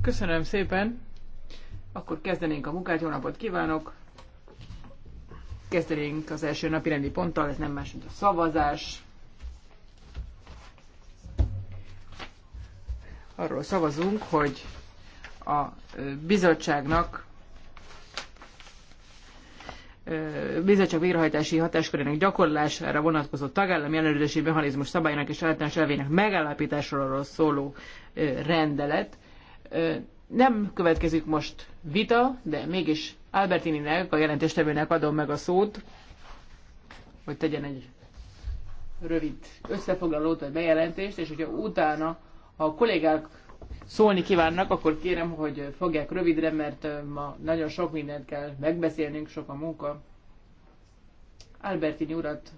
Köszönöm szépen. Akkor kezdenénk a munkát. Jó napot kívánok. Kezdenénk az első napi rendi ponttal. Ez nem más, mint a szavazás. Arról szavazunk, hogy a bizottságnak bizottság végrehajtási hatáskörének gyakorlására vonatkozó tagállami ellenőrzési mechanizmus szabálynak és általános elvének megállapításáról szóló rendelet. Nem következik most vita, de mégis Albertininek, a jelentéstevőnek adom meg a szót, hogy tegyen egy rövid összefoglalót vagy bejelentést, és hogyha utána, ha a kollégák szólni kívánnak, akkor kérem, hogy fogják rövidre, mert ma nagyon sok mindent kell megbeszélnünk, sok a munka. Albertini urat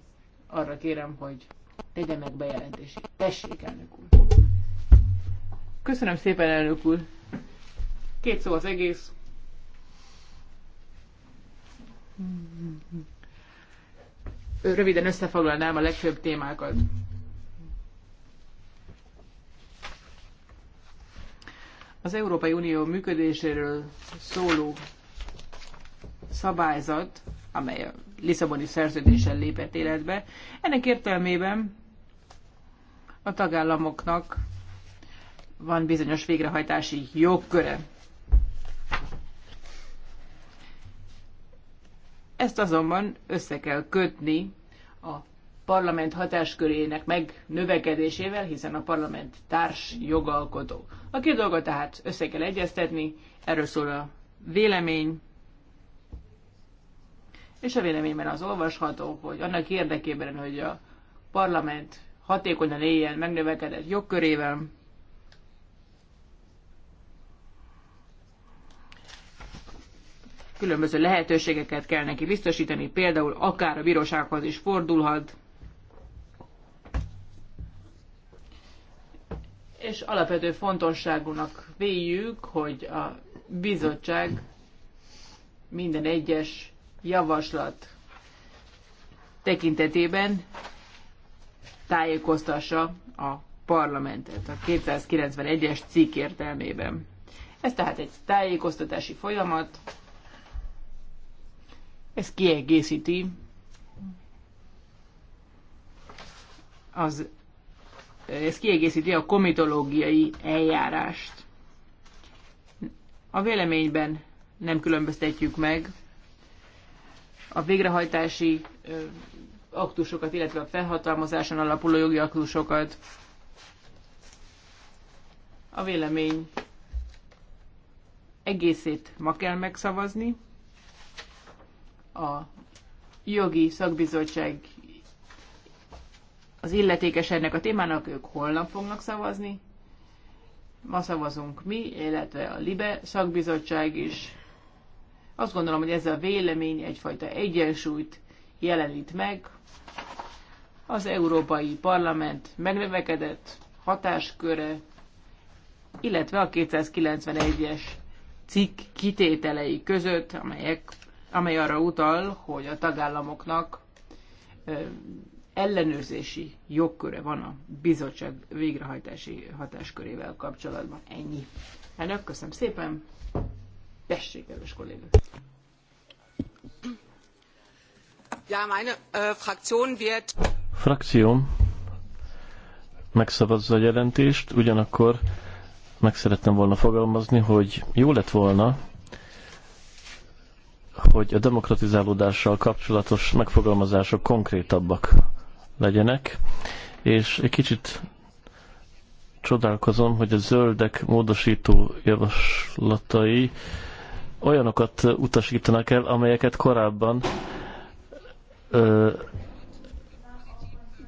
arra kérem, hogy tegye meg bejelentését. Tessék, elnök úr! Köszönöm szépen, elnök úr! Két szó az egész. Röviden összefoglalnám a legfőbb témákat. Az Európai Unió működéséről szóló szabályzat, amely a Lisszaboni szerződéssel lépett életbe, ennek értelmében a tagállamoknak van bizonyos végrehajtási jogköre. Ezt azonban össze kell kötni a parlament hatáskörének megnövekedésével, hiszen a parlament társ jogalkotó. A két dolgot tehát össze kell egyeztetni, erről szól a vélemény, és a véleményben az olvasható, hogy annak érdekében, hogy a parlament hatékonyan éljen megnövekedett jogkörével, különböző lehetőségeket kell neki biztosítani, például akár a bírósághoz is fordulhat, és alapvető fontosságúnak véljük, hogy a bizottság minden egyes javaslat tekintetében tájékoztassa a parlamentet a 291-es cikk értelmében. Ez tehát egy tájékoztatási folyamat, ez kiegészíti az ez kiegészíti a komitológiai eljárást. A véleményben nem különböztetjük meg a végrehajtási aktusokat, illetve a felhatalmazáson alapuló jogi aktusokat. A vélemény egészét ma kell megszavazni. A jogi szakbizottság az illetékes ennek a témának, ők holnap fognak szavazni. Ma szavazunk mi, illetve a LIBE szakbizottság is. Azt gondolom, hogy ez a vélemény egyfajta egyensúlyt jelenít meg. Az Európai Parlament megnövekedett hatásköre, illetve a 291-es cikk kitételei között, amelyek, amely arra utal, hogy a tagállamoknak ellenőrzési jogköre van a bizottság végrehajtási hatáskörével kapcsolatban. Ennyi. Elnök, köszönöm szépen. Tessék, kedves kolléga. Ja, meine äh, Fraktion wird... Frakcióm megszavazza a jelentést, ugyanakkor meg szerettem volna fogalmazni, hogy jó lett volna, hogy a demokratizálódással kapcsolatos megfogalmazások konkrétabbak legyenek, és egy kicsit csodálkozom, hogy a zöldek módosító javaslatai olyanokat utasítanak el, amelyeket korábban ö,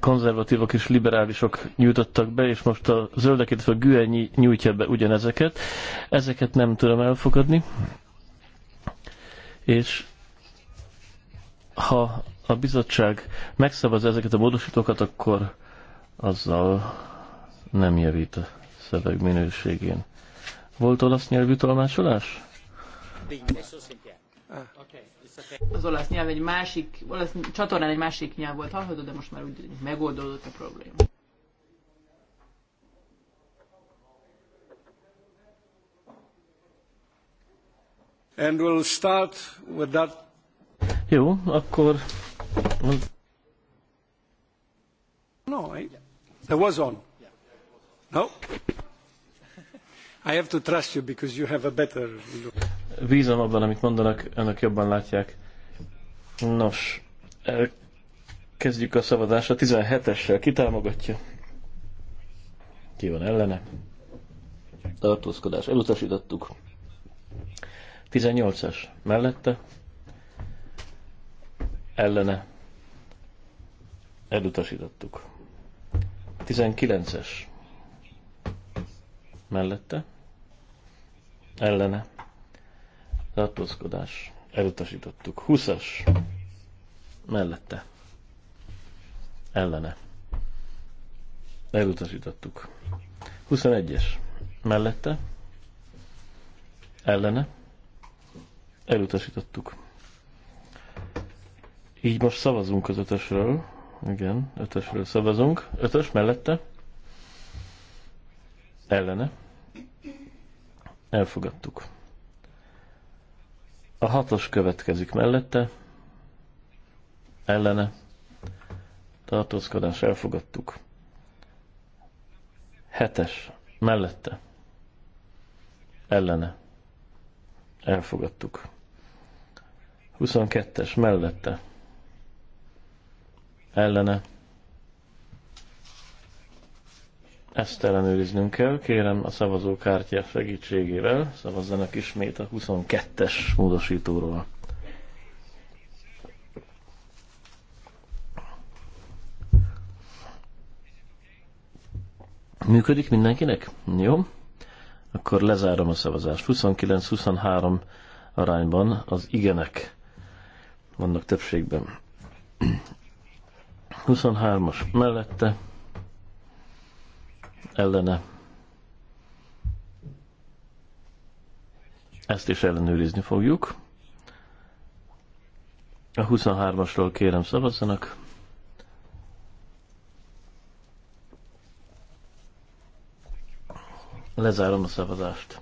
konzervatívok és liberálisok nyújtottak be, és most a zöldek, illetve a GÜE nyújtja be ugyanezeket. Ezeket nem tudom elfogadni. És ha a bizottság megszavaz ezeket a módosítókat, akkor azzal nem javít a szöveg minőségén. Volt olasz nyelvű tolmácsolás? Az olasz nyelv egy másik, olasz csatornán egy másik nyelv volt hallható, de most már úgy megoldódott a probléma. And we'll start with that. Jó, akkor No, I, there was on. No? I have to trust you because you have a better look. Bízom abban, amit mondanak, önök jobban látják. Nos, kezdjük a szavazást a 17-essel. Ki támogatja? Ki van ellene? Tartózkodás. Elutasítottuk. 18 es Mellette? ellene elutasítottuk. 19-es mellette ellene tartózkodás elutasítottuk. 20-as mellette ellene elutasítottuk. 21-es mellette ellene elutasítottuk. Így most szavazunk az ötösről. Igen, ötösről szavazunk. Ötös mellette? Ellene. Elfogadtuk. A hatos következik mellette. Ellene. Tartózkodás elfogadtuk. Hetes. Mellette. Ellene. Elfogadtuk. 22-es mellette ellene. Ezt ellenőriznünk kell. Kérem a szavazókártya segítségével szavazzanak ismét a 22-es módosítóról. Működik mindenkinek? Jó. Akkor lezárom a szavazást. 29-23 arányban az igenek vannak többségben. 23-as mellette ellene ezt is ellenőrizni fogjuk. A 23-asról kérem szavazzanak. Lezárom a szavazást.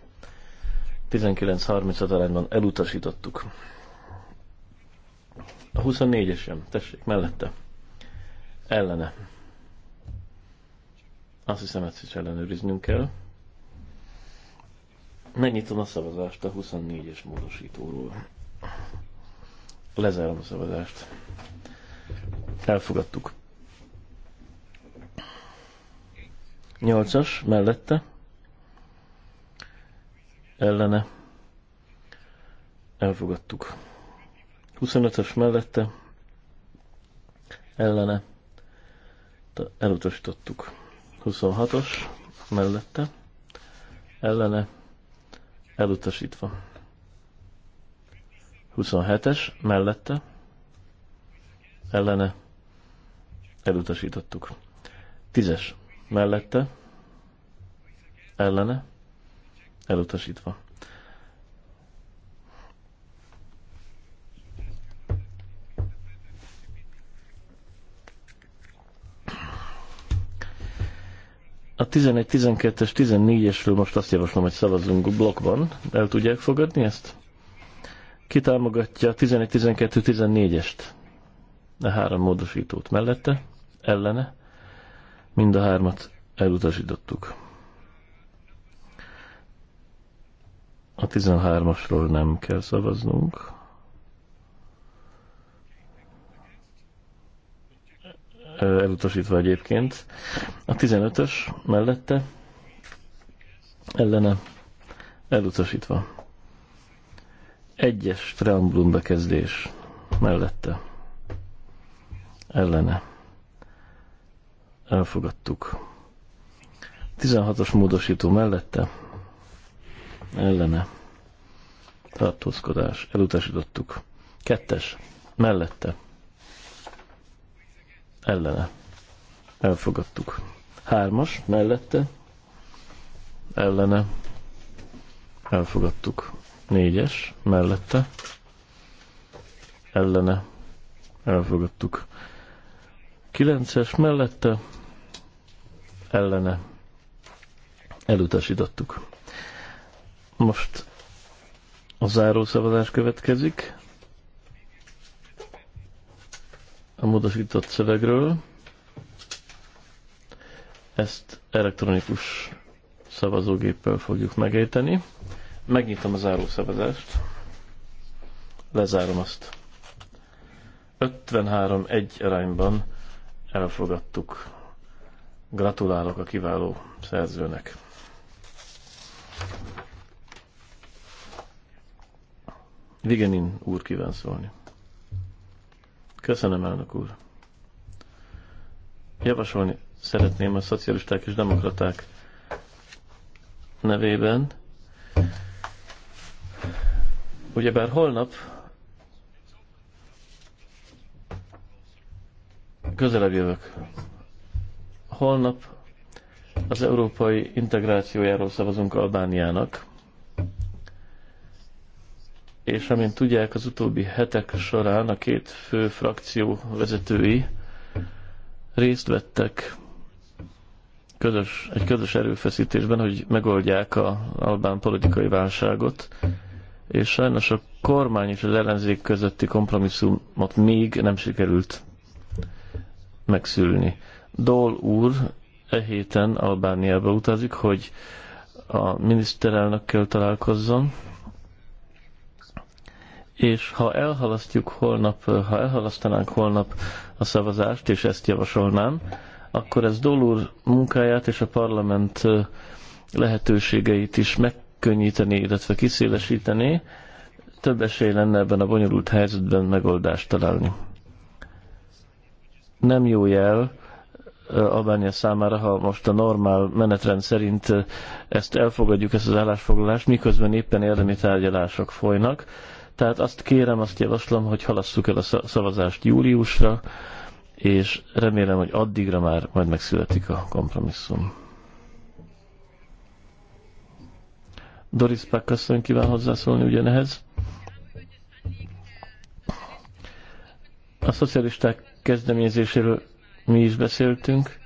19.30 arányban elutasítottuk. A 24-esem, tessék, mellette. Ellene. Azt hiszem, ezt is ellenőriznünk kell. Megnyitom a szavazást a 24-es módosítóról. Lezárom a szavazást. Elfogadtuk. 8-as mellette. Ellene. Elfogadtuk. 25-ös mellette. Ellene elutasítottuk. 26-os mellette, ellene elutasítva. 27-es mellette, ellene elutasítottuk. 10-es mellette, ellene elutasítva. A 11, 12-es, 14-esről most azt javaslom, hogy szavazzunk blokkban. El tudják fogadni ezt? Ki támogatja a 11, 12, 14-est? A három módosítót mellette, ellene. Mind a hármat elutasítottuk. A 13-asról nem kell szavaznunk. elutasítva egyébként. A 15-ös mellette ellene elutasítva. Egyes preambulum bekezdés mellette ellene elfogadtuk. 16-os módosító mellette ellene tartózkodás elutasítottuk. Kettes mellette ellene. Elfogadtuk. Hármas mellette ellene. Elfogadtuk. Négyes mellette ellene. Elfogadtuk. Kilences mellette ellene. Elutasítottuk. Most a zárószavazás következik. a módosított szövegről. Ezt elektronikus szavazógéppel fogjuk megérteni. Megnyitom a záró szavazást. Lezárom azt. 53-1 arányban elfogadtuk. Gratulálok a kiváló szerzőnek. Vigenin úr kíván szólni. Köszönöm, elnök úr. Javasolni szeretném a szocialisták és demokraták nevében. Ugyebár holnap közelebb jövök. Holnap az európai integrációjáról szavazunk Albániának és amint tudják, az utóbbi hetek során a két fő frakció vezetői részt vettek közös, egy közös erőfeszítésben, hogy megoldják a albán politikai válságot, és sajnos a kormány és az ellenzék közötti kompromisszumot még nem sikerült megszülni. Dol úr e héten Albániába utazik, hogy a miniszterelnökkel találkozzon, és ha elhalasztjuk holnap, ha elhalasztanánk holnap a szavazást, és ezt javasolnám, akkor ez Dolur munkáját és a parlament lehetőségeit is megkönnyíteni, illetve kiszélesíteni, több esély lenne ebben a bonyolult helyzetben megoldást találni. Nem jó jel Albánia számára, ha most a normál menetrend szerint ezt elfogadjuk, ezt az állásfoglalást, miközben éppen érdemi tárgyalások folynak tehát azt kérem, azt javaslom, hogy halasszuk el a szavazást júliusra, és remélem, hogy addigra már majd megszületik a kompromisszum. Doris Pack köszönöm, kíván hozzászólni ugyanehez. A szocialisták kezdeményezéséről mi is beszéltünk.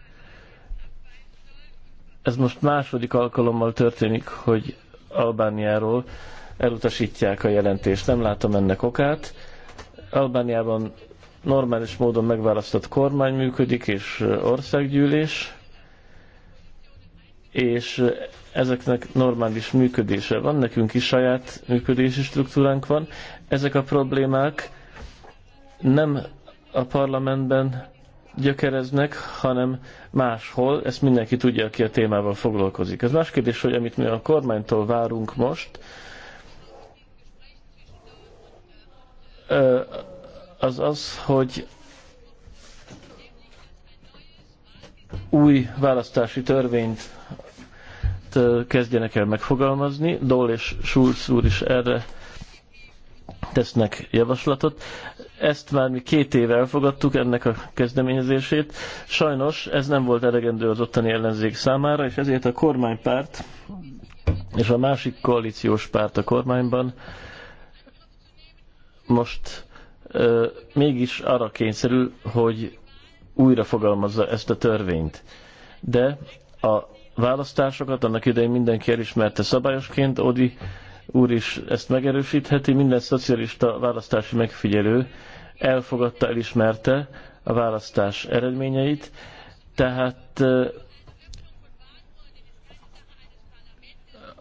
Ez most második alkalommal történik, hogy Albániáról elutasítják a jelentést. Nem látom ennek okát. Albániában normális módon megválasztott kormány működik, és országgyűlés, és ezeknek normális működése van, nekünk is saját működési struktúránk van. Ezek a problémák nem a parlamentben gyökereznek, hanem máshol, ezt mindenki tudja, aki a témával foglalkozik. Ez más kérdés, hogy amit mi a kormánytól várunk most, az az, hogy új választási törvényt kezdjenek el megfogalmazni. Dole és Schulz úr is erre tesznek javaslatot. Ezt már mi két éve elfogadtuk, ennek a kezdeményezését. Sajnos ez nem volt elegendő az ottani ellenzék számára, és ezért a kormánypárt és a másik koalíciós párt a kormányban most ö, mégis arra kényszerül, hogy újra fogalmazza ezt a törvényt. De a választásokat annak idején mindenki elismerte szabályosként, Odi úr is ezt megerősítheti, minden szocialista választási megfigyelő elfogadta, elismerte a választás eredményeit, tehát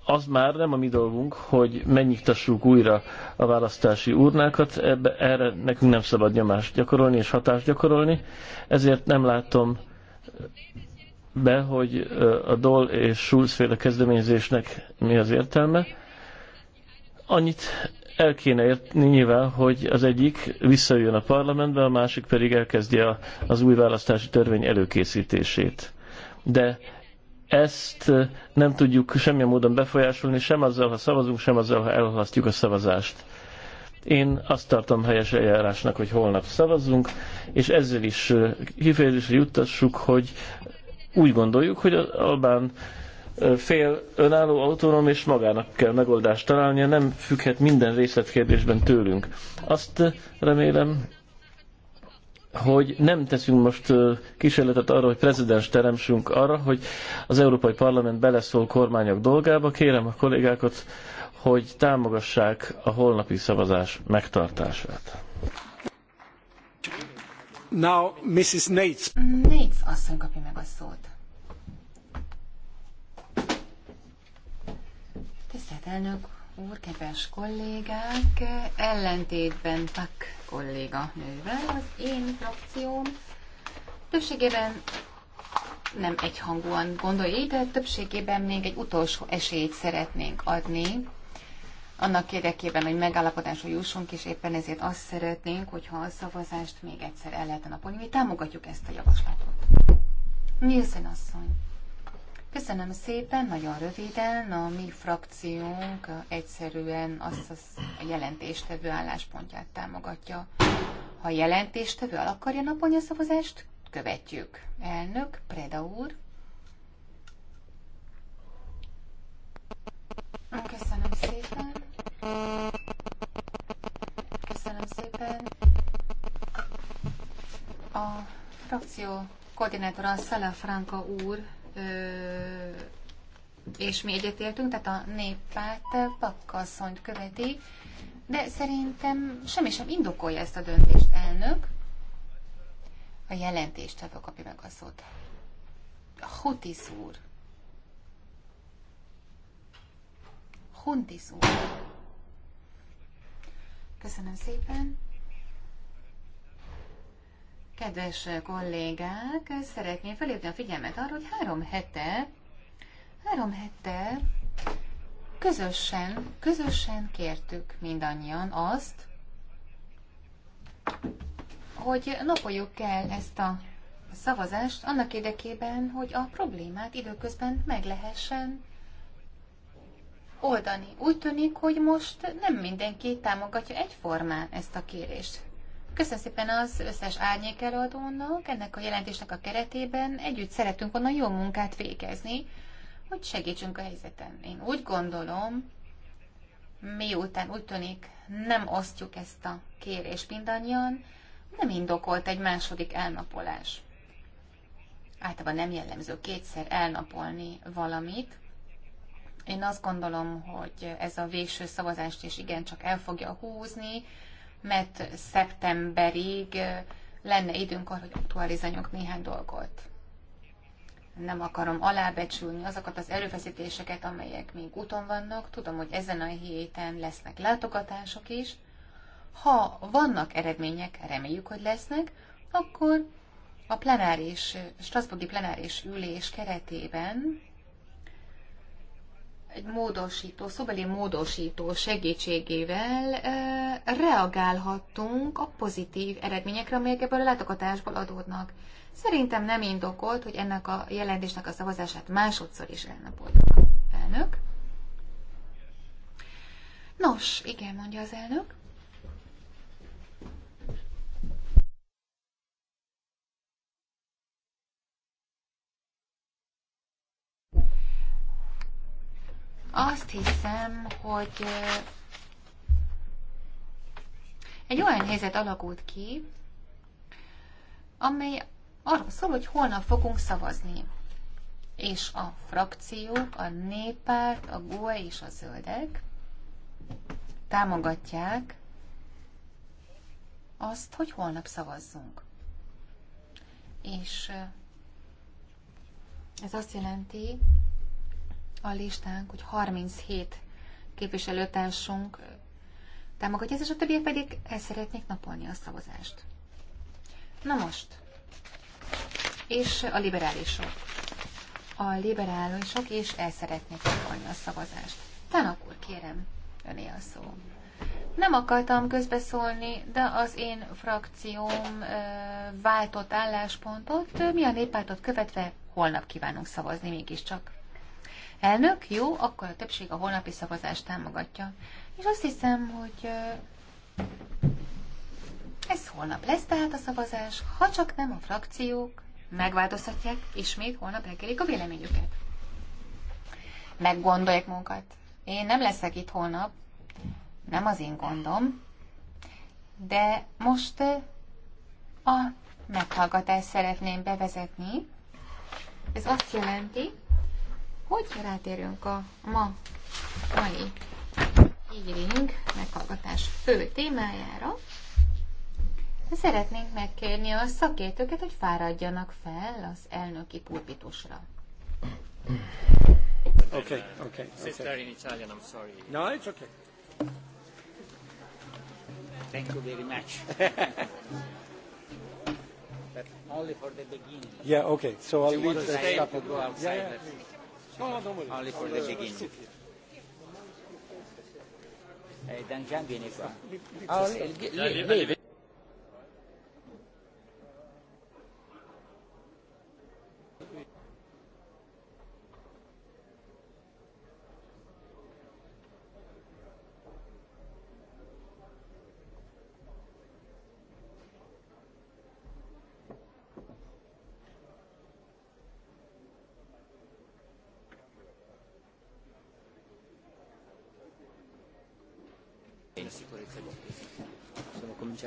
az már nem a mi dolgunk, hogy megnyitassuk újra a választási urnákat, ebbe, erre nekünk nem szabad nyomást gyakorolni és hatást gyakorolni, ezért nem látom be, hogy a Dol és Schulz féle kezdeményezésnek mi az értelme. Annyit el kéne érteni nyilván, hogy az egyik visszajön a parlamentbe, a másik pedig elkezdje az új választási törvény előkészítését. De ezt nem tudjuk semmilyen módon befolyásolni, sem azzal, ha szavazunk, sem azzal, ha elhalasztjuk a szavazást. Én azt tartom helyes eljárásnak, hogy holnap szavazzunk, és ezzel is kifejezésre juttassuk, hogy úgy gondoljuk, hogy az Albán fél önálló, autonóm és magának kell megoldást találnia, nem függhet minden részletkérdésben tőlünk. Azt remélem, hogy nem teszünk most kísérletet arra, hogy prezidens teremsünk arra, hogy az Európai Parlament beleszól kormányok dolgába. Kérem a kollégákat, hogy támogassák a holnapi szavazás megtartását. Now, Mrs. Nates. Nates asszony kapja meg a szót. Tisztelt elnök úr, kedves kollégák, ellentétben Pak kolléga nővel az én frakcióm többségében nem egyhangúan gondolja így, de többségében még egy utolsó esélyt szeretnénk adni annak érdekében, hogy megállapodásra jussunk, és éppen ezért azt szeretnénk, hogyha a szavazást még egyszer el lehetne napolni. Mi támogatjuk ezt a javaslatot. Nielsen asszony. Köszönöm szépen, nagyon röviden. A mi frakciónk egyszerűen azt a jelentéstevő álláspontját támogatja. Ha jelentéstevő el akarja napolni a szavazást, követjük. Elnök, Preda úr. Köszönöm szépen. Köszönöm szépen. A frakció koordinátora Szala Franka úr és mi egyetértünk, tehát a néppárt pakkasszonyt követi, de szerintem semmi sem indokolja ezt a döntést, elnök. A jelentéstevő hát kapja meg a szót. Hutis úr. Huntis úr. Köszönöm szépen. Kedves kollégák, szeretném felhívni a figyelmet arra, hogy három hete, három hete közösen, közösen kértük mindannyian azt, hogy napoljuk kell ezt a szavazást annak érdekében, hogy a problémát időközben meg lehessen oldani. Úgy tűnik, hogy most nem mindenki támogatja egyformán ezt a kérést. Köszönöm szépen az összes árnyék előadónak, ennek a jelentésnek a keretében együtt szeretünk volna jó munkát végezni, hogy segítsünk a helyzeten. Én úgy gondolom, miután úgy tűnik nem osztjuk ezt a kérést mindannyian, nem indokolt egy második elnapolás. Általában nem jellemző kétszer elnapolni valamit. Én azt gondolom, hogy ez a végső szavazást is igencsak el fogja húzni, mert szeptemberig lenne időnk arra, hogy aktualizáljunk néhány dolgot. Nem akarom alábecsülni azokat az erőfeszítéseket, amelyek még úton vannak. Tudom, hogy ezen a héten lesznek látogatások is. Ha vannak eredmények, reméljük, hogy lesznek, akkor a plenáris, Strasburgi plenáris ülés keretében egy módosító, szobeli módosító segítségével reagálhattunk a pozitív eredményekre, amelyek ebből a látogatásból adódnak. Szerintem nem indokolt, hogy ennek a jelentésnek a szavazását másodszor is elnapoljuk. Elnök? Nos, igen, mondja az elnök. Azt hiszem, hogy egy olyan helyzet alakult ki, amely arról szól, hogy holnap fogunk szavazni. És a frakciók, a néppárt, a GUE és a zöldek támogatják azt, hogy holnap szavazzunk. És ez azt jelenti, a listánk, hogy 37 képviselőtársunk támogatja, és a többiek pedig el szeretnék napolni a szavazást. Na most, és a liberálisok. A liberálisok is el szeretnék napolni a szavazást. Tanak akkor kérem, öné a szó. Nem akartam közbeszólni, de az én frakcióm ö, váltott álláspontot, mi a néppártot követve holnap kívánunk szavazni mégiscsak. Elnök, jó, akkor a többség a holnapi szavazást támogatja. És azt hiszem, hogy ez holnap lesz tehát a szavazás, ha csak nem a frakciók megváltoztatják, és még holnap elkerik a véleményüket. Meggondolják munkat. Én nem leszek itt holnap, nem az én gondom, de most a meghallgatást szeretném bevezetni. Ez azt jelenti, hogy rátérjünk a ma, mai hearing meghallgatás fő témájára, szeretnénk megkérni a szakértőket, hogy fáradjanak fel az elnöki pulpitusra. Okay, okay, Sister in Italian, I'm sorry. No, it's okay. Thank you very much. But only for the beginning. Yeah, okay. So I'll leave the stuff. Yeah, yeah. Only for the beginning. Eh, Danjan viene qua. Ah, lei, lei, lei,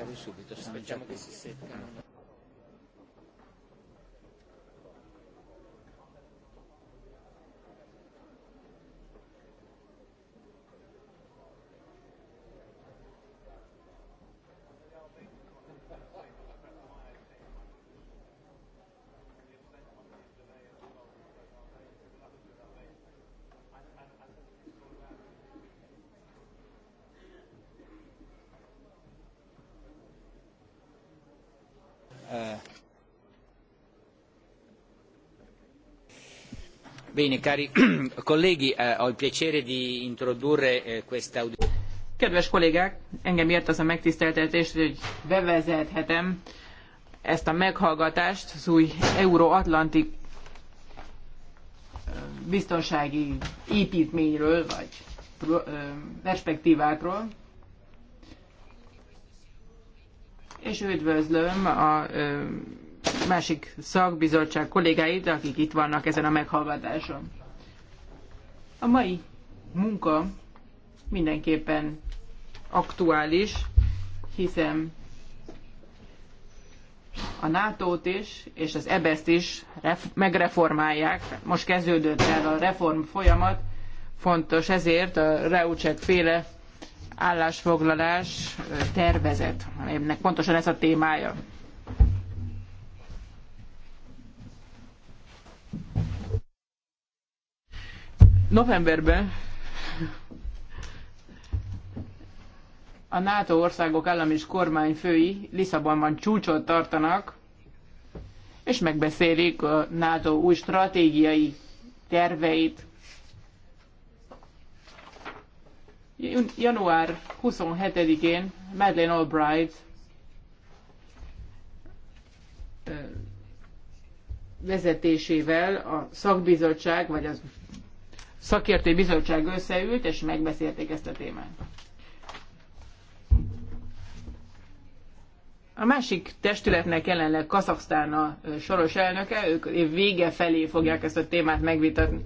iniziare subito, Aspettiamo che si secca. Kedves kollégák, engem ért az a megtiszteltetés, hogy bevezethetem ezt a meghallgatást az új euróatlanti eh, biztonsági építményről, vagy eh, perspektívákról. És üdvözlöm a eh, másik szakbizottság kollégáit, akik itt vannak ezen a meghallgatáson. A mai munka mindenképpen aktuális, hiszen a NATO-t is, és az EBESZ-t is megreformálják. Most kezdődött el a reform folyamat, fontos ezért a Reucsek féle állásfoglalás tervezet, amelynek pontosan ez a témája. Novemberben a NATO országok állam és kormányfői Lisszabonban csúcsot tartanak, és megbeszélik a NATO új stratégiai terveit. Január 27-én Madeleine Albright vezetésével a szakbizottság, vagy az szakértői bizottság összeült, és megbeszélték ezt a témát. A másik testületnek jelenleg Kazaksztán a soros elnöke, ők év vége felé fogják ezt a témát megvitatni.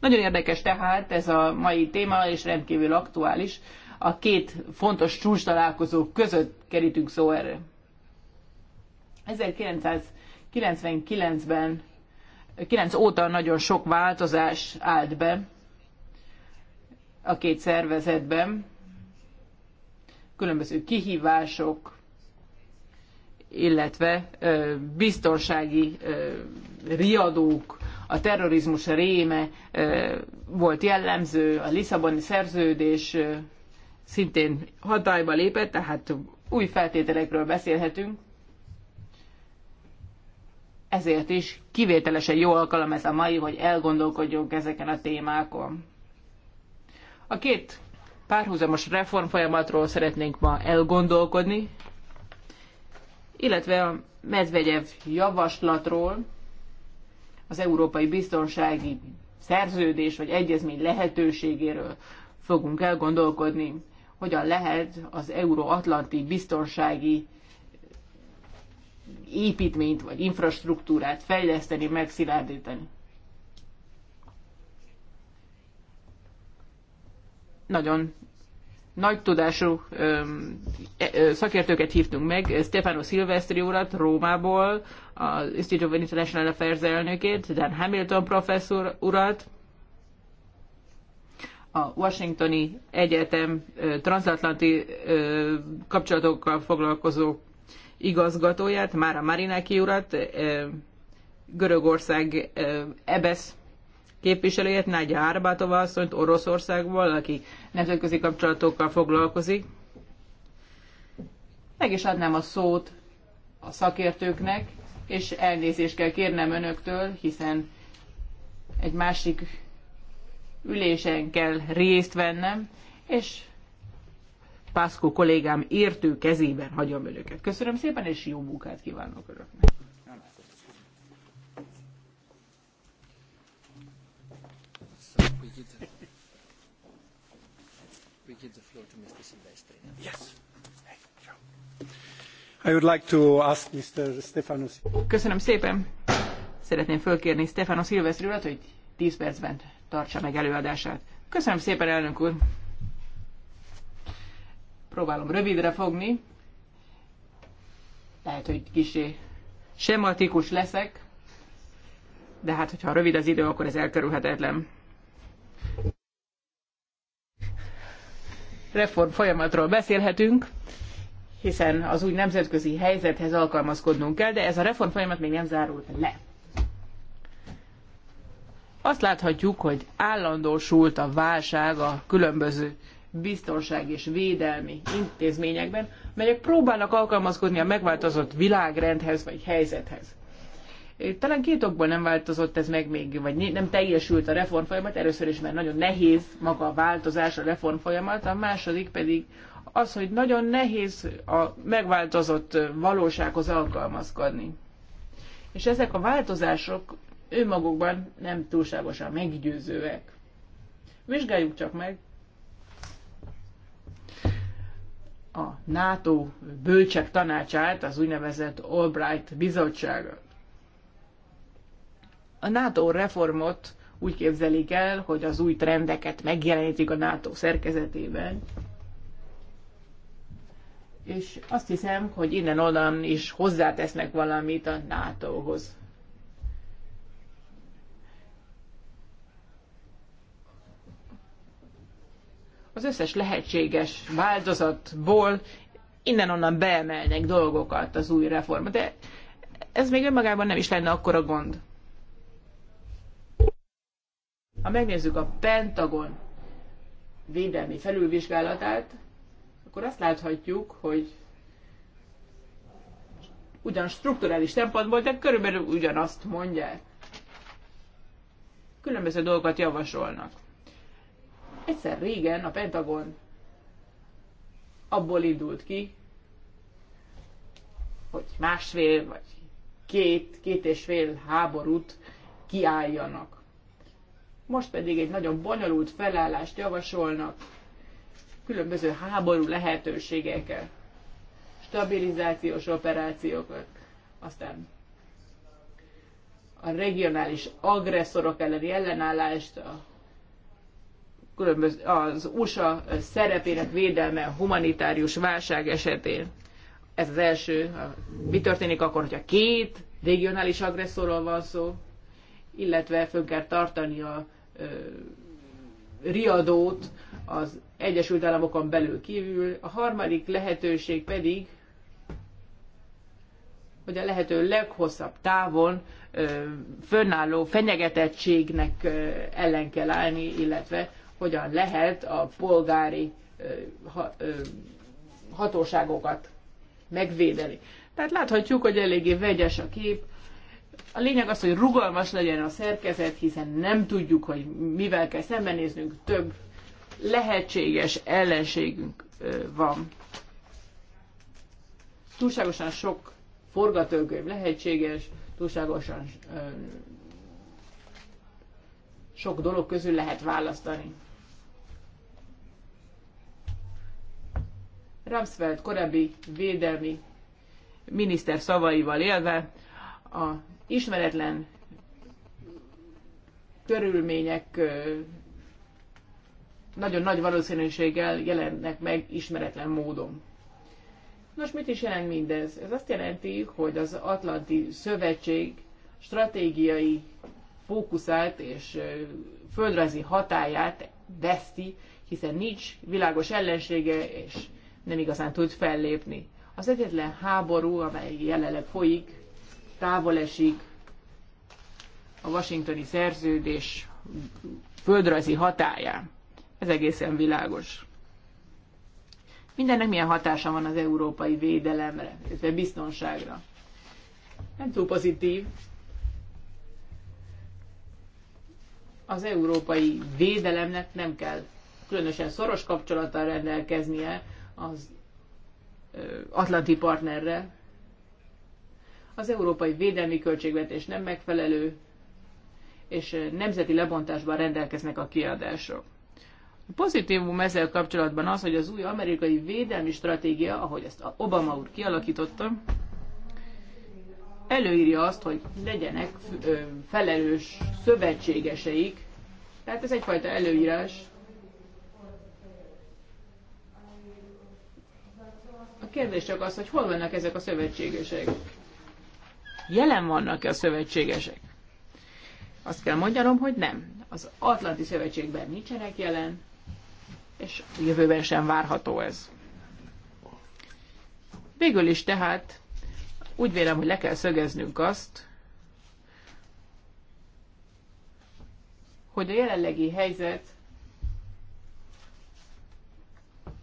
Nagyon érdekes tehát ez a mai téma, és rendkívül aktuális. A két fontos csúcs találkozó között kerítünk szó erre. 1999-ben 9 óta nagyon sok változás állt be a két szervezetben, különböző kihívások, illetve biztonsági riadók, a terrorizmus réme volt jellemző, a Lisszaboni szerződés szintén hatályba lépett, tehát új feltételekről beszélhetünk ezért is kivételesen jó alkalom ez a mai, hogy elgondolkodjunk ezeken a témákon. A két párhuzamos reformfolyamatról szeretnénk ma elgondolkodni, illetve a Medvegyev javaslatról, az Európai Biztonsági Szerződés vagy Egyezmény lehetőségéről fogunk elgondolkodni, hogyan lehet az euróatlanti biztonsági építményt vagy infrastruktúrát fejleszteni, megszilárdítani. Nagyon nagy tudású ö, e, ö, szakértőket hívtunk meg, Stefano Silvestri urat Rómából, az Institute of International Affairs elnökét, Dan Hamilton professzor urat, a Washingtoni Egyetem transatlanti kapcsolatokkal foglalkozó igazgatóját, már a urat, Görögország EBESZ képviselőjét, Nagyja Árbátova asszonyt Oroszországból, aki nemzetközi kapcsolatokkal foglalkozik. Meg is adnám a szót a szakértőknek, és elnézést kell kérnem önöktől, hiszen egy másik ülésen kell részt vennem, és Pászkó kollégám értő kezében hagyom önöket. Köszönöm szépen, és jó munkát kívánok önöknek! Köszönöm szépen. Szeretném fölkérni Stefano Silvestri urat, hogy 10 percben tartsa meg előadását. Köszönöm szépen, elnök úr próbálom rövidre fogni. Lehet, hogy kisé sematikus leszek, de hát, hogyha rövid az idő, akkor ez elkerülhetetlen. Reform folyamatról beszélhetünk, hiszen az úgy nemzetközi helyzethez alkalmazkodnunk kell, de ez a reform folyamat még nem zárult le. Azt láthatjuk, hogy állandósult a válság a különböző biztonság és védelmi intézményekben, melyek próbálnak alkalmazkodni a megváltozott világrendhez vagy helyzethez. Talán két okból nem változott ez meg még, vagy nem teljesült a reformfolyamat, először is, mert nagyon nehéz maga a változás, a reformfolyamat, a második pedig az, hogy nagyon nehéz a megváltozott valósághoz alkalmazkodni. És ezek a változások önmagukban nem túlságosan meggyőzőek. Vizsgáljuk csak meg, a NATO bölcsek tanácsát, az úgynevezett Albright bizottságot. A NATO reformot úgy képzelik el, hogy az új trendeket megjelenítik a NATO szerkezetében. És azt hiszem, hogy innen onnan is hozzátesznek valamit a NATO-hoz. az összes lehetséges változatból innen-onnan beemelnek dolgokat az új reform. De ez még önmagában nem is lenne akkora gond. Ha megnézzük a Pentagon védelmi felülvizsgálatát, akkor azt láthatjuk, hogy ugyan strukturális szempontból, de körülbelül ugyanazt mondják. Különböző dolgokat javasolnak. Egyszer régen a Pentagon abból indult ki, hogy másfél vagy két, két és fél háborút kiálljanak. Most pedig egy nagyon bonyolult felállást javasolnak különböző háború lehetőségekkel, stabilizációs operációkat, aztán a regionális agresszorok elleni ellenállást, a különböző, az USA szerepének védelme humanitárius válság esetén. Ez az első. Mi történik akkor, hogyha két regionális agresszorról van szó, illetve fönn kell tartani a ö, riadót az Egyesült Államokon belül kívül. A harmadik lehetőség pedig, hogy a lehető leghosszabb távon ö, fönnálló fenyegetettségnek ö, ellen kell állni, illetve hogyan lehet a polgári hatóságokat megvédeni. Tehát láthatjuk, hogy eléggé vegyes a kép. A lényeg az, hogy rugalmas legyen a szerkezet, hiszen nem tudjuk, hogy mivel kell szembenéznünk, több lehetséges ellenségünk van. Túlságosan sok forgatókönyv lehetséges, túlságosan sok dolog közül lehet választani. Rumsfeld korábbi védelmi miniszter szavaival élve a ismeretlen körülmények nagyon nagy valószínűséggel jelennek meg ismeretlen módon. Nos, mit is jelent mindez? Ez azt jelenti, hogy az Atlanti Szövetség stratégiai fókuszát és földrajzi hatáját veszti, hiszen nincs világos ellensége és nem igazán tud fellépni. Az egyetlen háború, amely jelenleg folyik, távol esik a washingtoni szerződés földrajzi hatáján. Ez egészen világos. Mindennek milyen hatása van az európai védelemre, illetve biztonságra? Nem túl pozitív. Az európai védelemnek nem kell különösen szoros kapcsolattal rendelkeznie az atlanti partnerre. Az európai védelmi költségvetés nem megfelelő, és nemzeti lebontásban rendelkeznek a kiadások. A pozitívum ezzel kapcsolatban az, hogy az új amerikai védelmi stratégia, ahogy ezt Obama úr kialakította, előírja azt, hogy legyenek felelős szövetségeseik, tehát ez egyfajta előírás, A kérdés csak az, hogy hol vannak ezek a szövetségesek. Jelen vannak-e a szövetségesek? Azt kell mondjam, hogy nem. Az Atlanti Szövetségben nincsenek jelen, és a jövőben sem várható ez. Végül is tehát úgy vélem, hogy le kell szögeznünk azt, hogy a jelenlegi helyzet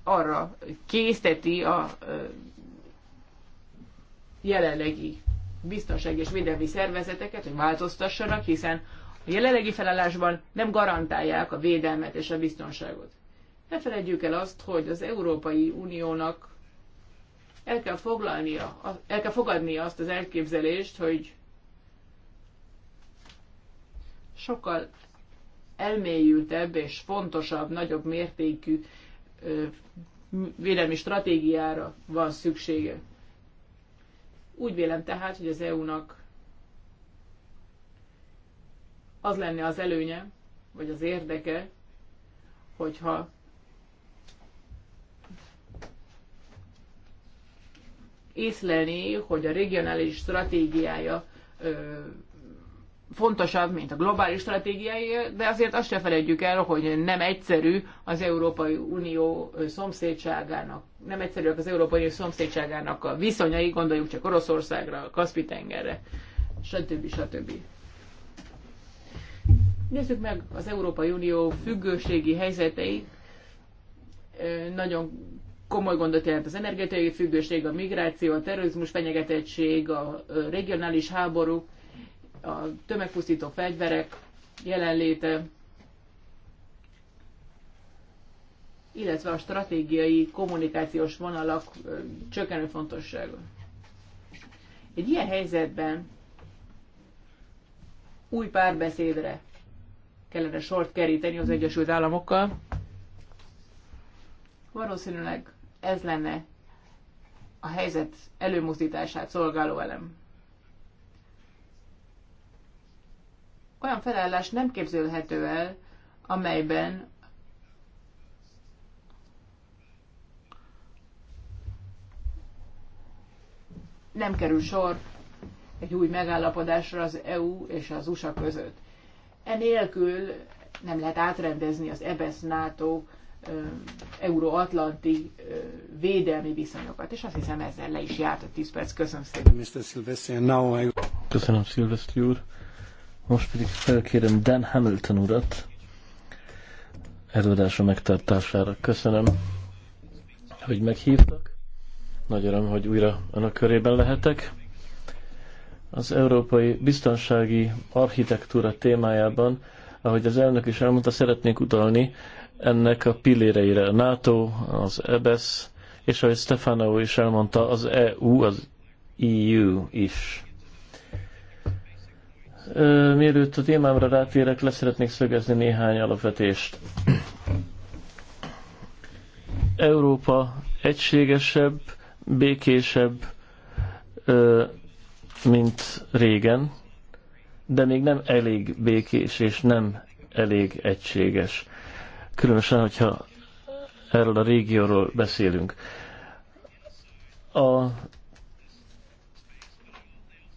arra készteti a jelenlegi biztonság és védelmi szervezeteket, hogy változtassanak, hiszen a jelenlegi felállásban nem garantálják a védelmet és a biztonságot. Ne felejtjük el azt, hogy az Európai Uniónak el kell, foglalnia, el kell fogadnia azt az elképzelést, hogy sokkal elmélyültebb és fontosabb, nagyobb mértékű védelmi stratégiára van szüksége. Úgy vélem tehát, hogy az EU-nak az lenne az előnye, vagy az érdeke, hogyha észlelné, hogy a regionális stratégiája fontosabb, mint a globális stratégiai, de azért azt se felejtjük el, hogy nem egyszerű az Európai Unió szomszédságának, nem egyszerűek az Európai Unió szomszédságának a viszonyai, gondoljuk csak Oroszországra, a Kaspi-tengerre, stb. stb. Nézzük meg az Európai Unió függőségi helyzeteit. Nagyon komoly gondot jelent az energetikai függőség, a migráció, a terrorizmus fenyegetettség, a regionális háborúk, a tömegpusztító fegyverek jelenléte, illetve a stratégiai kommunikációs vonalak csökkenő fontossága. Egy ilyen helyzetben új párbeszédre kellene sort keríteni az Egyesült Államokkal. Valószínűleg ez lenne a helyzet előmozdítását szolgáló elem. olyan felállás nem képzelhető el, amelyben nem kerül sor egy új megállapodásra az EU és az USA között. Enélkül nem lehet átrendezni az EBSZ-NATO e euróatlanti védelmi viszonyokat, és azt hiszem ezzel le is járt a 10 perc. Köszönöm szépen. Mr. now I... Köszönöm, Silvestri úr. Most pedig felkérem Dan Hamilton urat előadása megtartására. Köszönöm, hogy meghívtak. Nagy öröm, hogy újra önök körében lehetek. Az európai biztonsági architektúra témájában, ahogy az elnök is elmondta, szeretnék utalni ennek a pilléreire. A NATO, az EBS, e és ahogy Stefano is elmondta, az EU, az EU is Mielőtt a témámra rátérek, leszeretnék szögezni néhány alapvetést. Európa egységesebb, békésebb, mint régen, de még nem elég békés és nem elég egységes. Különösen, hogyha erről a régióról beszélünk. A,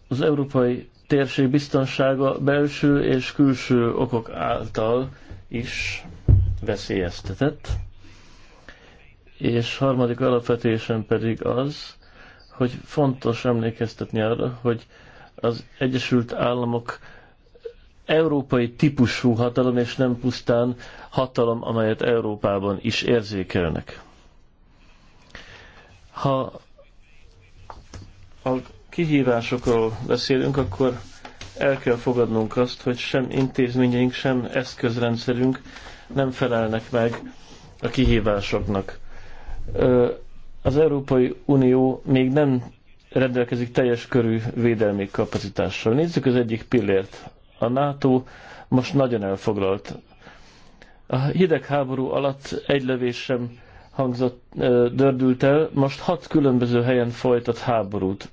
az európai térség biztonsága belső és külső okok által is veszélyeztetett, és harmadik alapvetésen pedig az, hogy fontos emlékeztetni arra, hogy az Egyesült Államok európai típusú hatalom, és nem pusztán hatalom, amelyet Európában is érzékelnek. Ha a kihívásokról beszélünk, akkor el kell fogadnunk azt, hogy sem intézményeink, sem eszközrendszerünk nem felelnek meg a kihívásoknak. Az Európai Unió még nem rendelkezik teljes körű védelmi kapacitással. Nézzük az egyik pillért. A NATO most nagyon elfoglalt. A hidegháború alatt egy levés sem hangzott, dördült el, most hat különböző helyen folytat háborút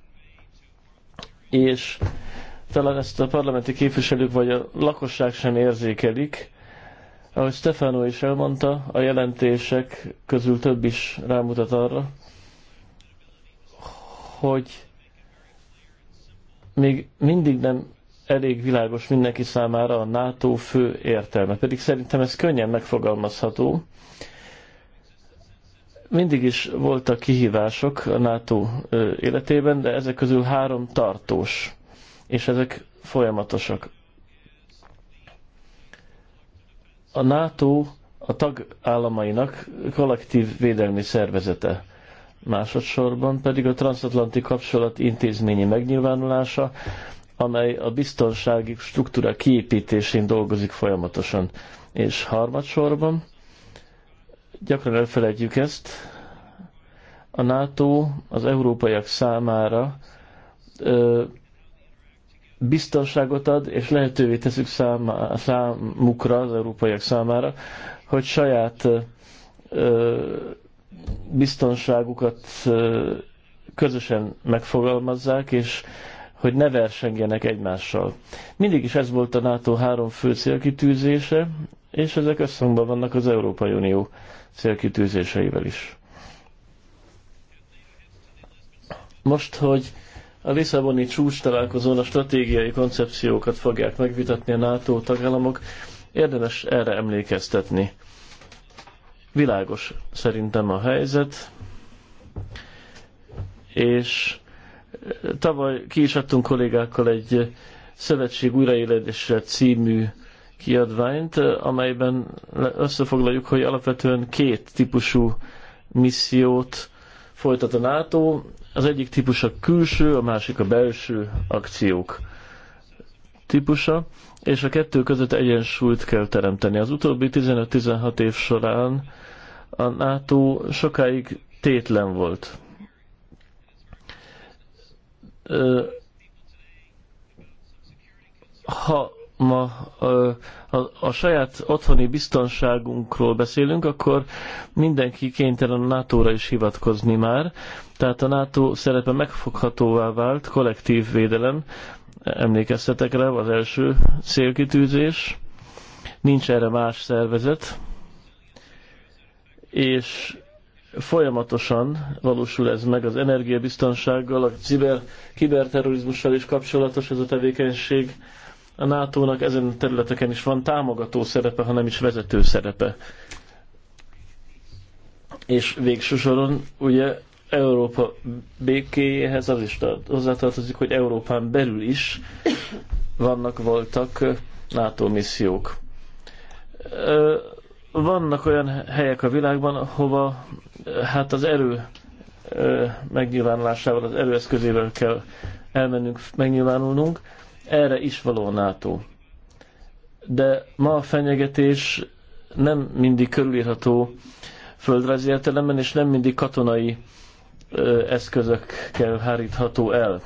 és talán ezt a parlamenti képviselők vagy a lakosság sem érzékelik. Ahogy Stefano is elmondta, a jelentések közül több is rámutat arra, hogy még mindig nem elég világos mindenki számára a NATO fő értelme. Pedig szerintem ez könnyen megfogalmazható, mindig is voltak kihívások a NATO életében, de ezek közül három tartós, és ezek folyamatosak. A NATO a tagállamainak kollektív védelmi szervezete. Másodszorban pedig a transatlanti kapcsolat intézményi megnyilvánulása, amely a biztonsági struktúra kiépítésén dolgozik folyamatosan. És harmadsorban Gyakran elfelejtjük ezt. A NATO az európaiak számára ö, biztonságot ad, és lehetővé teszük számá, számukra, az európaiak számára, hogy saját ö, biztonságukat ö, közösen megfogalmazzák, és hogy ne versengjenek egymással. Mindig is ez volt a NATO három fő célkitűzése, és ezek összhangban vannak az Európai Unió célkitűzéseivel is. Most, hogy a Lisszaboni csúcs találkozón a stratégiai koncepciókat fogják megvitatni a NATO tagállamok, érdemes erre emlékeztetni. Világos szerintem a helyzet, és tavaly ki is adtunk kollégákkal egy Szövetség újraéledésre című kiadványt, amelyben összefoglaljuk, hogy alapvetően két típusú missziót folytat a NATO. Az egyik típus a külső, a másik a belső akciók típusa, és a kettő között egyensúlyt kell teremteni. Az utóbbi 15-16 év során a NATO sokáig tétlen volt. Ha ma a, a, a saját otthoni biztonságunkról beszélünk, akkor mindenki kénytelen a NATO-ra is hivatkozni már. Tehát a NATO szerepe megfoghatóvá vált, kollektív védelem, emlékeztetek rá, az első célkitűzés, nincs erre más szervezet, és folyamatosan valósul ez meg az energiabiztonsággal, a ciber, kiberterrorizmussal is kapcsolatos ez a tevékenység, a NATO-nak ezen a területeken is van támogató szerepe, hanem is vezető szerepe. És végső soron ugye Európa békéjéhez az is hozzátartozik, hogy Európán belül is vannak, voltak NATO missziók. Vannak olyan helyek a világban, hova, hát az erő megnyilvánulásával, az erőeszközével kell elmennünk, megnyilvánulnunk, erre is való NATO. De ma a fenyegetés nem mindig körülírható földrajzi értelemben, és nem mindig katonai eszközökkel hárítható el.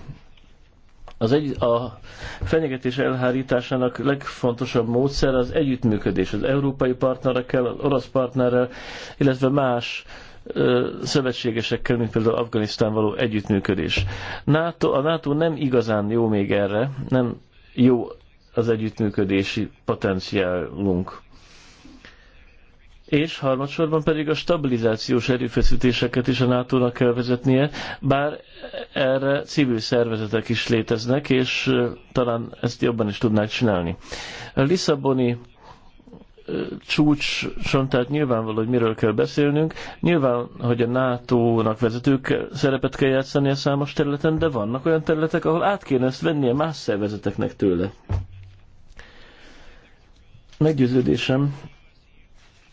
Az egy, a fenyegetés elhárításának legfontosabb módszer az együttműködés az európai partnerekkel, az orosz partnerrel, illetve más szövetségesekkel, mint például Afganisztán való együttműködés. NATO, a NATO nem igazán jó még erre, nem jó az együttműködési potenciálunk. És harmadsorban pedig a stabilizációs erőfeszítéseket is a NATO-nak kell vezetnie, bár erre civil szervezetek is léteznek, és talán ezt jobban is tudnák csinálni. A Lisszaboni csúcson, tehát nyilvánvaló, hogy miről kell beszélnünk. Nyilván, hogy a NATO-nak vezetők szerepet kell játszani a számos területen, de vannak olyan területek, ahol át kéne ezt vennie más szervezeteknek tőle. Meggyőződésem,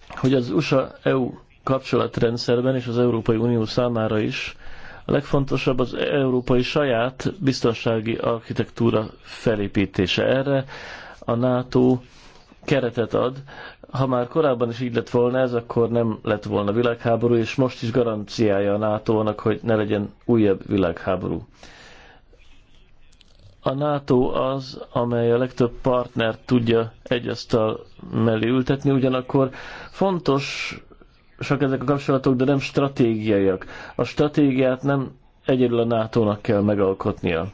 hogy az USA-EU kapcsolatrendszerben és az Európai Unió számára is a legfontosabb az európai saját biztonsági architektúra felépítése. Erre a NATO keretet ad. Ha már korábban is így lett volna ez, akkor nem lett volna világháború, és most is garanciája a NATO-nak, hogy ne legyen újabb világháború. A NATO az, amely a legtöbb partner tudja egy asztal mellé ültetni, ugyanakkor fontos sok ezek a kapcsolatok, de nem stratégiaiak. A stratégiát nem egyedül a NATO-nak kell megalkotnia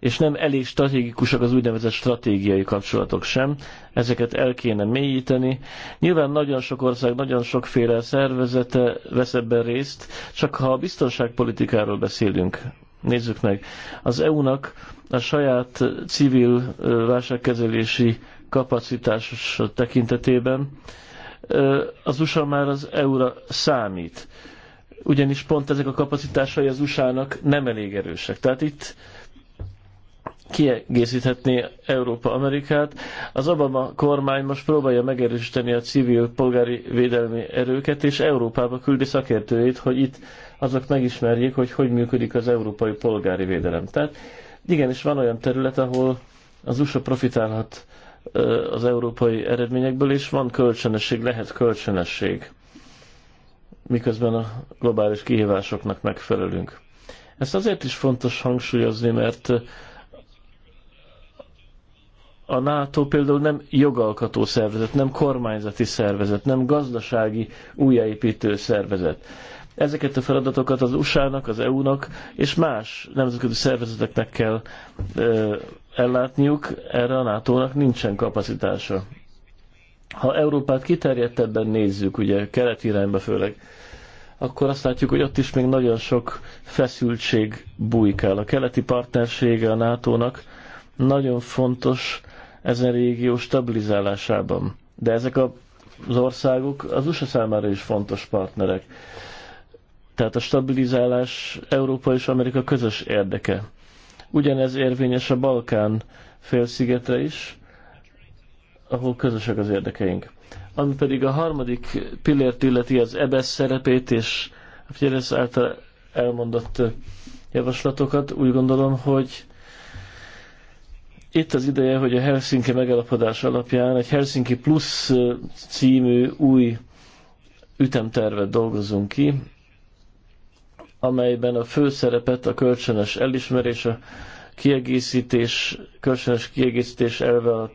és nem elég stratégikusak az úgynevezett stratégiai kapcsolatok sem. Ezeket el kéne mélyíteni. Nyilván nagyon sok ország, nagyon sokféle szervezete vesz ebben részt, csak ha a biztonságpolitikáról beszélünk, nézzük meg. Az EU-nak a saját civil válságkezelési kapacitás tekintetében az USA már az EU-ra számít ugyanis pont ezek a kapacitásai az USA-nak nem elég erősek. Tehát itt kiegészíthetné Európa-Amerikát. Az Obama kormány most próbálja megerősíteni a civil polgári védelmi erőket, és Európába küldi szakértőjét, hogy itt azok megismerjék, hogy hogy működik az európai polgári védelem. Tehát igenis van olyan terület, ahol az USA profitálhat az európai eredményekből, és van kölcsönösség, lehet kölcsönösség, miközben a globális kihívásoknak megfelelünk. Ezt azért is fontos hangsúlyozni, mert a NATO például nem jogalkotó szervezet, nem kormányzati szervezet, nem gazdasági újjáépítő szervezet. Ezeket a feladatokat az USA-nak, az EU-nak és más nemzetközi szervezeteknek kell ö, ellátniuk, erre a NATO-nak nincsen kapacitása. Ha Európát kiterjedtebben nézzük, ugye kelet irányba főleg, akkor azt látjuk, hogy ott is még nagyon sok feszültség el A keleti partnersége a NATO-nak nagyon fontos ezen régió stabilizálásában. De ezek az országok az USA számára is fontos partnerek. Tehát a stabilizálás Európa és Amerika közös érdeke. Ugyanez érvényes a Balkán félszigetre is, ahol közösek az érdekeink. Ami pedig a harmadik pillért illeti az EBS e szerepét és a Fidesz által elmondott javaslatokat, úgy gondolom, hogy itt az ideje, hogy a Helsinki megállapodás alapján egy Helsinki Plus című új ütemtervet dolgozunk ki, amelyben a főszerepet a kölcsönös elismerés, a kiegészítés, kölcsönös kiegészítés elve a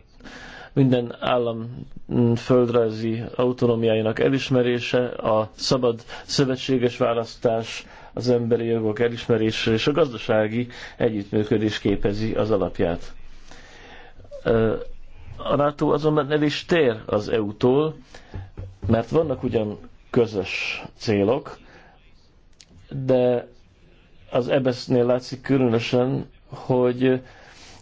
minden állam földrajzi autonómiájának elismerése, a szabad szövetséges választás, az emberi jogok elismerése és a gazdasági együttműködés képezi az alapját. A NATO azonban el is tér az EU-tól, mert vannak ugyan közös célok, de az EBSZ-nél e látszik különösen, hogy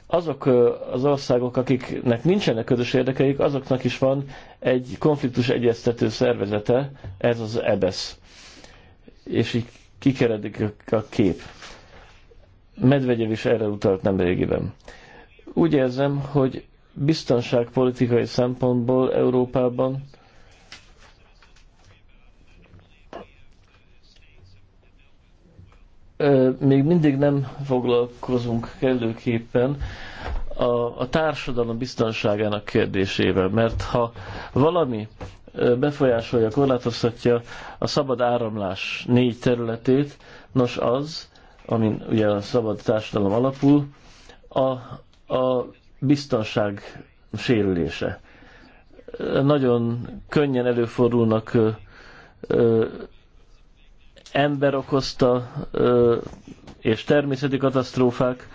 azok az országok, akiknek nincsenek közös érdekeik, azoknak is van egy konfliktus egyeztető szervezete, ez az EBSZ. E És így kikeredik a kép. Medvegyev is erre utalt nem régiben. Úgy érzem, hogy biztonságpolitikai szempontból Európában még mindig nem foglalkozunk kellőképpen a, a társadalom biztonságának kérdésével, mert ha valami befolyásolja, korlátozhatja a szabad áramlás négy területét, nos az, amin ugye a szabad társadalom alapul, a, a biztonság sérülése. Nagyon könnyen előfordulnak ember okozta és természeti katasztrófák,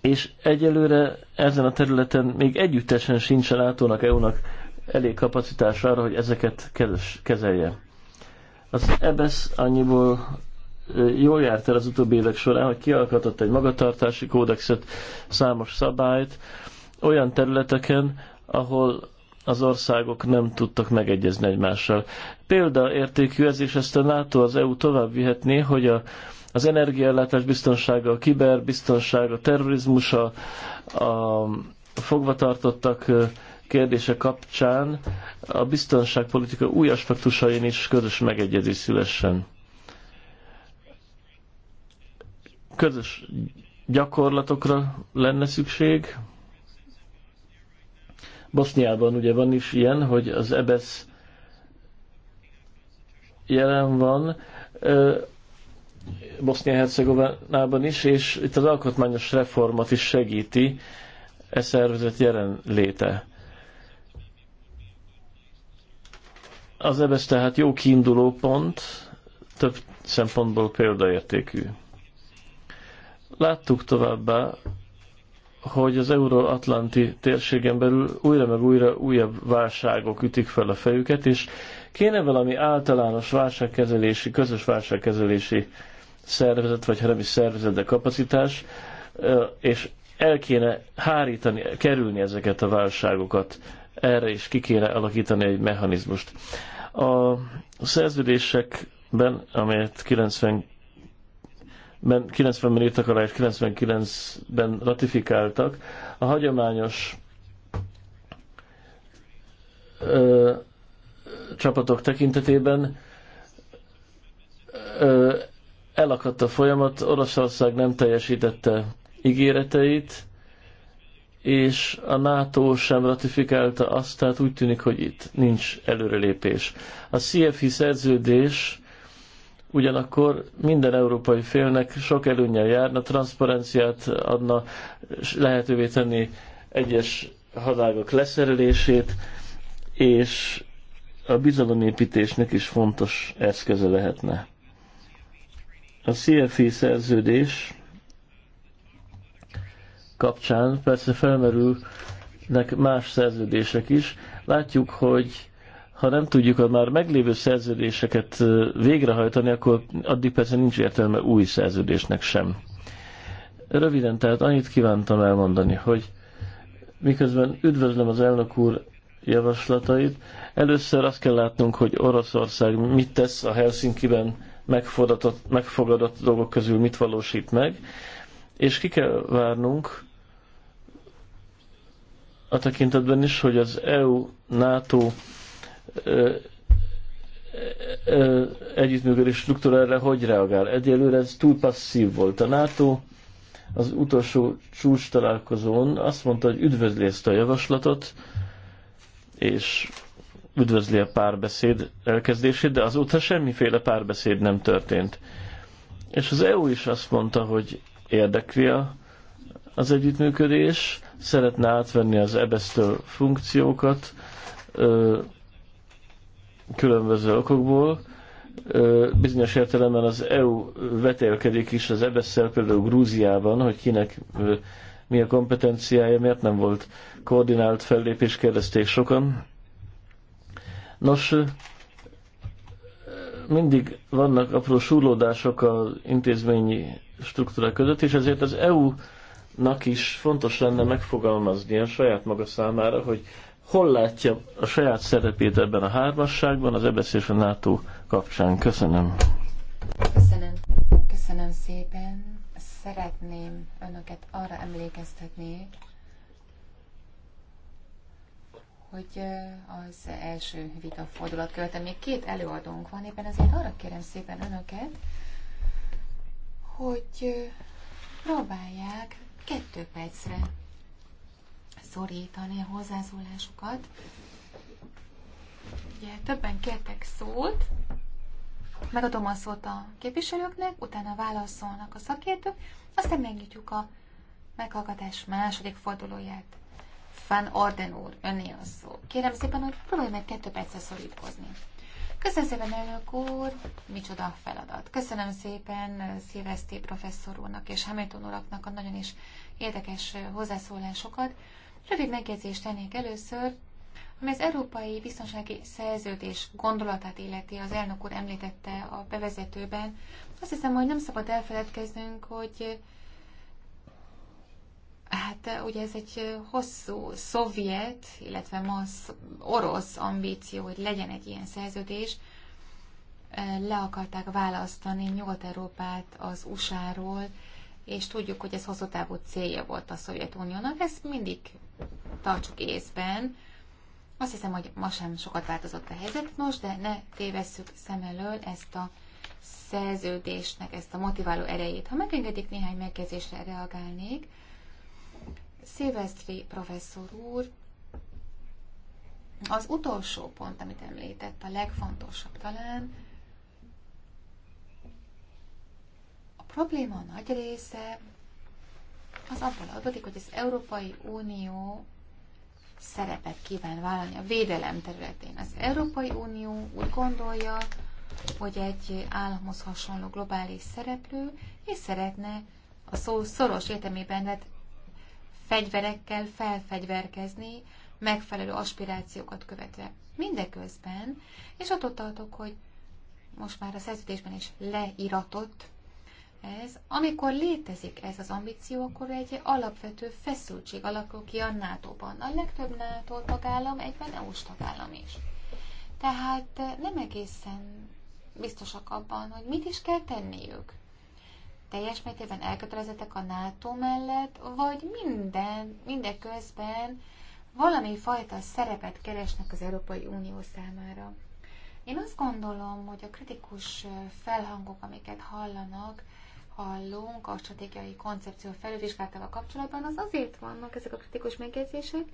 és egyelőre ezen a területen még együttesen sincsen átónak EU-nak elég kapacitás arra, hogy ezeket kezelje. Az EBESZ annyiból jól járt el az utóbbi évek során, hogy kialkotott egy magatartási kódexet, számos szabályt, olyan területeken, ahol az országok nem tudtak megegyezni egymással. Példaértékű ez, és ezt a NATO az EU tovább vihetné, hogy a, az energiállátás biztonsága, a kiberbiztonság, a terrorizmus, a, a fogvatartottak kérdése kapcsán a biztonságpolitika új aspektusain is közös megegyezés szülessen. Közös gyakorlatokra lenne szükség. Boszniában ugye van is ilyen, hogy az EBESZ jelen van, Bosznia-Hercegovinában is, és itt az alkotmányos reformat is segíti e szervezet jelenléte. Az EBSZ e tehát jó kiinduló pont, több szempontból példaértékű. Láttuk továbbá, hogy az euróatlanti térségen belül újra meg újra újabb válságok ütik fel a fejüket, és kéne valami általános válságkezelési, közös válságkezelési szervezet, vagy ha nem is szervezet, de kapacitás, és el kéne hárítani, kerülni ezeket a válságokat. Erre is ki kéne alakítani egy mechanizmust. A szerződésekben, amelyet 90 90-ben írtak alá és 99-ben ratifikáltak. A hagyományos ö, csapatok tekintetében ö, elakadt a folyamat, Oroszország nem teljesítette ígéreteit, és a NATO sem ratifikálta azt, tehát úgy tűnik, hogy itt nincs előrelépés. A CFI szerződés ugyanakkor minden európai félnek sok előnye járna, transzparenciát adna, lehetővé tenni egyes hadágok leszerelését, és a bizalomépítésnek is fontos eszköze lehetne. A CFI szerződés kapcsán persze felmerülnek más szerződések is. Látjuk, hogy ha nem tudjuk a már meglévő szerződéseket végrehajtani, akkor addig persze nincs értelme új szerződésnek sem. Röviden, tehát annyit kívántam elmondani, hogy miközben üdvözlöm az elnök úr javaslatait, először azt kell látnunk, hogy Oroszország mit tesz a Helsinki-ben megfogadott dolgok közül, mit valósít meg, és ki kell várnunk a tekintetben is, hogy az EU, NATO, együttműködés struktúrára hogy reagál. Egyelőre ez túl passzív volt. A NATO az utolsó csúcs találkozón azt mondta, hogy üdvözli ezt a javaslatot, és üdvözli a párbeszéd elkezdését, de azóta semmiféle párbeszéd nem történt. És az EU is azt mondta, hogy érdekli a, az együttműködés, szeretne átvenni az ebesztől funkciókat, különböző okokból. Bizonyos értelemben az EU vetélkedik is az ebesszel, például Grúziában, hogy kinek mi a kompetenciája, miért nem volt koordinált fellépés, kérdezték sokan. Nos, mindig vannak apró súrlódások az intézményi struktúra között, és ezért az EU-nak is fontos lenne megfogalmazni a saját maga számára, hogy hol látja a saját szerepét ebben a hármasságban, az EBSZ és a NATO kapcsán? Köszönöm. Köszönöm. Köszönöm szépen. Szeretném önöket arra emlékeztetni, hogy az első vita fordulat követően még két előadónk van, éppen ezért arra kérem szépen önöket, hogy próbálják kettő percre szorítani a hozzászólásukat. Ugye többen kértek szót, megadom a szót a képviselőknek, utána válaszolnak a szakértők, aztán megnyitjuk a meghallgatás második fordulóját. Van Orden úr, önné a szó. Kérem szépen, hogy próbálj meg kettő percre szorítkozni. Köszönöm szépen, elnök úr, micsoda feladat. Köszönöm szépen Szilveszti professzor úrnak és Hamilton uraknak a nagyon is érdekes hozzászólásokat. Rövid megjegyzést tennék először, ami az Európai Biztonsági Szerződés gondolatát illeti, az elnök úr említette a bevezetőben. Azt hiszem, hogy nem szabad elfeledkeznünk, hogy Hát ugye ez egy hosszú szovjet, illetve ma orosz ambíció, hogy legyen egy ilyen szerződés. Le akarták választani Nyugat-Európát az USA-ról, és tudjuk, hogy ez hosszú távú célja volt a Szovjetuniónak. Ez mindig tartsuk észben. Azt hiszem, hogy ma sem sokat változott a helyzet most, de ne tévesszük szem elől ezt a szerződésnek, ezt a motiváló erejét. Ha megengedik, néhány megjegyzésre reagálnék. Szilvesztri professzor úr, az utolsó pont, amit említett, a legfontosabb talán, a probléma nagy része az abból adódik, hogy az Európai Unió szerepet kíván vállalni a védelem területén. Az Európai Unió úgy gondolja, hogy egy államhoz hasonló globális szereplő, és szeretne a szó szoros értelmében lett fegyverekkel felfegyverkezni, megfelelő aspirációkat követve. Mindeközben, és ott tartok, hogy most már a szerződésben is leiratott ez. Amikor létezik ez az ambíció, akkor egy alapvető feszültség alakul ki a NATO-ban. A legtöbb NATO tagállam egyben EU-s tagállam is. Tehát eh, nem egészen biztosak abban, hogy mit is kell tenniük. Teljes mértékben elkötelezettek a NATO mellett, vagy minden, mindeközben valami fajta szerepet keresnek az Európai Unió számára. Én azt gondolom, hogy a kritikus eh, felhangok, amiket hallanak, hallunk a stratégiai koncepció felülvizsgálatával kapcsolatban, az azért vannak ezek a kritikus megjegyzések,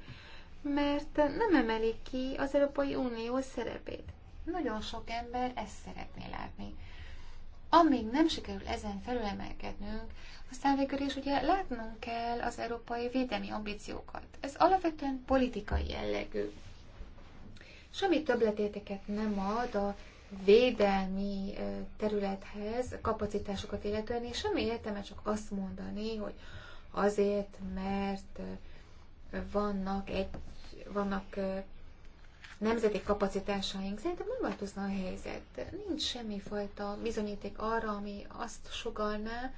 mert nem emelik ki az Európai Unió szerepét. Nagyon sok ember ezt szeretné látni. Amíg nem sikerül ezen felülemelkednünk, aztán végül is ugye látnunk kell az európai védelmi ambíciókat. Ez alapvetően politikai jellegű. Semmi többletérteket nem ad a védelmi területhez, kapacitásokat illetően, és semmi értelme csak azt mondani, hogy azért, mert vannak, egy, vannak nemzeti kapacitásaink. Szerintem nem változna a helyzet. Nincs semmi fajta bizonyíték arra, ami azt sugalná,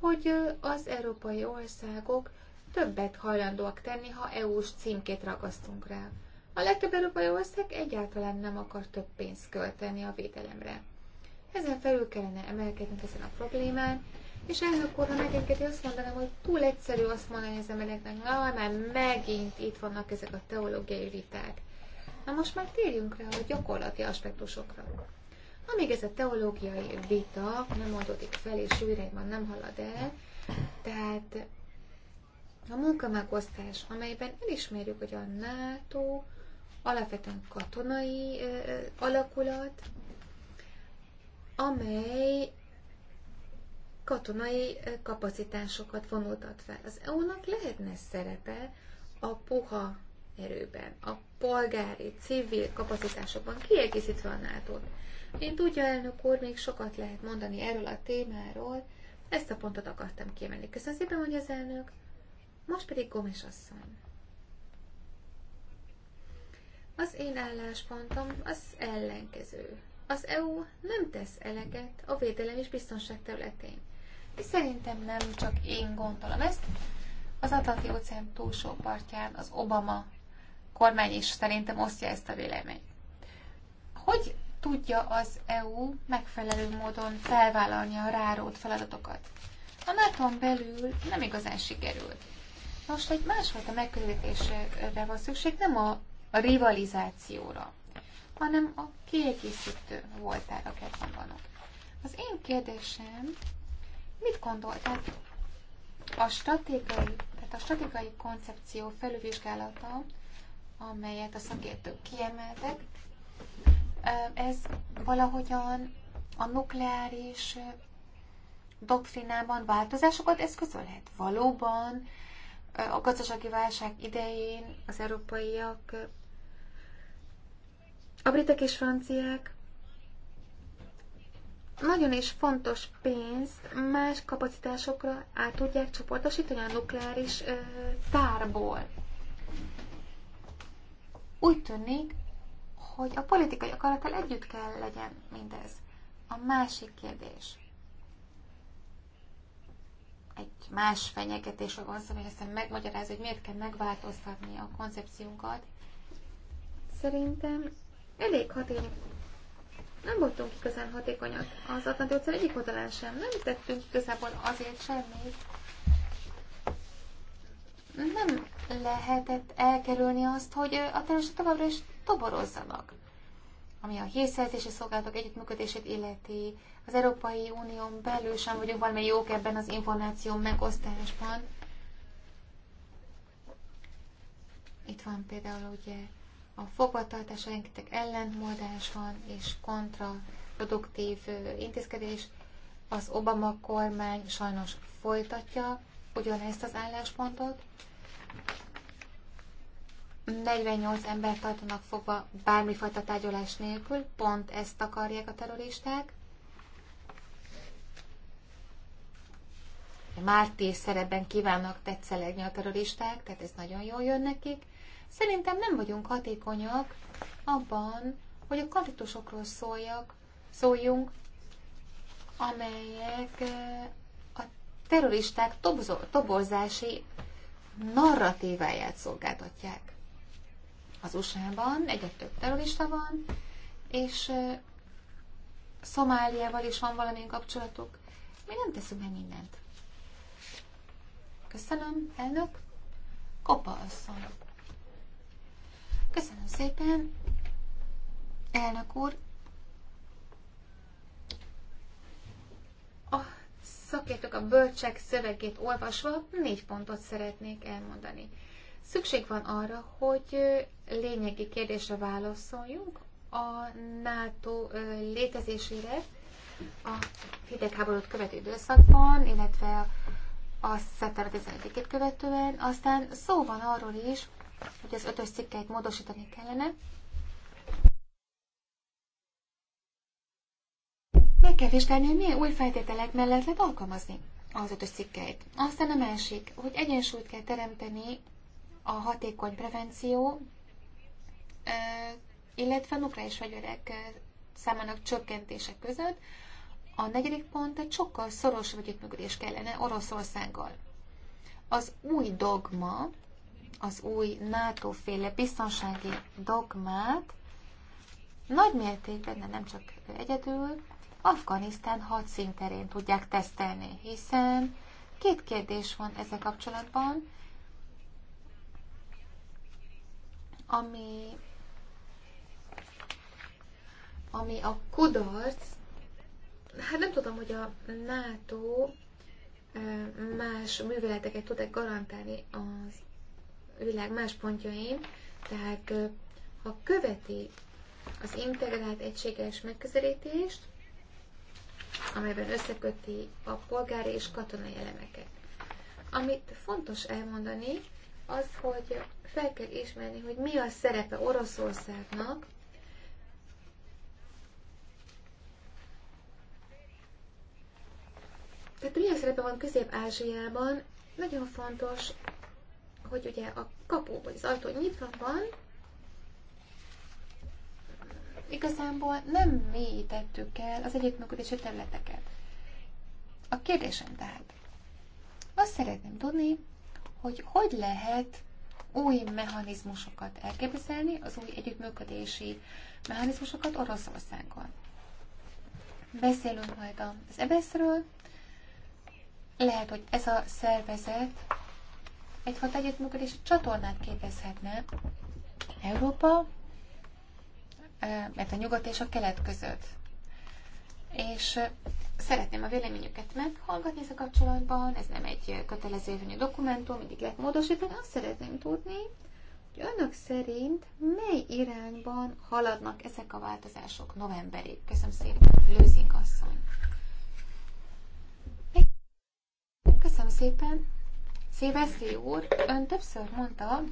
hogy az európai országok többet hajlandóak tenni, ha EU-s címkét ragasztunk rá. A legtöbb európai ország egyáltalán nem akar több pénzt költeni a védelemre. Ezen felül kellene emelkednünk ezen a problémán, és elnök úr, ha megengedi, azt mondanám, hogy túl egyszerű azt mondani az embereknek, na, már megint itt vannak ezek a teológiai viták. Na most már térjünk rá a gyakorlati aspektusokra. Amíg ez a teológiai vita nem adódik fel, és van nem halad el, tehát a munkamegosztás, amelyben elismerjük, hogy a NATO alapvetően katonai alakulat, amely katonai kapacitásokat vonultat fel. Az EU-nak lehetne szerepe a puha erőben, a polgári, civil kapacitásokban kiegészítve a nato -t. Én tudja, elnök úr, még sokat lehet mondani erről a témáról, ezt a pontot akartam kiemelni. Köszönöm szépen, hogy az elnök. Most pedig Gomes asszony. Az én álláspontom az ellenkező. Az EU nem tesz eleget a védelem és biztonság területén. És szerintem nem csak én gondolom ezt. Az Atlanti óceán túlsó partján az Obama kormány is szerintem osztja ezt a véleményt. Hogy tudja az EU megfelelő módon felvállalni a rárót feladatokat? A nato belül nem igazán sikerült. Most egy másfajta megközelítésre van szükség, nem a a rivalizációra, hanem a kiegészítő voltára kell mondanom. Az én kérdésem, mit gondoltál a stratégiai, tehát a stratégiai koncepció felülvizsgálata, amelyet a szakértők kiemeltek, ez valahogyan a nukleáris doktrinában változásokat eszközölhet. Valóban a gazdasági válság idején az európaiak a britek és franciák nagyon is fontos pénzt más kapacitásokra át tudják csoportosítani a nukleáris ö, tárból. Úgy tűnik, hogy a politikai akarattal együtt kell legyen mindez. A másik kérdés. Egy más fenyegetésről van szó, hogy aztán megmagyaráz, hogy miért kell megváltoztatni a koncepciónkat. Szerintem elég hatékony. Nem voltunk igazán hatékonyak az atlanti egyik oldalán sem. Nem tettünk igazából azért semmit. Nem lehetett elkerülni azt, hogy a terrorista továbbra is toborozzanak. Ami a hírszerzési szolgálatok együttműködését illeti, az Európai Unión belül sem vagyunk valami jók ebben az információ megosztásban. Itt van például ugye a fogvatartás rengeteg ellentmondás van, és kontraproduktív intézkedés. Az Obama kormány sajnos folytatja ugyanezt az álláspontot. 48 ember tartanak fogva bármifajta tárgyalás nélkül, pont ezt akarják a terroristák. Mártír szerepben kívánnak tetszelegni a terroristák, tehát ez nagyon jól jön nekik. Szerintem nem vagyunk hatékonyak abban, hogy a konfliktusokról szóljak, szóljunk, amelyek a terroristák toborzási narratíváját szolgáltatják. Az USA-ban egyre több terrorista van, és Szomáliával is van valamilyen kapcsolatuk. Mi nem teszünk meg mindent. Köszönöm, elnök. Kopa asszony. Köszönöm szépen, elnök úr. A szakértők a bölcsek szövegét olvasva négy pontot szeretnék elmondani. Szükség van arra, hogy lényegi kérdésre válaszoljunk a NATO létezésére a hidegháborút követő időszakban, illetve a szeptember 11-ét követően. Aztán szó van arról is, hogy az ötös cikkeit módosítani kellene. Meg kell vizsgálni, hogy milyen új feltételek mellett lehet alkalmazni az ötös cikkeit. Aztán a másik, hogy egyensúlyt kell teremteni a hatékony prevenció, illetve nukleáris fegyverek számának csökkentése között. A negyedik pont egy sokkal szorosabb együttműködés kellene Oroszországgal. Az új dogma, az új NATO-féle biztonsági dogmát, nagy mértékben, de nem csak egyedül, Afganisztán szinterén tudják tesztelni, hiszen két kérdés van ezzel kapcsolatban, ami, ami a kudarc, hát nem tudom, hogy a NATO más műveleteket tud-e garantálni az világ más pontjain, tehát ha követi az integrált egységes megközelítést, amelyben összeköti a polgári és katonai elemeket. Amit fontos elmondani, az, hogy fel kell ismerni, hogy mi a szerepe Oroszországnak Tehát mi a szerepe van Közép-Ázsiában? Nagyon fontos hogy ugye a kapu vagy az ajtó nyitva van, igazából nem mélyítettük el az együttműködési területeket. A kérdésem tehát, azt szeretném tudni, hogy hogy lehet új mechanizmusokat elképzelni, az új együttműködési mechanizmusokat Oroszországon. Beszélünk majd az ebesz Lehet, hogy ez a szervezet egyfajta együttműködési csatornát képezhetne Európa, mert a nyugat és a kelet között. És szeretném a véleményüket meghallgatni ezzel kapcsolatban, ez nem egy kötelező érvényű dokumentum, mindig lehet módosítani, azt szeretném tudni, hogy önök szerint mely irányban haladnak ezek a változások novemberig? Köszönöm szépen, Lőzink asszony. Köszönöm szépen. Szilveszti úr, ön többször mondta,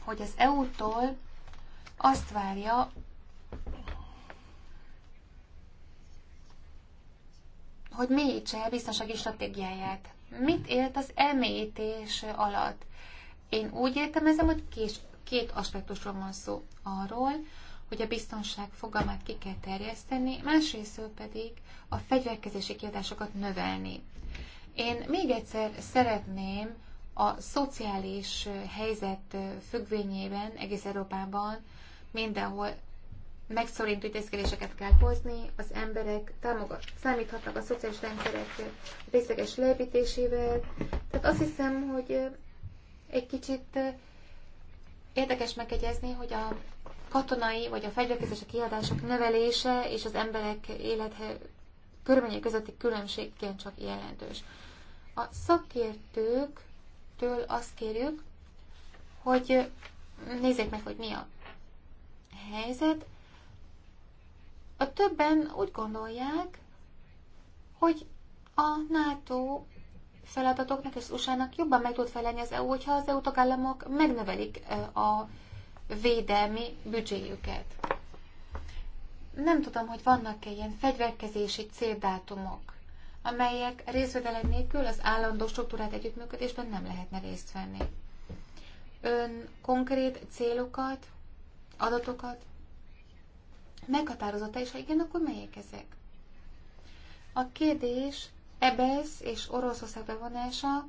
hogy az EU-tól azt várja, hogy mélyítse a biztonsági stratégiáját. Mit élt az elmélyítés alatt? Én úgy értelmezem, hogy kés, két aspektusról van szó. Arról, hogy a biztonság fogalmát ki kell terjeszteni, másrészt pedig a fegyverkezési kiadásokat növelni. Én még egyszer szeretném a szociális helyzet függvényében egész Európában mindenhol megszorító intézkedéseket kell hozni, az emberek támogat, számíthatnak a szociális rendszerek részleges leépítésével. Tehát azt hiszem, hogy egy kicsit érdekes megegyezni, hogy a katonai vagy a fegyverkezési kiadások növelése és az emberek élet körülmények közötti különbség igencsak jelentős. A szakértőktől azt kérjük, hogy nézzék meg, hogy mi a helyzet. A többen úgy gondolják, hogy a NATO feladatoknak és az USA-nak jobban meg tud felelni az EU, hogyha az EU tagállamok megnövelik a védelmi büdzséjüket. Nem tudom, hogy vannak-e ilyen fegyverkezési céldátumok amelyek részvételek nélkül az állandó struktúrát együttműködésben nem lehetne részt venni. Ön konkrét célokat, adatokat meghatározott és ha igen, akkor melyek ezek? A kérdés EBSZ és Oroszország bevonása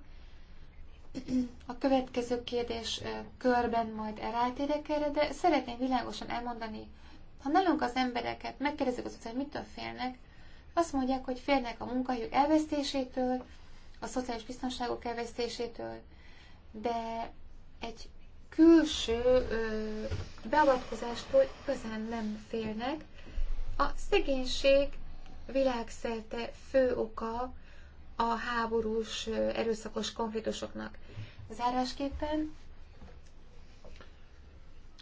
a következő kérdés körben majd rátérek erre, de szeretném világosan elmondani, ha nálunk az embereket megkérdezik az, hogy mitől félnek, azt mondják, hogy félnek a munkahelyük elvesztésétől, a szociális biztonságok elvesztésétől, de egy külső ö, beavatkozástól igazán nem félnek. A szegénység világszerte fő oka a háborús erőszakos konfliktusoknak. Zárásképpen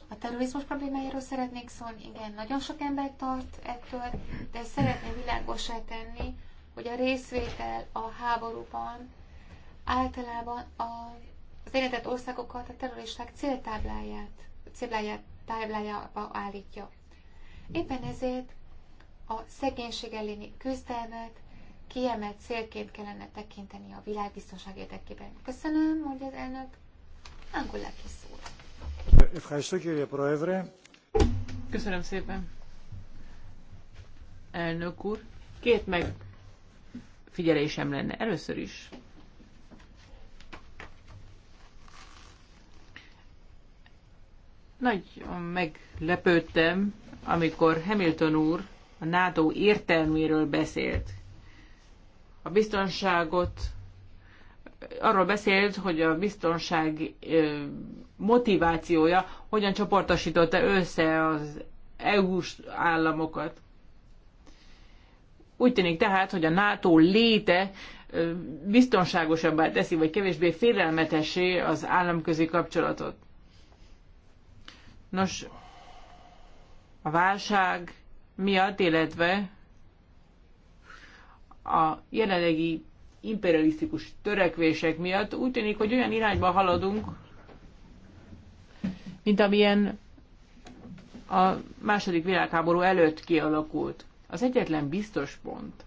a terrorizmus problémájáról szeretnék szólni, igen, nagyon sok ember tart ettől, de szeretném világosá tenni, hogy a részvétel a háborúban általában a, az érintett országokat a terroristák céltábláját, céltábláját táblájába állítja. Éppen ezért a szegénység elleni küzdelmet kiemelt célként kellene tekinteni a világbiztonság érdekében. Köszönöm, hogy az elnök Angolaki szólt. Köszönöm szépen. Elnök úr, két megfigyelésem lenne. Először is nagyon meglepődtem, amikor Hamilton úr a NATO értelméről beszélt. A biztonságot arról beszélt, hogy a biztonság motivációja hogyan csoportosította össze az EU-s államokat. Úgy tűnik tehát, hogy a NATO léte biztonságosabbá teszi, vagy kevésbé félelmetesé az államközi kapcsolatot. Nos, a válság miatt, illetve a jelenlegi imperialisztikus törekvések miatt úgy tűnik, hogy olyan irányba haladunk, mint amilyen a második világháború előtt kialakult. Az egyetlen biztos pont,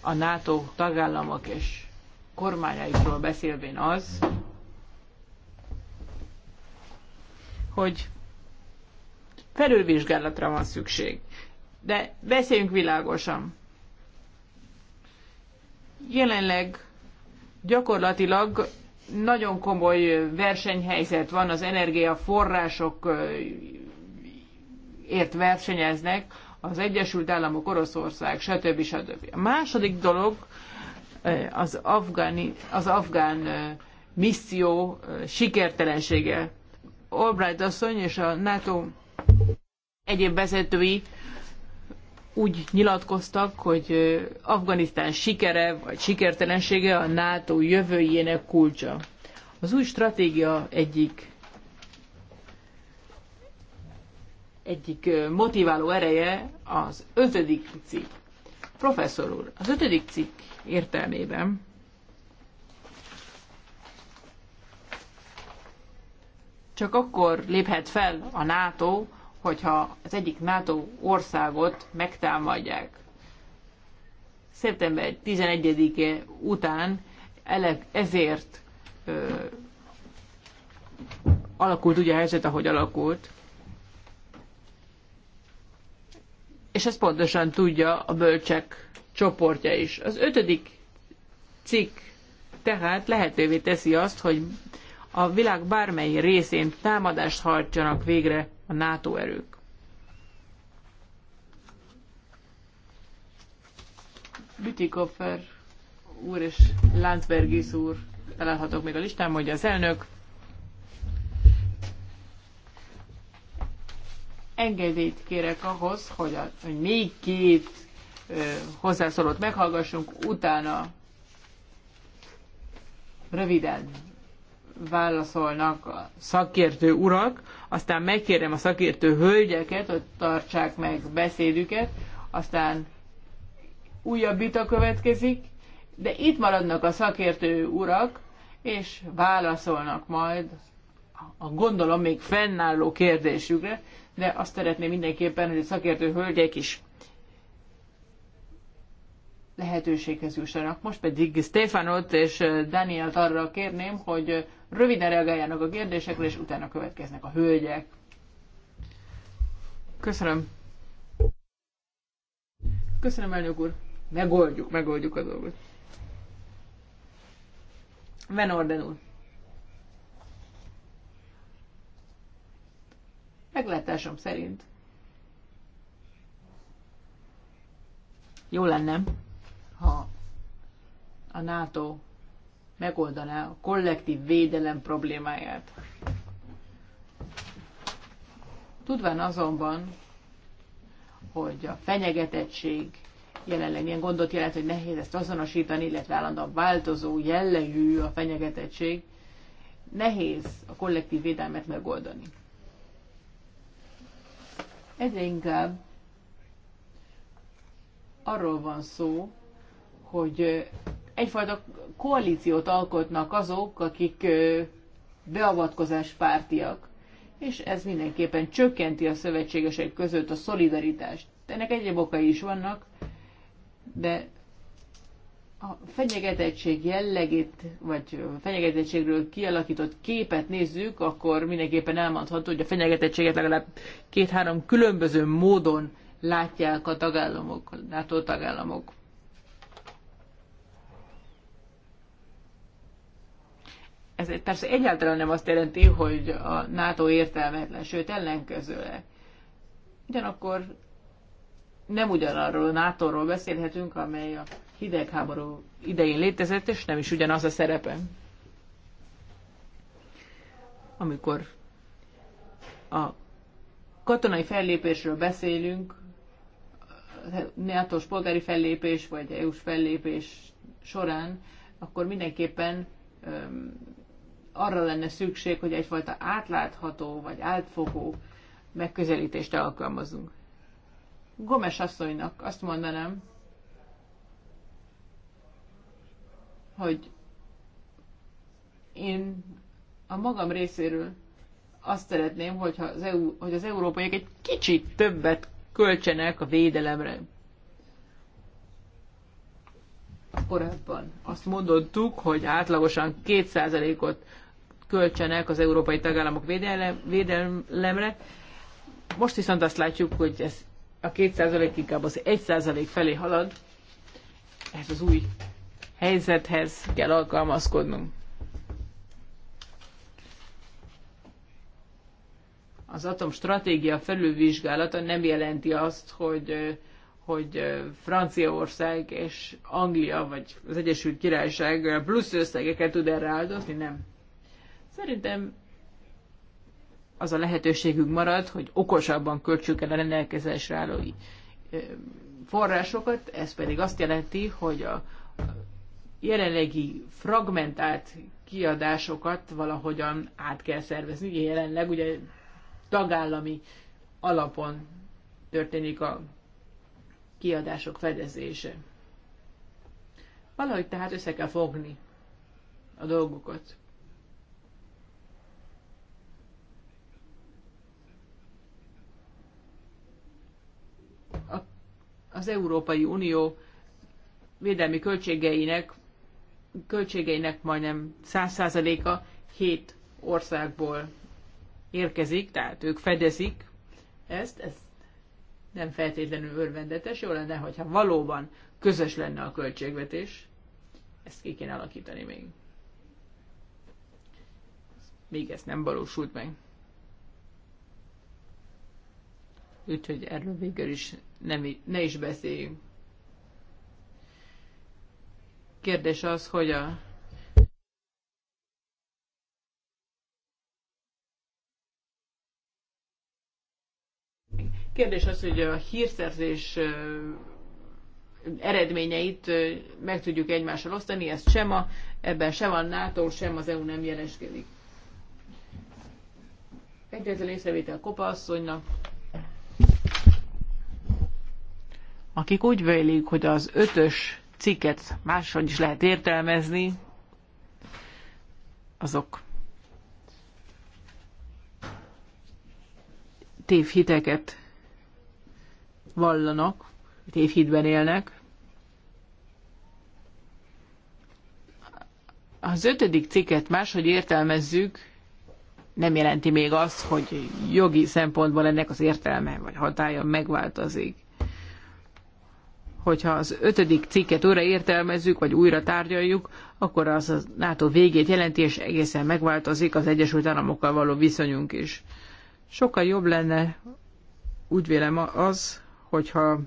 a NATO tagállamok és kormányaikról beszélvén az, hogy felülvizsgálatra van szükség. De beszéljünk világosan. Jelenleg gyakorlatilag nagyon komoly versenyhelyzet van, az energiaforrások ért versenyeznek, az Egyesült Államok, Oroszország, stb. stb. A második dolog az, afgáni, az afgán misszió sikertelensége. Albright asszony és a NATO egyéb vezetői úgy nyilatkoztak, hogy Afganisztán sikere vagy sikertelensége a NATO jövőjének kulcsa. Az új stratégia egyik egyik motiváló ereje az ötödik cikk. Professzor úr, az ötödik cikk értelmében csak akkor léphet fel a NATO, hogyha az egyik NATO országot megtámadják. Szeptember 11-e után ezért ö, alakult ugye a helyzet, ahogy alakult. És ezt pontosan tudja a bölcsek csoportja is. Az ötödik cikk tehát lehetővé teszi azt, hogy a világ bármely részén támadást hajtsanak végre a NATO erők. Bütikoffer úr és Láncbergis úr találhatok még a listán, hogy az elnök engedélyt kérek ahhoz, hogy, a, hogy még két ö, hozzászólót meghallgassunk, utána röviden válaszolnak a szakértő urak, aztán megkérem a szakértő hölgyeket, hogy tartsák meg beszédüket, aztán újabb vita következik, de itt maradnak a szakértő urak, és válaszolnak majd a gondolom még fennálló kérdésükre, de azt szeretném mindenképpen, hogy a szakértő hölgyek is lehetőséghez jussanak. Most pedig Stefanot és Danielt arra kérném, hogy röviden reagáljanak a kérdésekre, és utána következnek a hölgyek. Köszönöm. Köszönöm, elnök úr. Megoldjuk, megoldjuk a dolgot. Van Orden úr. Meglátásom szerint jó lenne, ha a NATO megoldaná a kollektív védelem problémáját. Tudván azonban, hogy a fenyegetettség jelenleg ilyen gondot jelent, hogy nehéz ezt azonosítani, illetve állandóan változó jellegű a fenyegetettség, nehéz a kollektív védelmet megoldani. Egyre inkább arról van szó, hogy egyfajta koalíciót alkotnak azok, akik beavatkozás pártiak, és ez mindenképpen csökkenti a szövetségesek között a szolidaritást. Ennek egyéb okai is vannak, de a fenyegetettség jellegét, vagy fenyegetettségről kialakított képet nézzük, akkor mindenképpen elmondható, hogy a fenyegetettséget legalább két-három különböző módon látják a tagállamok, látó tagállamok. Ez persze egyáltalán nem azt jelenti, hogy a NATO értelmetlen, sőt ellenkezőleg. Ugyanakkor nem ugyanarról a NATO-ról beszélhetünk, amely a hidegháború idején létezett, és nem is ugyanaz a szerepe. Amikor a katonai fellépésről beszélünk, nato polgári fellépés vagy EU-s fellépés során, akkor mindenképpen arra lenne szükség, hogy egyfajta átlátható vagy átfogó megközelítést alkalmazunk. Gomes asszonynak azt mondanám, hogy én a magam részéről azt szeretném, hogyha az EU, hogy az európaiak egy kicsit többet költsenek a védelemre. Korábban azt mondottuk, hogy átlagosan 2%-ot költsenek az európai tagállamok védelemre. Most viszont azt látjuk, hogy ez a 2% inkább az 1% felé halad. Ez az új helyzethez kell alkalmazkodnunk. Az atomstratégia felülvizsgálata nem jelenti azt, hogy hogy Franciaország és Anglia, vagy az Egyesült Királyság plusz összegeket tud erre áldozni, nem. Szerintem az a lehetőségünk marad, hogy okosabban költsük el a rendelkezésre álló forrásokat, ez pedig azt jelenti, hogy a jelenlegi fragmentált kiadásokat valahogyan át kell szervezni. Jelenleg ugye tagállami alapon történik a kiadások fedezése. Valahogy tehát össze kell fogni a dolgokat. az Európai Unió védelmi költségeinek, költségeinek majdnem 100%-a hét országból érkezik, tehát ők fedezik ezt, ez nem feltétlenül örvendetes, jó lenne, hogyha valóban közös lenne a költségvetés, ezt ki kéne alakítani még. Még ezt nem valósult meg. úgyhogy erről végül is nem, ne is beszéljünk. Kérdés az, hogy a Kérdés az, hogy a hírszerzés eredményeit meg tudjuk egymással osztani, ezt sem a, ebben sem a NATO, sem az EU nem jeleskedik. a észrevétel Kopa asszonynak. akik úgy vélik, hogy az ötös cikket máshogy is lehet értelmezni, azok tévhiteket vallanak, tévhitben élnek. Az ötödik cikket máshogy értelmezzük, nem jelenti még azt, hogy jogi szempontból ennek az értelme vagy hatája megváltozik hogyha az ötödik cikket újra értelmezzük, vagy újra tárgyaljuk, akkor az a NATO végét jelenti, és egészen megváltozik az Egyesült Államokkal való viszonyunk is. Sokkal jobb lenne, úgy vélem az, hogyha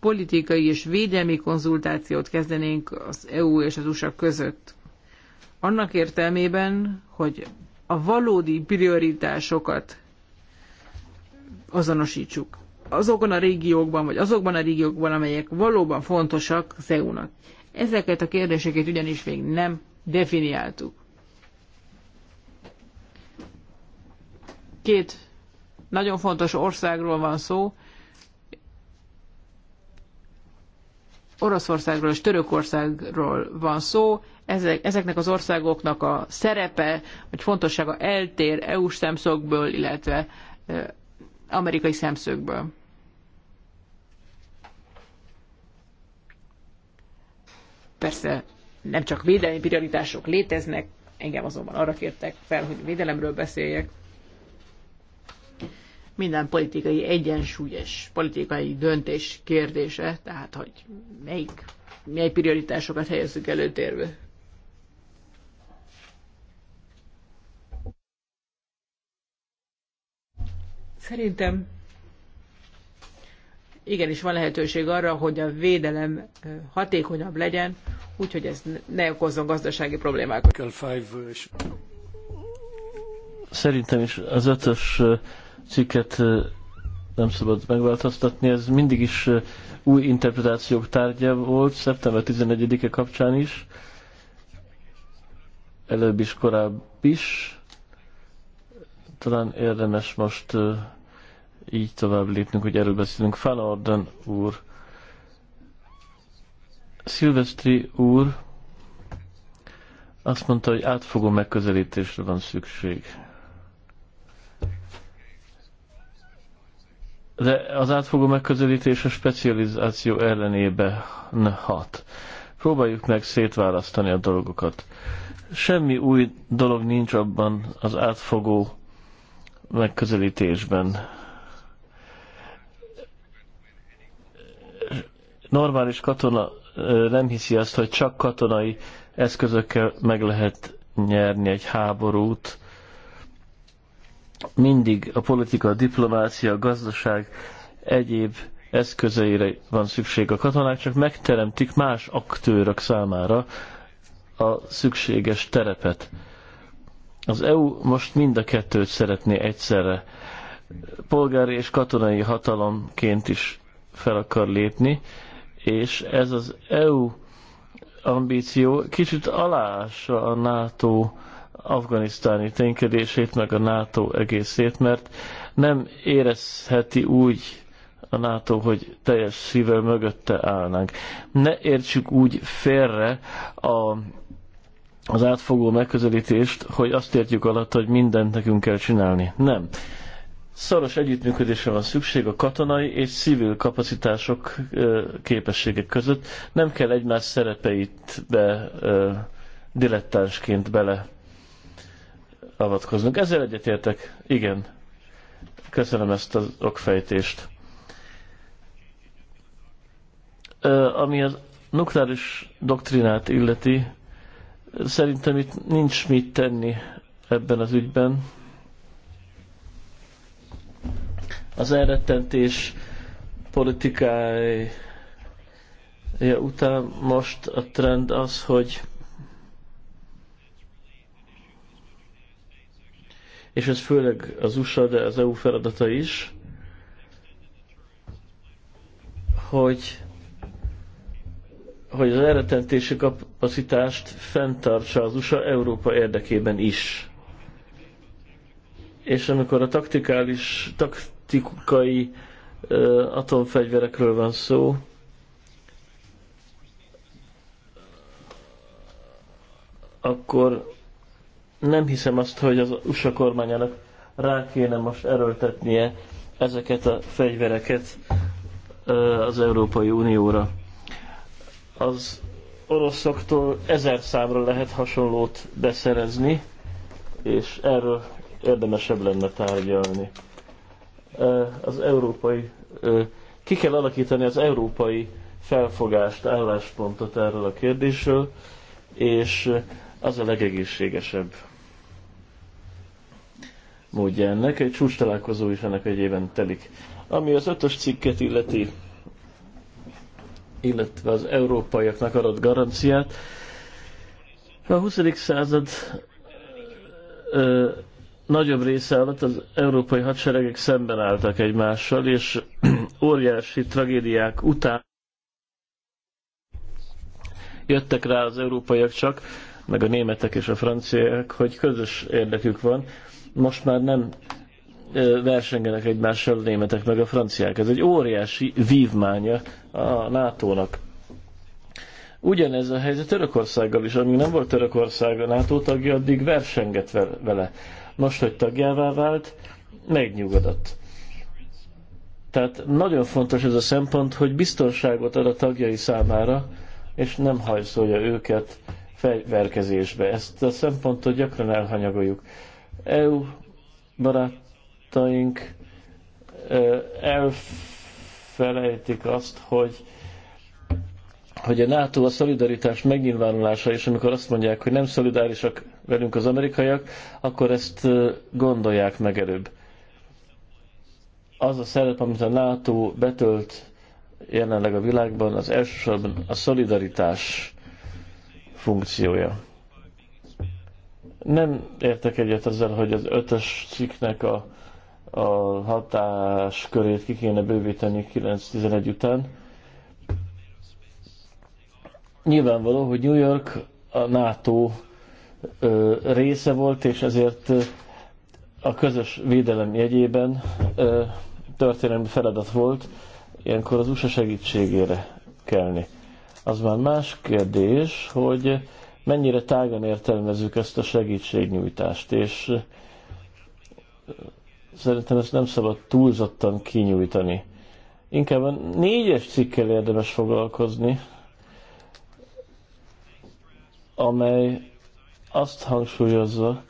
politikai és védelmi konzultációt kezdenénk az EU és az USA között. Annak értelmében, hogy a valódi prioritásokat azonosítsuk azokon a régiókban, vagy azokban a régiókban, amelyek valóban fontosak az EU-nak. Ezeket a kérdéseket ugyanis még nem definiáltuk. Két nagyon fontos országról van szó, Oroszországról és Törökországról van szó, ezek, ezeknek az országoknak a szerepe, vagy fontossága eltér EU-s szemszögből, illetve amerikai szemszögből. Persze nem csak védelmi prioritások léteznek, engem azonban arra kértek fel, hogy védelemről beszéljek. Minden politikai egyensúlyes politikai döntés kérdése, tehát hogy melyik, mely prioritásokat helyezzük előtérbe. Szerintem igenis van lehetőség arra, hogy a védelem hatékonyabb legyen, úgyhogy ez ne okozzon gazdasági problémákat. Szerintem is az ötös cikket nem szabad megváltoztatni, ez mindig is új interpretációk tárgya volt, szeptember 11-e kapcsán is, előbb is, korábbi is. Talán érdemes most így tovább lépnünk, hogy erről beszélünk. Fanorden úr, Szilvesztri úr azt mondta, hogy átfogó megközelítésre van szükség. De az átfogó megközelítés a specializáció ellenébe hat. Próbáljuk meg szétválasztani a dolgokat. Semmi új dolog nincs abban az átfogó megközelítésben normális katona nem hiszi azt, hogy csak katonai eszközökkel meg lehet nyerni egy háborút. Mindig a politika, a diplomácia, a gazdaság egyéb eszközeire van szükség a katonák, csak megteremtik más aktőrök számára a szükséges terepet. Az EU most mind a kettőt szeretné egyszerre. Polgári és katonai hatalomként is fel akar lépni, és ez az EU ambíció kicsit alása a NATO afganisztáni ténykedését, meg a NATO egészét, mert nem érezheti úgy a NATO, hogy teljes szívvel mögötte állnánk. Ne értsük úgy félre a, az átfogó megközelítést, hogy azt értjük alatt, hogy mindent nekünk kell csinálni. Nem. Szoros együttműködésre van szükség a katonai és civil kapacitások, képességek között. Nem kell egymás szerepeit be dilettánsként bele avatkoznunk. Ezzel egyetértek. Igen. Köszönöm ezt az okfejtést. Ami az nukleáris doktrinát illeti, szerintem itt nincs mit tenni ebben az ügyben az elrettentés politikája után most a trend az, hogy és ez főleg az USA, de az EU feladata is, hogy, hogy az elretentési kapacitást fenntartsa az USA Európa érdekében is. És amikor a taktikális, tak, taktikai atomfegyverekről van szó. Akkor nem hiszem azt, hogy az USA kormányának rá kéne most erőltetnie ezeket a fegyvereket az Európai Unióra. Az oroszoktól ezer számra lehet hasonlót beszerezni, és erről érdemesebb lenne tárgyalni az európai, ki kell alakítani az európai felfogást, álláspontot erről a kérdésről, és az a legegészségesebb módja ennek. Egy csúcs találkozó is ennek egyében telik. Ami az ötös cikket illeti, illetve az európaiaknak adott garanciát, a 20. század ö, nagyobb része alatt az európai hadseregek szemben álltak egymással, és óriási tragédiák után jöttek rá az európaiak csak, meg a németek és a franciák, hogy közös érdekük van. Most már nem versengenek egymással a németek meg a franciák. Ez egy óriási vívmánya a NATO-nak. Ugyanez a helyzet Törökországgal is. Amíg nem volt Törökország a NATO tagja, addig versengett vele most, hogy tagjává vált, megnyugodott. Tehát nagyon fontos ez a szempont, hogy biztonságot ad a tagjai számára, és nem hajszolja őket fegyverkezésbe. Ezt a szempontot gyakran elhanyagoljuk. EU barátaink elfelejtik azt, hogy hogy a NATO a szolidaritás megnyilvánulása, és amikor azt mondják, hogy nem szolidárisak velünk az amerikaiak, akkor ezt gondolják meg előbb. Az a szerep, amit a NATO betölt jelenleg a világban, az elsősorban a szolidaritás funkciója. Nem értek egyet ezzel, hogy az ötös cikknek a, a hatáskörét ki kéne bővíteni 9-11 után Nyilvánvaló, hogy New York a NATO része volt, és ezért a közös védelem jegyében történelmi feladat volt ilyenkor az USA segítségére kelni. Az már más kérdés, hogy mennyire tágan értelmezzük ezt a segítségnyújtást, és szerintem ezt nem szabad túlzottan kinyújtani. Inkább a négyes cikkel érdemes foglalkozni, amely azt hangsúlyozza,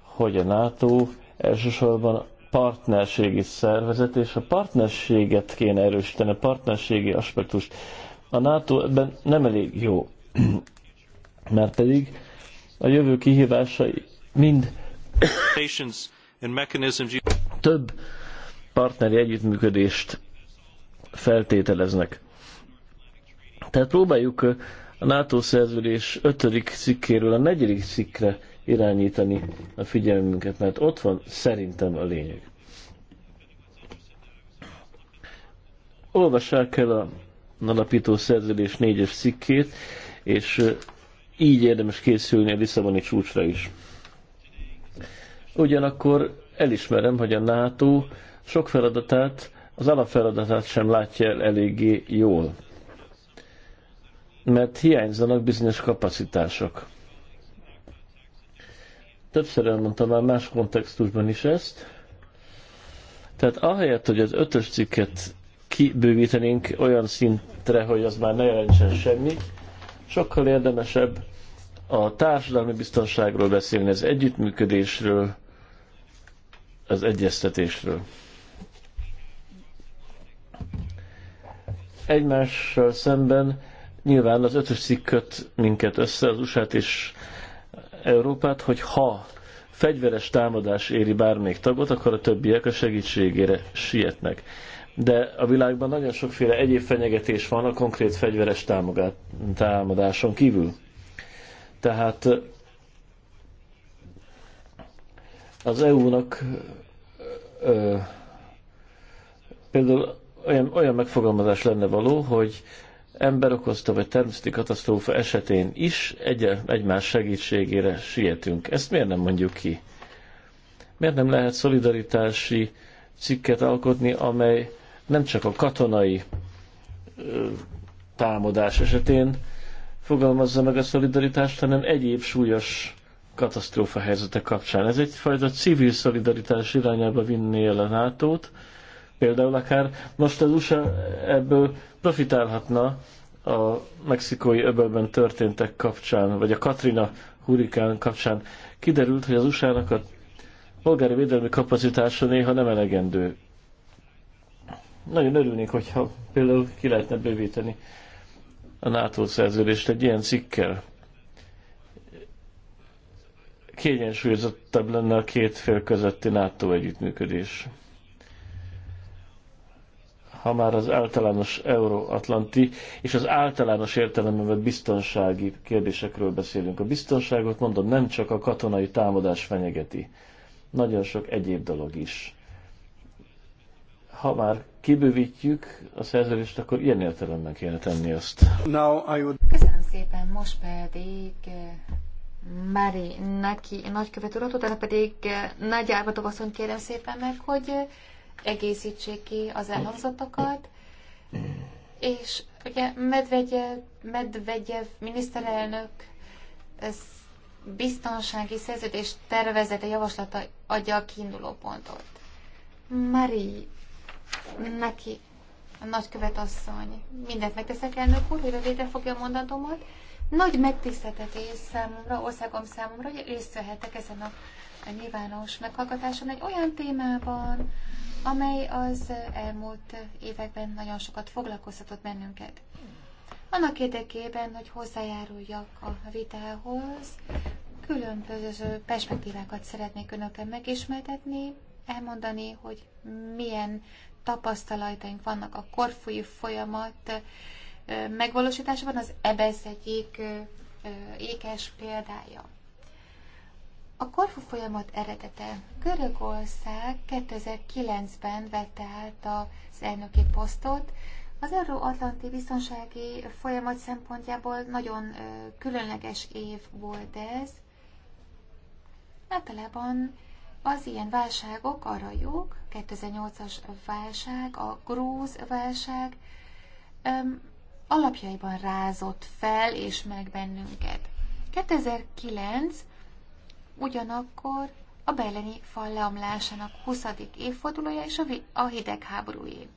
hogy a NATO elsősorban partnerségi szervezet, és a partnerséget kéne erősíteni, a partnerségi aspektust. A NATO ebben nem elég jó, mert pedig a jövő kihívásai mind több partneri együttműködést feltételeznek. Tehát próbáljuk a NATO szerződés 5. cikkéről a 4. cikkre irányítani a figyelmünket, mert ott van szerintem a lényeg. Olvassák el a alapító szerződés 4-es cikkét, és így érdemes készülni a Lisszaboni csúcsra is. Ugyanakkor elismerem, hogy a NATO sok feladatát, az alapfeladatát sem látja el eléggé jól mert hiányzanak bizonyos kapacitások. Többször elmondtam már más kontextusban is ezt. Tehát ahelyett, hogy az ötös cikket kibővítenénk olyan szintre, hogy az már ne jelentsen semmit, sokkal érdemesebb a társadalmi biztonságról beszélni, az együttműködésről, az egyeztetésről. Egymással szemben Nyilván az ötös cikk köt minket össze, az usa és Európát, hogy ha fegyveres támadás éri bármelyik tagot, akkor a többiek a segítségére sietnek. De a világban nagyon sokféle egyéb fenyegetés van a konkrét fegyveres támadáson kívül. Tehát az EU-nak például olyan, olyan megfogalmazás lenne való, hogy ember okozta vagy természeti katasztrófa esetén is egy egymás segítségére sietünk. Ezt miért nem mondjuk ki? Miért nem lehet szolidaritási cikket alkotni, amely nem csak a katonai ö, támadás esetén fogalmazza meg a szolidaritást, hanem egyéb súlyos katasztrófa helyzetek kapcsán. Ez egyfajta civil szolidaritás irányába vinné el a nato -t. Például akár most az USA ebből profitálhatna a mexikói öbölben történtek kapcsán, vagy a Katrina hurikán kapcsán. Kiderült, hogy az USA-nak a polgári védelmi kapacitása néha nem elegendő. Nagyon örülnék, hogyha például ki lehetne bővíteni a NATO szerződést egy ilyen cikkel. Kiegyensúlyozottabb lenne a két fél közötti NATO együttműködés ha már az általános euróatlanti és az általános értelemben vett biztonsági kérdésekről beszélünk. A biztonságot mondom nem csak a katonai támadás fenyegeti, nagyon sok egyéb dolog is. Ha már kibővítjük a szerződést, akkor ilyen értelemben kéne tenni azt. Köszönöm szépen, most pedig eh, Mari, neki nagykövet urat, utána pedig eh, Nagy Árvatov kérem szépen meg, hogy eh, egészítsék ki az elhangzottakat, és ugye Medvegyev, Medvegyev miniszterelnök ez biztonsági szerződés tervezete javaslata adja a kiinduló pontot. Mari, neki, a nagykövet asszony, mindent megteszek elnök úr, hogy rövidre fogja a mondatomat. Nagy megtiszteltetés számomra, országom számomra, hogy részt vehetek ezen a, a nyilvános meghallgatáson egy olyan témában, amely az elmúlt években nagyon sokat foglalkoztatott bennünket. Annak érdekében, hogy hozzájáruljak a vitához, különböző perspektívákat szeretnék önökkel megismertetni, elmondani, hogy milyen tapasztalataink vannak a korfúi folyamat megvalósításában az EBSZ egyik ékes példája. A Korfu folyamat eredete. Görögország 2009-ben vette át az elnöki posztot. Az euróatlanti biztonsági folyamat szempontjából nagyon különleges év volt ez. Általában az ilyen válságok arra jók, 2008-as válság, a grúz válság, alapjaiban rázott fel és meg bennünket. 2009 ugyanakkor a berlini fal leomlásának 20. évfordulója és a hidegháborúé.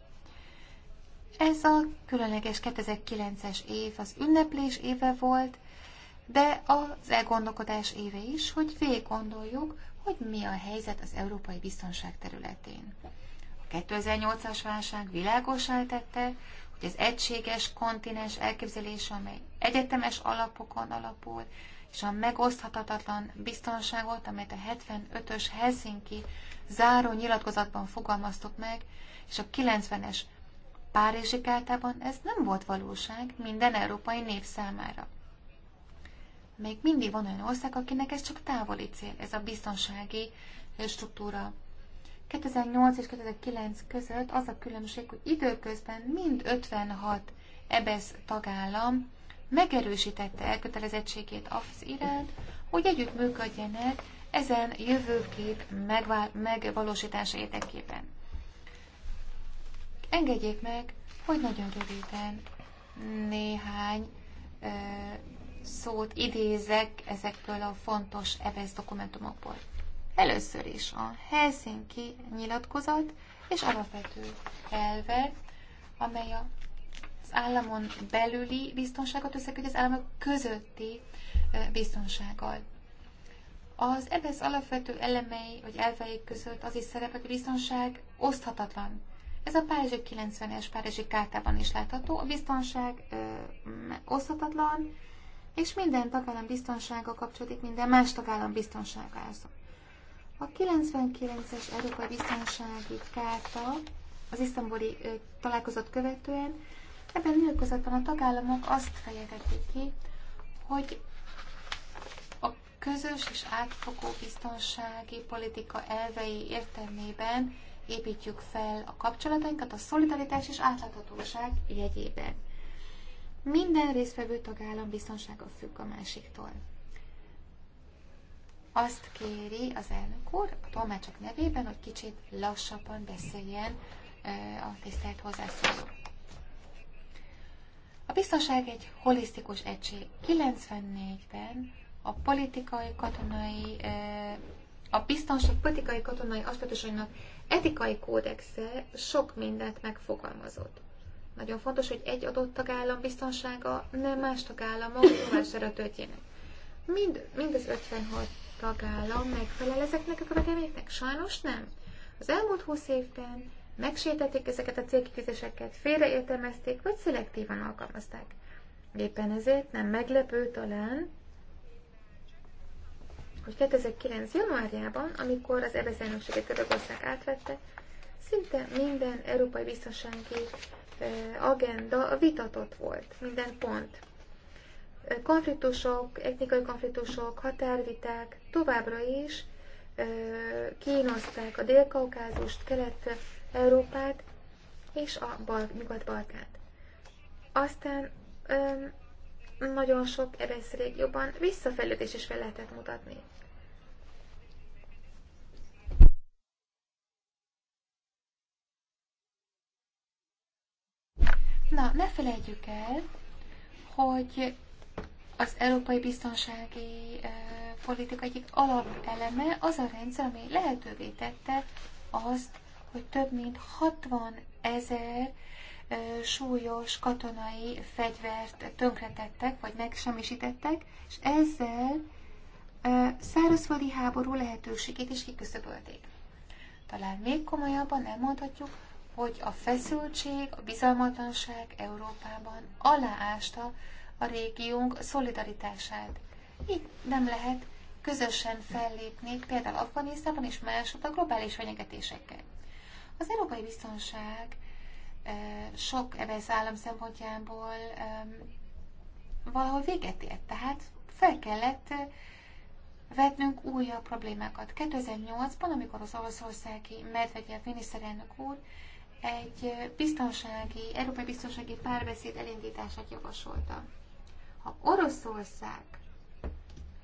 Ez a különleges 2009-es év az ünneplés éve volt, de az elgondolkodás éve is, hogy végig gondoljuk, hogy mi a helyzet az európai biztonság területén. A 2008-as válság világosá tette, hogy az egységes kontinens elképzelése, amely egyetemes alapokon alapul, és a megoszthatatlan biztonságot, amelyet a 75-ös Helsinki záró nyilatkozatban fogalmaztuk meg, és a 90-es Párizsi kártában ez nem volt valóság minden európai nép számára. Még mindig van olyan ország, akinek ez csak távoli cél, ez a biztonsági struktúra. 2008 és 2009 között az a különbség, hogy időközben mind 56 EBSZ tagállam megerősítette elkötelezettségét az iránt, hogy együttműködjenek ezen jövőkép megvalósítása érdekében. Engedjék meg, hogy nagyon röviden néhány ö, szót idézek ezekből a fontos EBSZ dokumentumokból. Először is a Helsinki nyilatkozat és alapvető elve, amely az államon belüli biztonságot összeköti az államok közötti biztonsággal. Az EBSZ alapvető elemei vagy elvei között az is szerepel, hogy a biztonság oszthatatlan. Ez a Párizsi 90-es Párizsi kártában is látható. A biztonság ö, oszthatatlan, és minden tagállam biztonsága kapcsolódik minden más tagállam biztonságához. A 99-es Európai Biztonsági Kárta az isztambuli találkozót követően ebben a nyilatkozatban a tagállamok azt fejezették ki, hogy a közös és átfogó biztonsági politika elvei értelmében építjük fel a kapcsolatainkat a szolidaritás és átláthatóság jegyében. Minden résztvevő tagállam biztonsága függ a másiktól. Azt kéri az elnök úr a tolmácsok nevében, hogy kicsit lassabban beszéljen a tisztelt hozzászóló. A biztonság egy holisztikus egység. 94-ben a politikai, katonai, a biztonság politikai, katonai aspektusainak etikai kódexe sok mindent megfogalmazott. Nagyon fontos, hogy egy adott tagállam biztonsága nem más tagállamok nyomására történjenek. Mind, az 56 tagállam megfelel ezeknek a követelményeknek? Sajnos nem. Az elmúlt húsz évben megsértették ezeket a célkitűzéseket, félreértelmezték, vagy szelektívan alkalmazták. Éppen ezért nem meglepő talán, hogy 2009. januárjában, amikor az EBSZ elnökséget Törökország átvette, szinte minden európai biztonsági eh, agenda vitatott volt, minden pont konfliktusok, etnikai konfliktusok, határviták továbbra is kínozták a Dél-Kaukázust, Kelet-Európát és a Bal- Nyugat-Balkánt. Aztán öm, nagyon sok ebesz régióban visszafejlődés is fel lehetett mutatni. Na, ne felejtjük el, hogy az európai biztonsági eh, politika egyik alapeleme az a rendszer, ami lehetővé tette azt, hogy több mint 60 ezer eh, súlyos katonai fegyvert tönkretettek, vagy megsemmisítettek, és ezzel eh, szárazföldi háború lehetőségét is kiküszöbölték. Talán még komolyabban elmondhatjuk, hogy a feszültség, a bizalmatlanság Európában aláásta a régiónk szolidaritását. Így nem lehet közösen fellépni, például Afganisztában és másod a globális fenyegetésekkel. Az európai biztonság eh, sok ebben állam szempontjából valahol véget ért, tehát fel kellett eh, vetnünk újabb problémákat. 2008-ban, amikor az oroszországi Medvegyev miniszterelnök úr egy eh, biztonsági, európai biztonsági párbeszéd elindítását javasolta. Ha Oroszország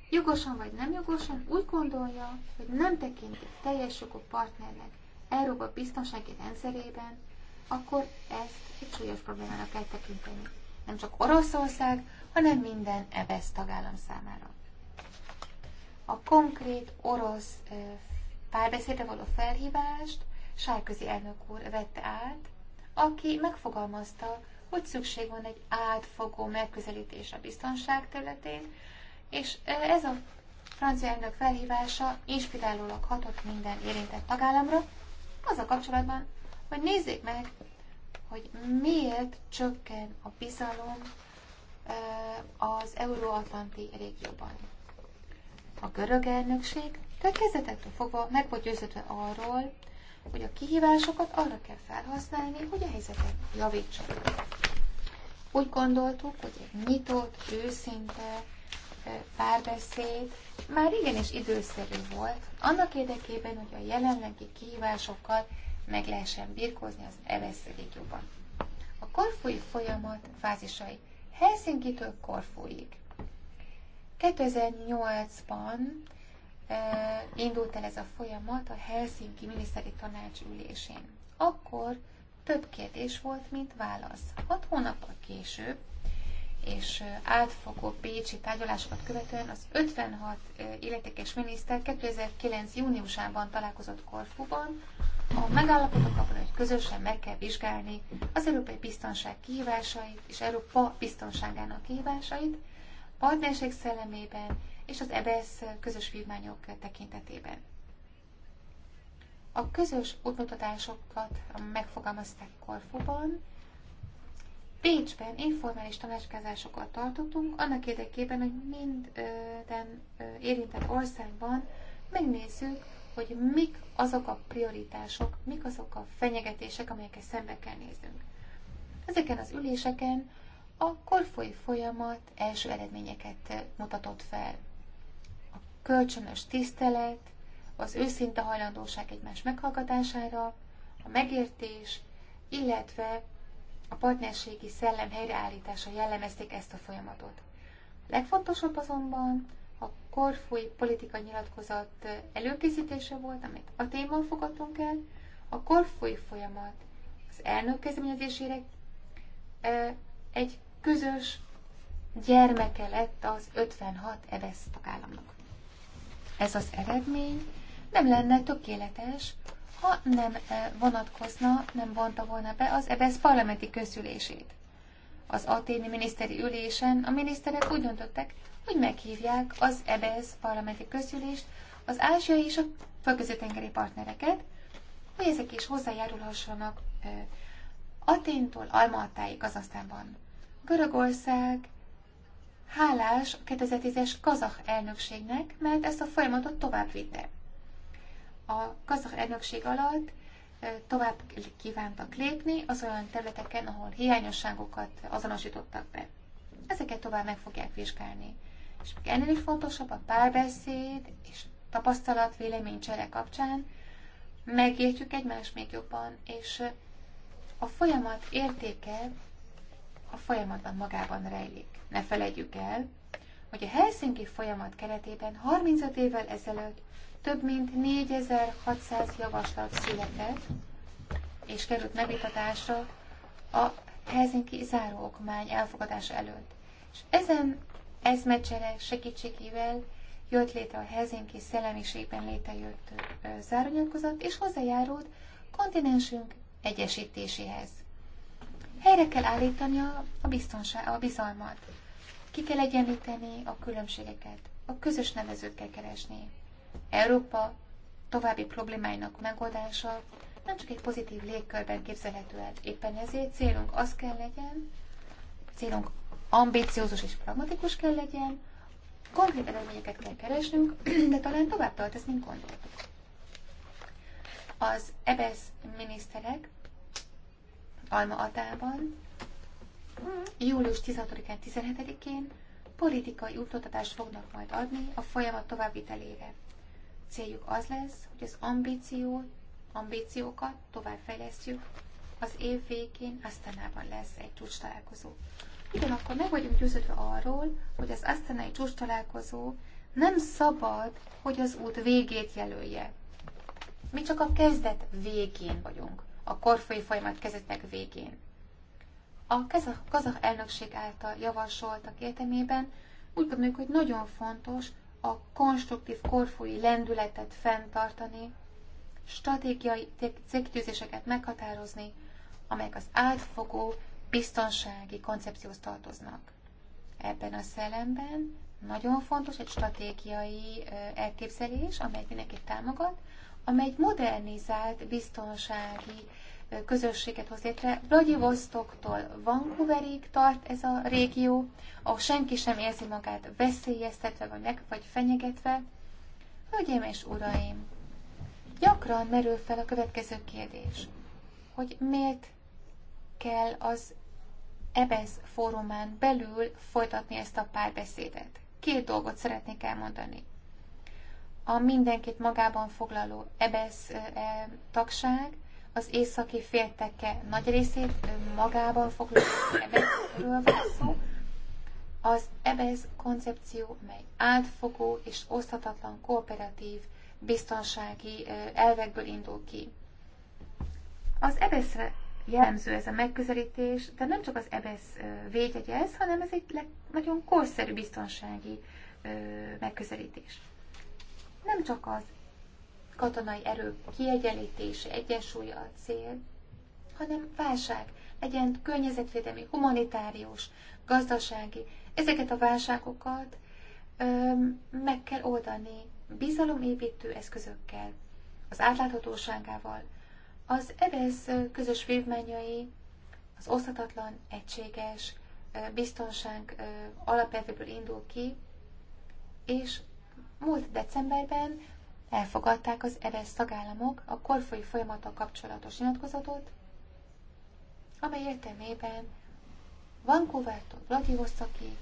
jogosan vagy nem jogosan úgy gondolja, hogy nem tekinti teljes jogú partnernek Európa biztonsági rendszerében, akkor ezt egy súlyos problémának kell tekinteni. Nem csak Oroszország, hanem minden EBSZ tagállam számára. A konkrét orosz párbeszédre való felhívást Sárközi elnök úr vette át, aki megfogalmazta hogy szükség van egy átfogó megközelítés a biztonság területén, és e, ez a francia elnök felhívása inspirálólag hatott minden érintett tagállamra, az a kapcsolatban, hogy nézzék meg, hogy miért csökken a bizalom e, az euróatlanti régióban. A görög elnökség tehát kezdetektől fogva meg volt győződve arról, hogy a kihívásokat arra kell felhasználni, hogy a helyzetet javítsuk. Úgy gondoltuk, hogy egy nyitott, őszinte párbeszéd már igenis időszerű volt, annak érdekében, hogy a jelenlegi kihívásokkal meg lehessen birkózni az EVESZ jobban. A korfúi folyamat fázisai Helsinki-től Korfúig. 2008-ban indult el ez a folyamat a Helsinki Miniszteri Tanács ülésén. Akkor több kérdés volt, mint válasz. Hat hónappal később, és átfogó pécsi tárgyalásokat követően az 56 illetékes miniszter 2009. júniusában találkozott Korfuban, ahol megállapodott abban, hogy közösen meg kell vizsgálni az európai biztonság kihívásait és Európa biztonságának kihívásait, partnerség szellemében és az EBS közös vívmányok tekintetében. A közös útmutatásokat megfogalmazták Korfuban, Pécsben informális tanácskázásokat tartottunk, annak érdekében, hogy minden érintett országban megnézzük, hogy mik azok a prioritások, mik azok a fenyegetések, amelyeket szembe kell néznünk. Ezeken az üléseken a korfói folyamat első eredményeket mutatott fel kölcsönös tisztelet, az őszinte hajlandóság egymás meghallgatására, a megértés, illetve a partnerségi szellem helyreállítása jellemezték ezt a folyamatot. A legfontosabb azonban a korfúi politika nyilatkozat előkészítése volt, amit a témán fogadtunk el, a korfúi folyamat az elnök kezdeményezésére egy közös gyermeke lett az 56 EVESZ tagállamnak ez az eredmény nem lenne tökéletes, ha nem eh, vonatkozna, nem vonta volna be az EBSZ e parlamenti közülését. Az aténi miniszteri ülésen a miniszterek úgy döntöttek, hogy meghívják az EBSZ e parlamenti közülést, az ázsiai és a földközi-tengeri partnereket, hogy ezek is hozzájárulhassanak eh, Aténtól Almatáig Kazasztánban. Görögország, hálás a 2010-es kazah elnökségnek, mert ezt a folyamatot tovább vitte. A kazah elnökség alatt tovább kívántak lépni az olyan területeken, ahol hiányosságokat azonosítottak be. Ezeket tovább meg fogják vizsgálni. És még ennél is fontosabb a párbeszéd és tapasztalat, csere kapcsán megértjük egymást még jobban, és a folyamat értéke a folyamatban magában rejlik. Ne felejtjük el, hogy a Helsinki folyamat keretében 35 évvel ezelőtt több mint 4600 javaslat született, és került megvitatásra a Helsinki záróokmány elfogadása előtt. És ezen ez meccsere segítségével jött létre a Helsinki szellemiségben létrejött záronyalkozat, és hozzájárult kontinensünk egyesítéséhez. Helyre kell állítania a, biztonság, a bizalmat. Ki kell egyenlíteni a különbségeket, a közös nevezőt kell keresni. Európa további problémáinak megoldása nem csak egy pozitív légkörben képzelhető el. Éppen ezért célunk az kell legyen, célunk ambiciózus és pragmatikus kell legyen, konkrét eredményeket kell keresnünk, de talán tovább tart ez, mint gondoltuk. Az EBSZ miniszterek Alma Atában július 16-án, 17-én politikai útmutatást fognak majd adni a folyamat továbbvitelére. Céljuk az lesz, hogy az ambíció, ambíciókat továbbfejlesztjük. Az év végén Asztanában lesz egy csúcs találkozó. Ugyanakkor meg vagyunk győződve arról, hogy az asztanai csúcs találkozó nem szabad, hogy az út végét jelölje. Mi csak a kezdet végén vagyunk, a korfői folyamat kezdetek végén. A kazah elnökség által javasoltak értelmében úgy gondoljuk, hogy nagyon fontos a konstruktív korfúi lendületet fenntartani, stratégiai célkitűzéseket meghatározni, amelyek az átfogó biztonsági koncepcióhoz tartoznak. Ebben a szellemben nagyon fontos egy stratégiai elképzelés, amely mindenkit támogat, amely egy modernizált biztonsági közösséget hoz létre. Vladivostoktól Vancouverig tart ez a régió, ahol senki sem érzi magát veszélyeztetve vagy, meg, vagy fenyegetve. Hölgyeim és uraim, gyakran merül fel a következő kérdés, hogy miért kell az EBEZ fórumán belül folytatni ezt a párbeszédet. Két dolgot szeretnék elmondani. A mindenkit magában foglaló EBEZ eh, tagság az északi félteke nagy részét magában foglalja Ebezről van szó. Az Ebez koncepció, mely átfogó és oszthatatlan kooperatív biztonsági elvekből indul ki. Az Ebezre jellemző ez a megközelítés, de nem csak az EBSZ védjegyez, hanem ez egy nagyon korszerű biztonsági megközelítés. Nem csak az katonai erők kiegyenlítése, egyensúlya a cél, hanem válság, legyen környezetvédelmi, humanitárius, gazdasági. Ezeket a válságokat ö, meg kell oldani bizalomépítő eszközökkel, az átláthatóságával. Az EBSZ közös vívmányai az oszthatatlan, egységes biztonság alapelvéből indul ki, és múlt decemberben elfogadták az EBSZ tagállamok a korfolyó folyamattal kapcsolatos nyilatkozatot, amely értelmében Vancouvertól Vladivostokig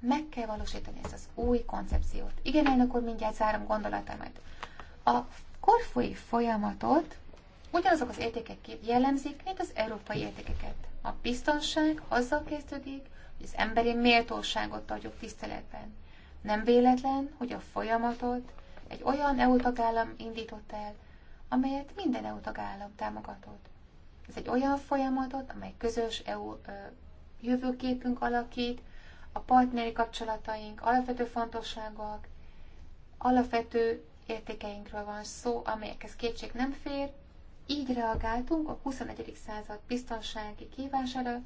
meg kell valósítani ezt az új koncepciót. Igen, elnök úr, mindjárt zárom gondolatámat. A korfolyó folyamatot ugyanazok az értékek jellemzik, mint az európai értékeket. A biztonság azzal kezdődik, hogy az emberi méltóságot tartjuk tiszteletben. Nem véletlen, hogy a folyamatot egy olyan EU tagállam indított el, amelyet minden EU tagállam támogatott. Ez egy olyan folyamatot, amely közös EU jövőképünk alakít, a partneri kapcsolataink alapvető fontosságok, alapvető értékeinkről van szó, amelyekhez kétség nem fér. Így reagáltunk a 21. század biztonsági kívására.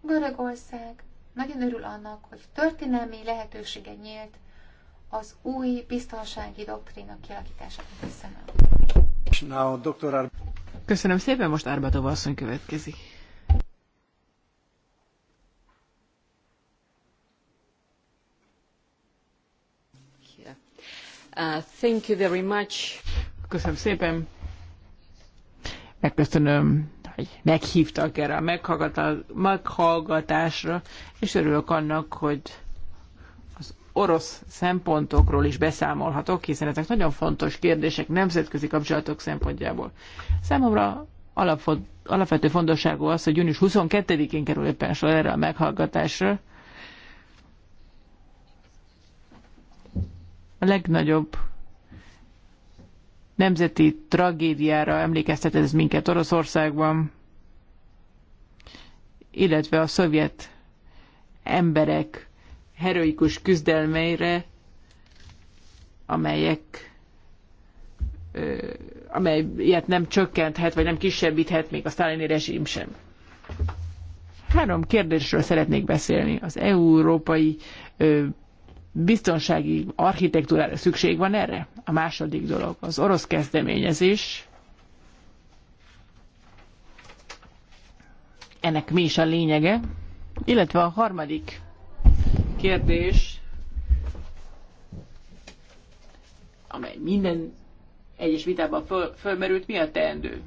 Görögország nagyon örül annak, hogy történelmi lehetősége nyílt az új biztonsági doktrína kialakítását. Köszönöm. Köszönöm szépen, most Árbatova asszony következik. Uh, thank you very much. Köszönöm szépen. Megköszönöm, hogy meghívtak erre a meghallgatásra, és örülök annak, hogy orosz szempontokról is beszámolhatok, hiszen ezek nagyon fontos kérdések nemzetközi kapcsolatok szempontjából. Számomra alapvető fontosságú az, hogy június 22-én kerül éppen sor erre a meghallgatásra. A legnagyobb nemzeti tragédiára emlékeztet ez minket Oroszországban, illetve a szovjet emberek heroikus küzdelmeire, amelyek amely ilyet nem csökkenthet, vagy nem kisebbíthet még a sztálini rezsim sem. Három kérdésről szeretnék beszélni. Az európai ö, biztonsági architektúrára szükség van erre? A második dolog az orosz kezdeményezés. Ennek mi is a lényege? Illetve a harmadik kérdés, amely minden egyes vitában föl, fölmerült, mi a teendő?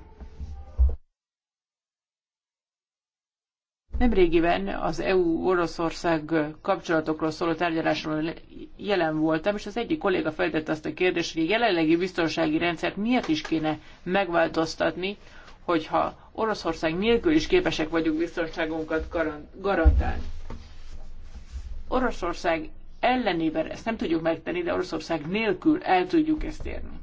Nemrégiben az EU-Oroszország kapcsolatokról szóló tárgyalásról jelen voltam, és az egyik kolléga feltette azt a kérdést, hogy a jelenlegi biztonsági rendszert miért is kéne megváltoztatni, hogyha Oroszország nélkül is képesek vagyunk biztonságunkat garantálni. Oroszország ellenében ezt nem tudjuk megtenni, de Oroszország nélkül el tudjuk ezt érni.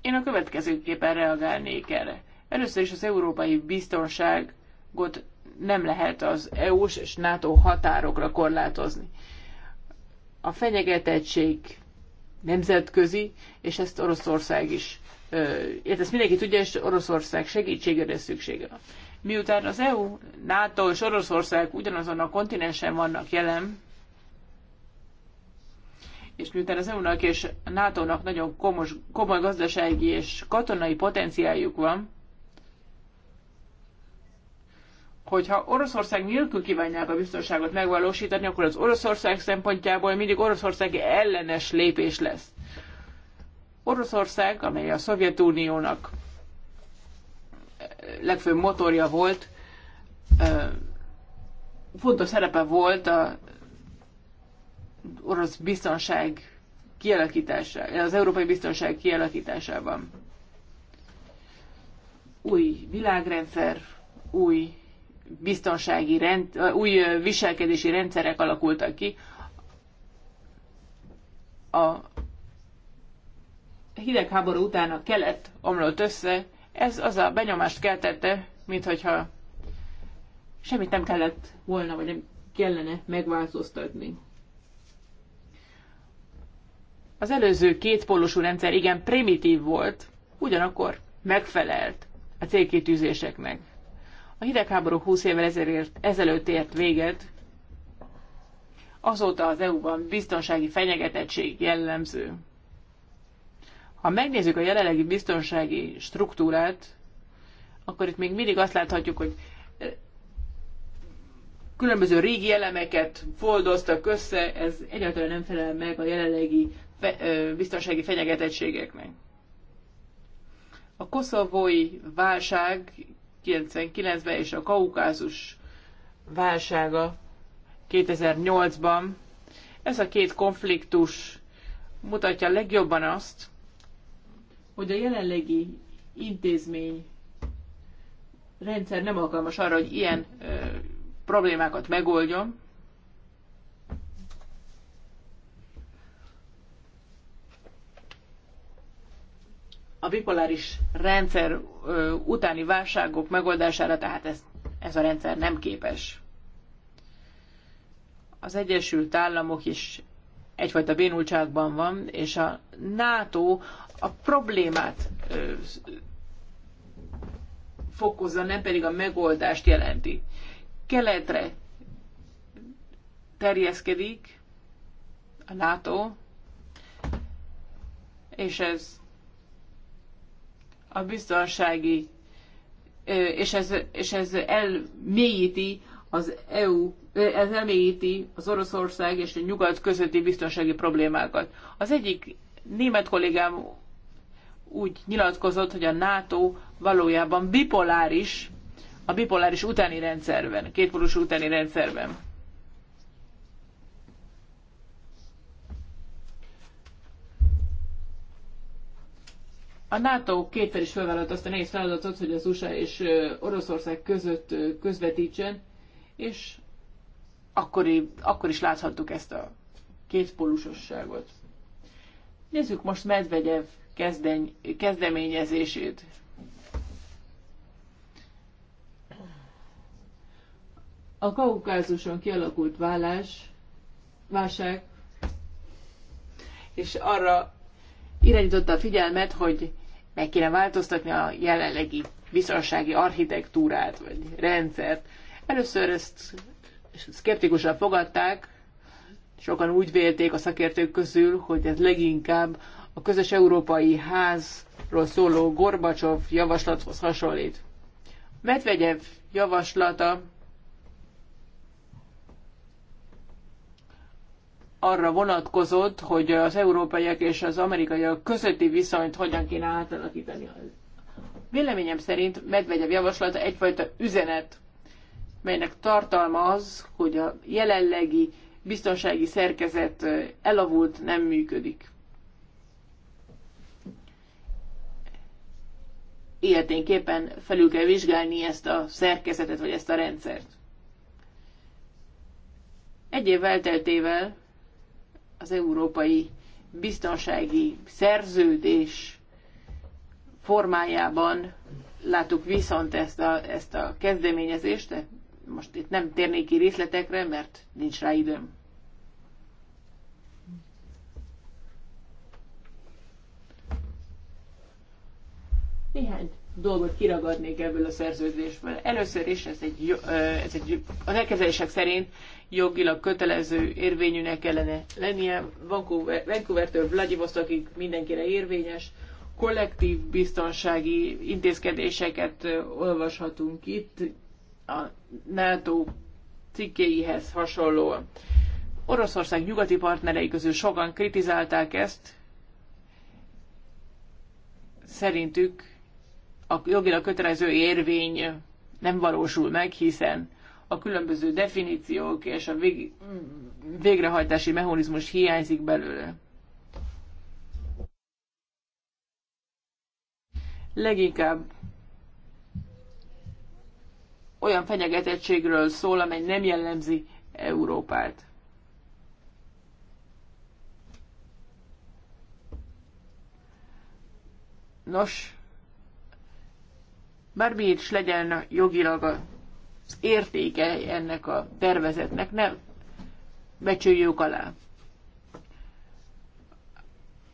Én a következőképpen reagálnék erre. Először is az európai biztonságot nem lehet az EU-s és NATO határokra korlátozni. A fenyegetettség nemzetközi, és ezt Oroszország is, ezt mindenki tudja, és Oroszország segítségére szüksége van. Miután az EU, NATO és Oroszország ugyanazon a kontinensen vannak jelen, és miután az EU-nak és NATO-nak nagyon komos, komoly gazdasági és katonai potenciáljuk van, hogyha Oroszország nélkül kívánják a biztonságot megvalósítani, akkor az Oroszország szempontjából mindig Oroszország ellenes lépés lesz. Oroszország, amely a Szovjetuniónak legfőbb motorja volt, fontos szerepe volt a orosz biztonság kialakítása, az európai biztonság kialakításában. Új világrendszer, új biztonsági rend, új viselkedési rendszerek alakultak ki. A hidegháború után a kelet omlott össze, ez az a benyomást keltette, mintha semmit nem kellett volna, vagy nem kellene megváltoztatni. Az előző két polosú rendszer igen primitív volt, ugyanakkor megfelelt a célkitűzéseknek. A hidegháború 20 évvel ezelőtt, ezelőtt ért véget, azóta az EU-ban biztonsági fenyegetettség jellemző. Ha megnézzük a jelenlegi biztonsági struktúrát, akkor itt még mindig azt láthatjuk, hogy különböző régi elemeket foldoztak össze, ez egyáltalán nem felel meg a jelenlegi fe, ö, biztonsági fenyegetettségeknek. A koszovói válság 99-ben és a kaukázus válsága 2008-ban, ez a két konfliktus mutatja legjobban azt, hogy a jelenlegi intézmény rendszer nem alkalmas arra, hogy ilyen ö, problémákat megoldjon. A bipoláris rendszer ö, utáni válságok megoldására tehát ez, ez a rendszer nem képes. Az Egyesült Államok is egyfajta bénultságban van, és a NATO a problémát fokozza, nem pedig a megoldást jelenti. Keletre terjeszkedik a NATO, és ez a biztonsági, és ez, és ez elmélyíti az EU, ez elmélyíti az Oroszország és a nyugat közötti biztonsági problémákat. Az egyik német kollégám úgy nyilatkozott, hogy a NATO valójában bipoláris, a bipoláris utáni rendszerben, kétpolus utáni rendszerben. A NATO kétszer is felvállalt azt a nehéz feladatot, hogy az USA és Oroszország között közvetítsen, és akkor, akkor is láthattuk ezt a kétpólusosságot. Nézzük most Medvegyev kezden, kezdeményezését. A kaukázuson kialakult vállás, válság, és arra irányította a figyelmet, hogy meg kéne változtatni a jelenlegi biztonsági architektúrát, vagy rendszert. Először ezt szkeptikusan fogadták, sokan úgy vélték a szakértők közül, hogy ez leginkább a közös európai házról szóló Gorbacsov javaslathoz hasonlít. Medvegyev javaslata arra vonatkozott, hogy az európaiak és az amerikaiak közötti viszonyt hogyan kéne átalakítani. Véleményem szerint Medvegyev javaslata egyfajta üzenet, melynek tartalma az, hogy a jelenlegi biztonsági szerkezet elavult, nem működik. illeténképpen felül kell vizsgálni ezt a szerkezetet, vagy ezt a rendszert. Egy év elteltével az európai biztonsági szerződés formájában láttuk viszont ezt a, ezt a kezdeményezést, de most itt nem térnék ki részletekre, mert nincs rá időm. Néhány dolgot kiragadnék ebből a szerződésből. Először is ez egy, ez egy az elkezelések szerint jogilag kötelező érvényűnek kellene lennie. Vancouver, Vancouver-től Vladivostokig mindenkire érvényes. Kollektív biztonsági intézkedéseket olvashatunk itt a NATO cikkéihez hasonlóan. Oroszország nyugati partnerei közül sokan kritizálták ezt. Szerintük a jogilag kötelező érvény nem valósul meg, hiszen a különböző definíciók és a vég, végrehajtási mechanizmus hiányzik belőle. Leginkább olyan fenyegetettségről szól, amely nem jellemzi Európát. Nos, bármi is legyen jogilag az értéke ennek a tervezetnek, nem becsüljük alá.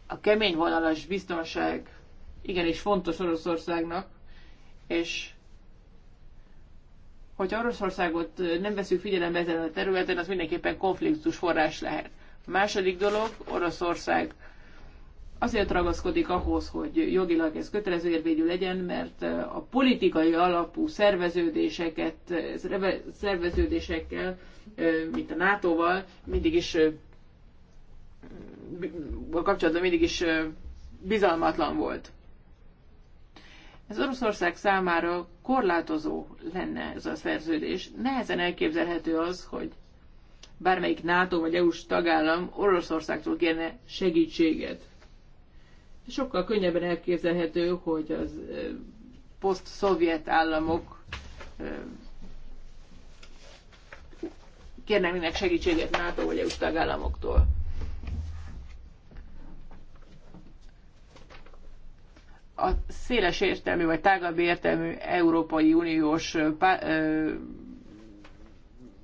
A kemény vonalas biztonság igenis fontos Oroszországnak, és hogyha Oroszországot nem veszük figyelembe ezen a területen, az mindenképpen konfliktus forrás lehet. A második dolog, Oroszország azért ragaszkodik ahhoz, hogy jogilag ez kötelező érvényű legyen, mert a politikai alapú szerveződéseket, szerveződésekkel, mint a NATO-val mindig is kapcsolatban mindig is bizalmatlan volt. Ez Oroszország számára korlátozó lenne ez a szerződés. Nehezen elképzelhető az, hogy bármelyik NATO vagy EU-s tagállam Oroszországtól kérne segítséget sokkal könnyebben elképzelhető, hogy az poszt-szovjet államok kérnek mindenek segítséget NATO vagy EU tagállamoktól. A széles értelmű vagy tágabb értelmű Európai Uniós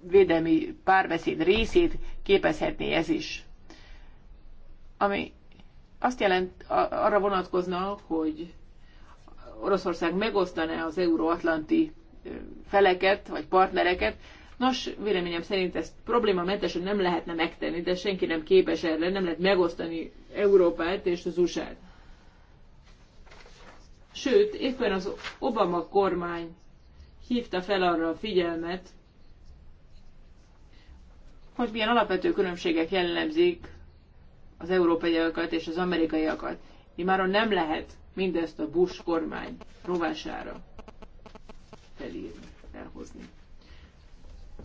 védelmi párbeszéd részét képezhetné ez is. Ami azt jelent, arra vonatkozna, hogy Oroszország megosztaná az euróatlanti feleket, vagy partnereket. Nos, véleményem szerint ezt problémamentesen nem lehetne megtenni, de senki nem képes erre, nem lehet megosztani Európát és az USA-t. Sőt, éppen az Obama kormány hívta fel arra a figyelmet, hogy milyen alapvető különbségek jellemzik az európaiakat és az amerikaiakat. Imáron nem lehet mindezt a Bush kormány rovására felírni, elhozni.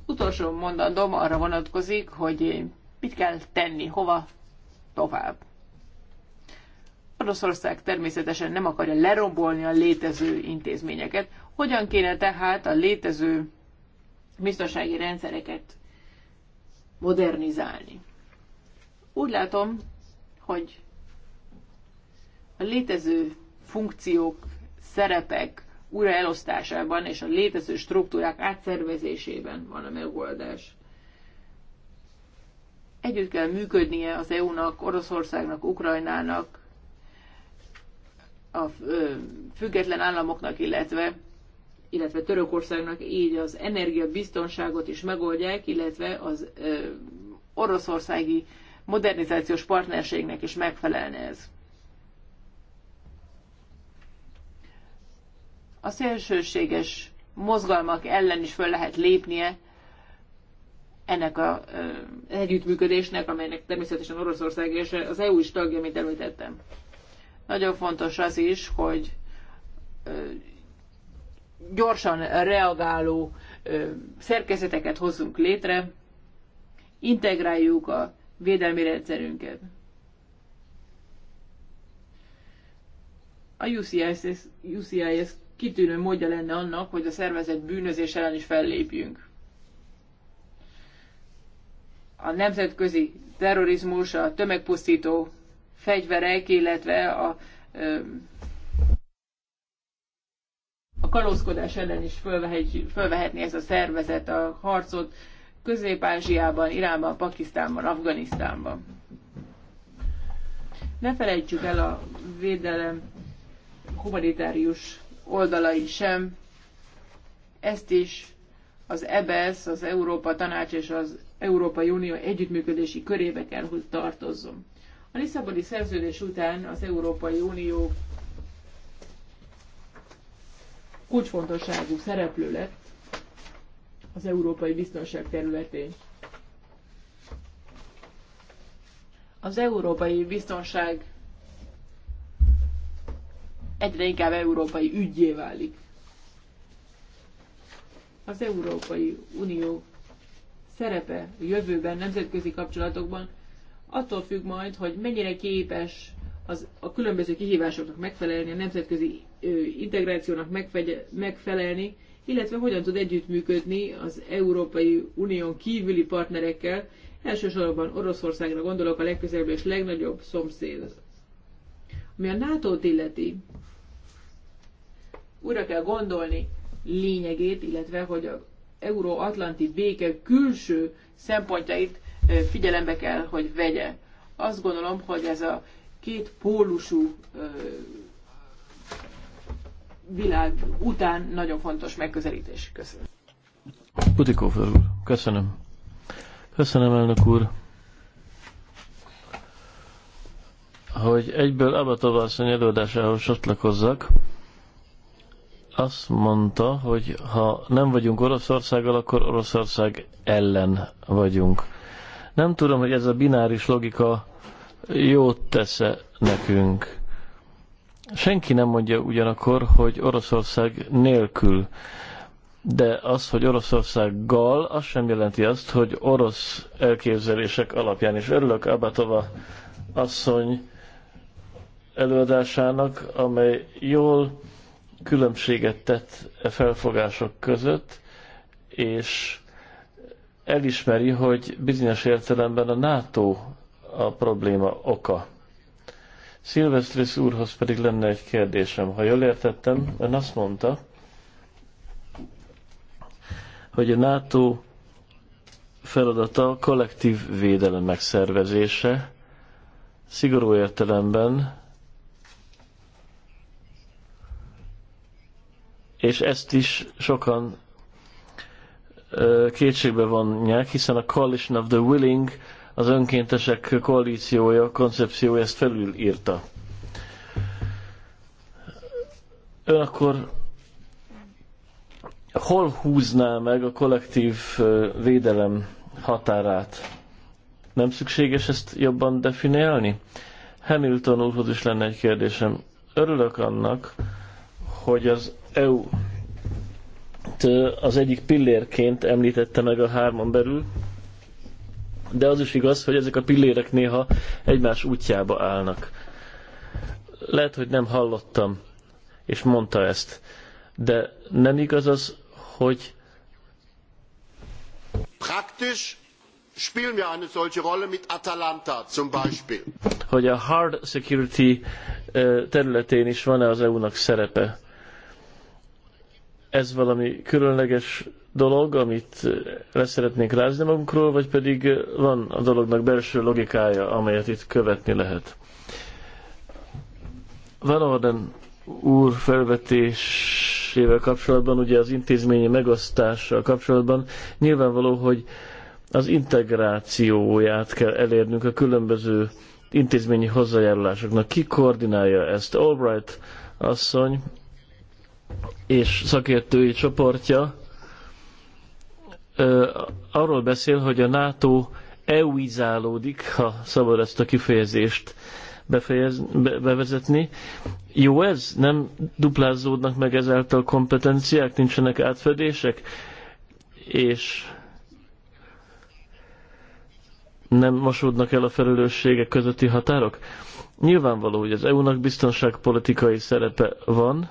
Utolsó mondandom arra vonatkozik, hogy mit kell tenni, hova tovább. Oroszország természetesen nem akarja lerombolni a létező intézményeket. Hogyan kéne tehát a létező biztonsági rendszereket modernizálni? Úgy látom, hogy a létező funkciók, szerepek újra elosztásában és a létező struktúrák átszervezésében van a megoldás. Együtt kell működnie az EU-nak, Oroszországnak, Ukrajnának, a független államoknak, illetve illetve Törökországnak így az energiabiztonságot is megoldják, illetve az ö, oroszországi modernizációs partnerségnek is megfelelne ez. A szélsőséges mozgalmak ellen is föl lehet lépnie ennek a együttműködésnek, amelynek természetesen Oroszország és az EU is tagja, mint említettem. Nagyon fontos az is, hogy gyorsan reagáló ö, szerkezeteket hozzunk létre, integráljuk a védelmi rendszerünket. A UCIS, UCIS kitűnő módja lenne annak, hogy a szervezet bűnözés ellen is fellépjünk. A nemzetközi terrorizmus, a tömegpusztító fegyverek, illetve a, a kalózkodás ellen is fölvehet, fölvehetni ez a szervezet a harcot, Közép-Ázsiában, Iránban, Pakisztánban, Afganisztánban. Ne felejtsük el a védelem humanitárius oldalai sem. Ezt is az EBS, e az Európa Tanács és az Európai Unió együttműködési körébe kell, hogy tartozzon. A Lisszaboni szerződés után az Európai Unió kulcsfontosságú szereplő lett az európai biztonság területén. Az európai biztonság egyre inkább európai ügyé válik. Az Európai Unió szerepe a jövőben nemzetközi kapcsolatokban attól függ majd, hogy mennyire képes az, a különböző kihívásoknak megfelelni, a nemzetközi integrációnak megfelelni, illetve hogyan tud együttműködni az Európai Unión kívüli partnerekkel, elsősorban Oroszországra gondolok a legközelebb és legnagyobb szomszéd. Ami a NATO-t illeti, újra kell gondolni lényegét, illetve hogy a euróatlanti béke külső szempontjait figyelembe kell, hogy vegye. Azt gondolom, hogy ez a két pólusú világ után nagyon fontos megközelítés. Köszönöm. Butikófer úr, köszönöm. Köszönöm, elnök úr, hogy egyből Abatova asszony előadásához csatlakozzak. Azt mondta, hogy ha nem vagyunk Oroszországgal, akkor Oroszország ellen vagyunk. Nem tudom, hogy ez a bináris logika jót tesz -e nekünk. Senki nem mondja ugyanakkor, hogy Oroszország nélkül, de az, hogy Oroszországgal, az sem jelenti azt, hogy orosz elképzelések alapján. is örülök Abatova asszony előadásának, amely jól különbséget tett e felfogások között, és elismeri, hogy bizonyos értelemben a NATO a probléma oka. Szilvesztris úrhoz pedig lenne egy kérdésem. Ha jól értettem, ön azt mondta, hogy a NATO feladata a kollektív védelem megszervezése, szigorú értelemben, és ezt is sokan kétségbe vonják, hiszen a Coalition of the Willing az önkéntesek koalíciója, koncepciója ezt felülírta. Ön akkor hol húzná meg a kollektív védelem határát? Nem szükséges ezt jobban definiálni? Hamilton úrhoz is lenne egy kérdésem. Örülök annak, hogy az EU az egyik pillérként említette meg a hárman belül, de az is igaz, hogy ezek a pillérek néha egymás útjába állnak. Lehet, hogy nem hallottam, és mondta ezt, de nem igaz az, hogy praktisch spielen wir eine solche Rolle mit Atalanta zum Beispiel. Hogy a hard security területén is van-e az EU-nak szerepe? Ez valami különleges dolog, amit leszeretnénk rázni magunkról, vagy pedig van a dolognak belső logikája, amelyet itt követni lehet. Van Orden úr felvetésével kapcsolatban, ugye az intézményi megosztással kapcsolatban nyilvánvaló, hogy az integrációját kell elérnünk a különböző intézményi hozzájárulásoknak. Ki koordinálja ezt? Albright asszony és szakértői csoportja arról beszél, hogy a NATO EU-izálódik, ha szabad ezt a kifejezést befejez, be, bevezetni. Jó ez? Nem duplázódnak meg ezáltal kompetenciák? Nincsenek átfedések? És nem mosódnak el a felelősségek közötti határok? Nyilvánvaló, hogy az EU-nak biztonságpolitikai szerepe van,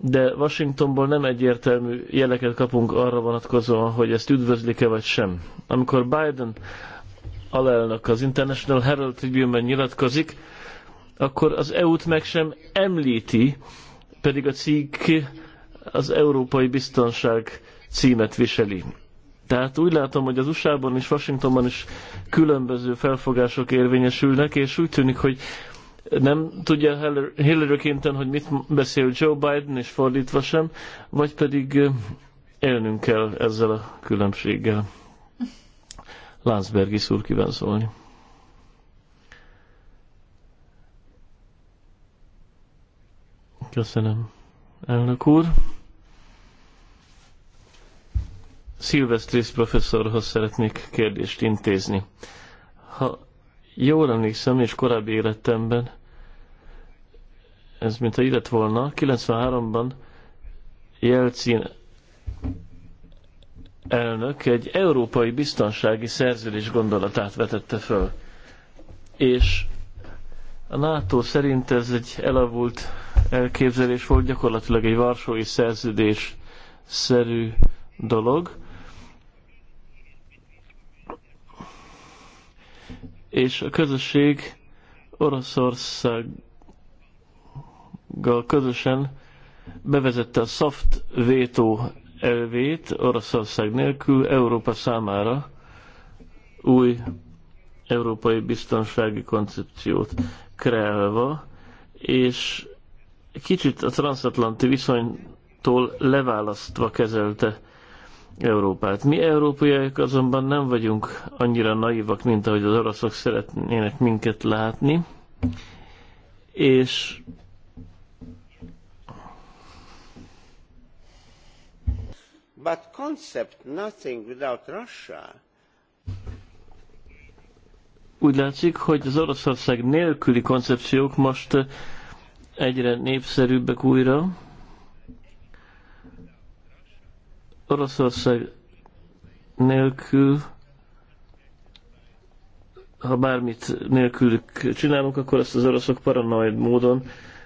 de Washingtonból nem egyértelmű jeleket kapunk arra vonatkozóan, hogy ezt üdvözlik-e vagy sem. Amikor Biden alelnök az International Herald Tribune-ben nyilatkozik, akkor az EU-t meg sem említi, pedig a cikk az Európai Biztonság címet viseli. Tehát úgy látom, hogy az USA-ban és Washingtonban is különböző felfogások érvényesülnek, és úgy tűnik, hogy nem tudja Hillary Clinton, hogy mit beszél Joe Biden, és fordítva sem, vagy pedig élnünk kell ezzel a különbséggel. Láncbergi szúr kíván szólni. Köszönöm, elnök úr. Szilvesztrész professzorhoz szeretnék kérdést intézni. Ha jól emlékszem, és korábbi életemben ez mintha illet volna, 93-ban Jelcin elnök egy európai biztonsági szerződés gondolatát vetette föl. És a NATO szerint ez egy elavult elképzelés volt, gyakorlatilag egy varsói szerződés szerű dolog, és a közösség Oroszországgal közösen bevezette a soft vétó elvét Oroszország nélkül Európa számára új európai biztonsági koncepciót kreálva, és kicsit a transatlanti viszonytól leválasztva kezelte Európát. Mi európaiak azonban nem vagyunk annyira naivak, mint ahogy az oroszok szeretnének minket látni, és But concept nothing without Russia. Úgy látszik, hogy az Oroszország nélküli koncepciók most egyre népszerűbbek újra, Oroszország nélkül, ha bármit nélkülük csinálunk, akkor ezt az oroszok paranoid módon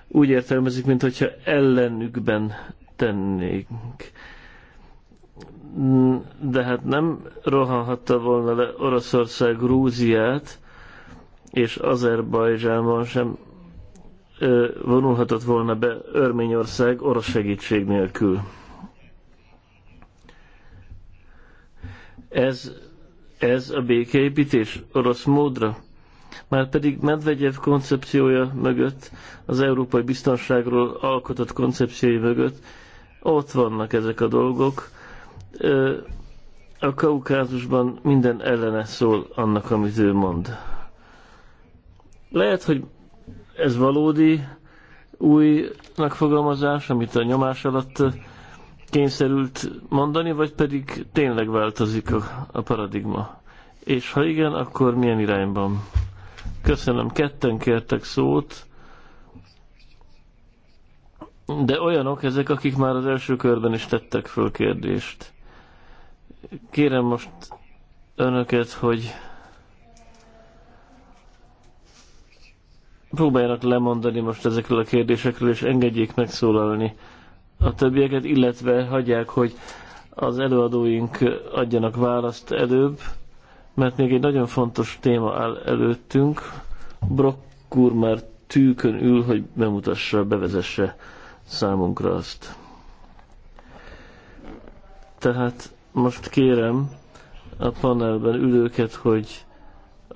úgy értelmezik, mint hogyha ellenükben tennénk. De hát nem rohanhatta volna le Oroszország Grúziát, és Azerbajdzsánban sem vonulhatott volna be Örményország orosz segítség nélkül. Ez, ez a békeépítés orosz módra. Már pedig Medvegyev koncepciója mögött, az európai biztonságról alkotott koncepciói mögött ott vannak ezek a dolgok. A kaukázusban minden ellene szól annak, amit ő mond. Lehet, hogy ez valódi újnak fogalmazás, amit a nyomás alatt kényszerült mondani, vagy pedig tényleg változik a, a paradigma? És ha igen, akkor milyen irányban? Köszönöm, ketten kértek szót, de olyanok ezek, akik már az első körben is tettek föl kérdést. Kérem most önöket, hogy próbáljanak lemondani most ezekről a kérdésekről, és engedjék megszólalni a többieket, illetve hagyják, hogy az előadóink adjanak választ előbb, mert még egy nagyon fontos téma áll előttünk. Brock úr már tűkön ül, hogy bemutassa, bevezesse számunkra azt. Tehát most kérem a panelben ülőket, hogy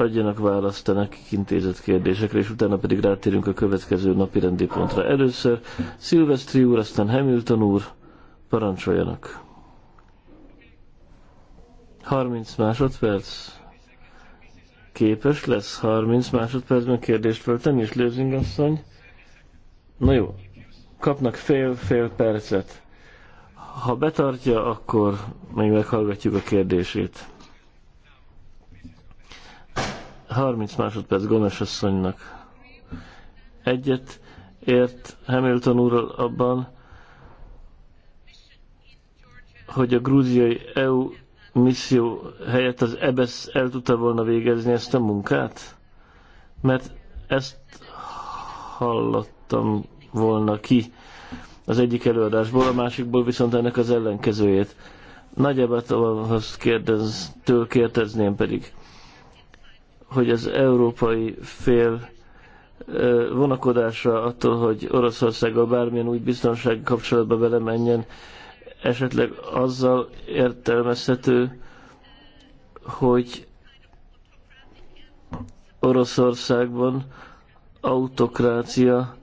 adjanak választ a nekik intézett kérdésekre, és utána pedig rátérünk a következő napi rendi pontra. Először Szilvesztri úr, aztán Hamilton úr, parancsoljanak. 30 másodperc képes lesz 30 másodpercben kérdést föltenni, és Lőzing asszony. Na jó, kapnak fél-fél percet. Ha betartja, akkor még meghallgatjuk a kérdését. 30 másodperc Gomes asszonynak. Egyet ért Hamilton úr abban, hogy a grúziai EU misszió helyett az EBESZ el tudta volna végezni ezt a munkát? Mert ezt hallottam volna ki az egyik előadásból, a másikból viszont ennek az ellenkezőjét. Nagyjából kérdez, től kérdezném pedig hogy az európai fél vonakodása attól, hogy Oroszországgal bármilyen úgy biztonsági kapcsolatba belemenjen, esetleg azzal értelmezhető, hogy Oroszországban autokrácia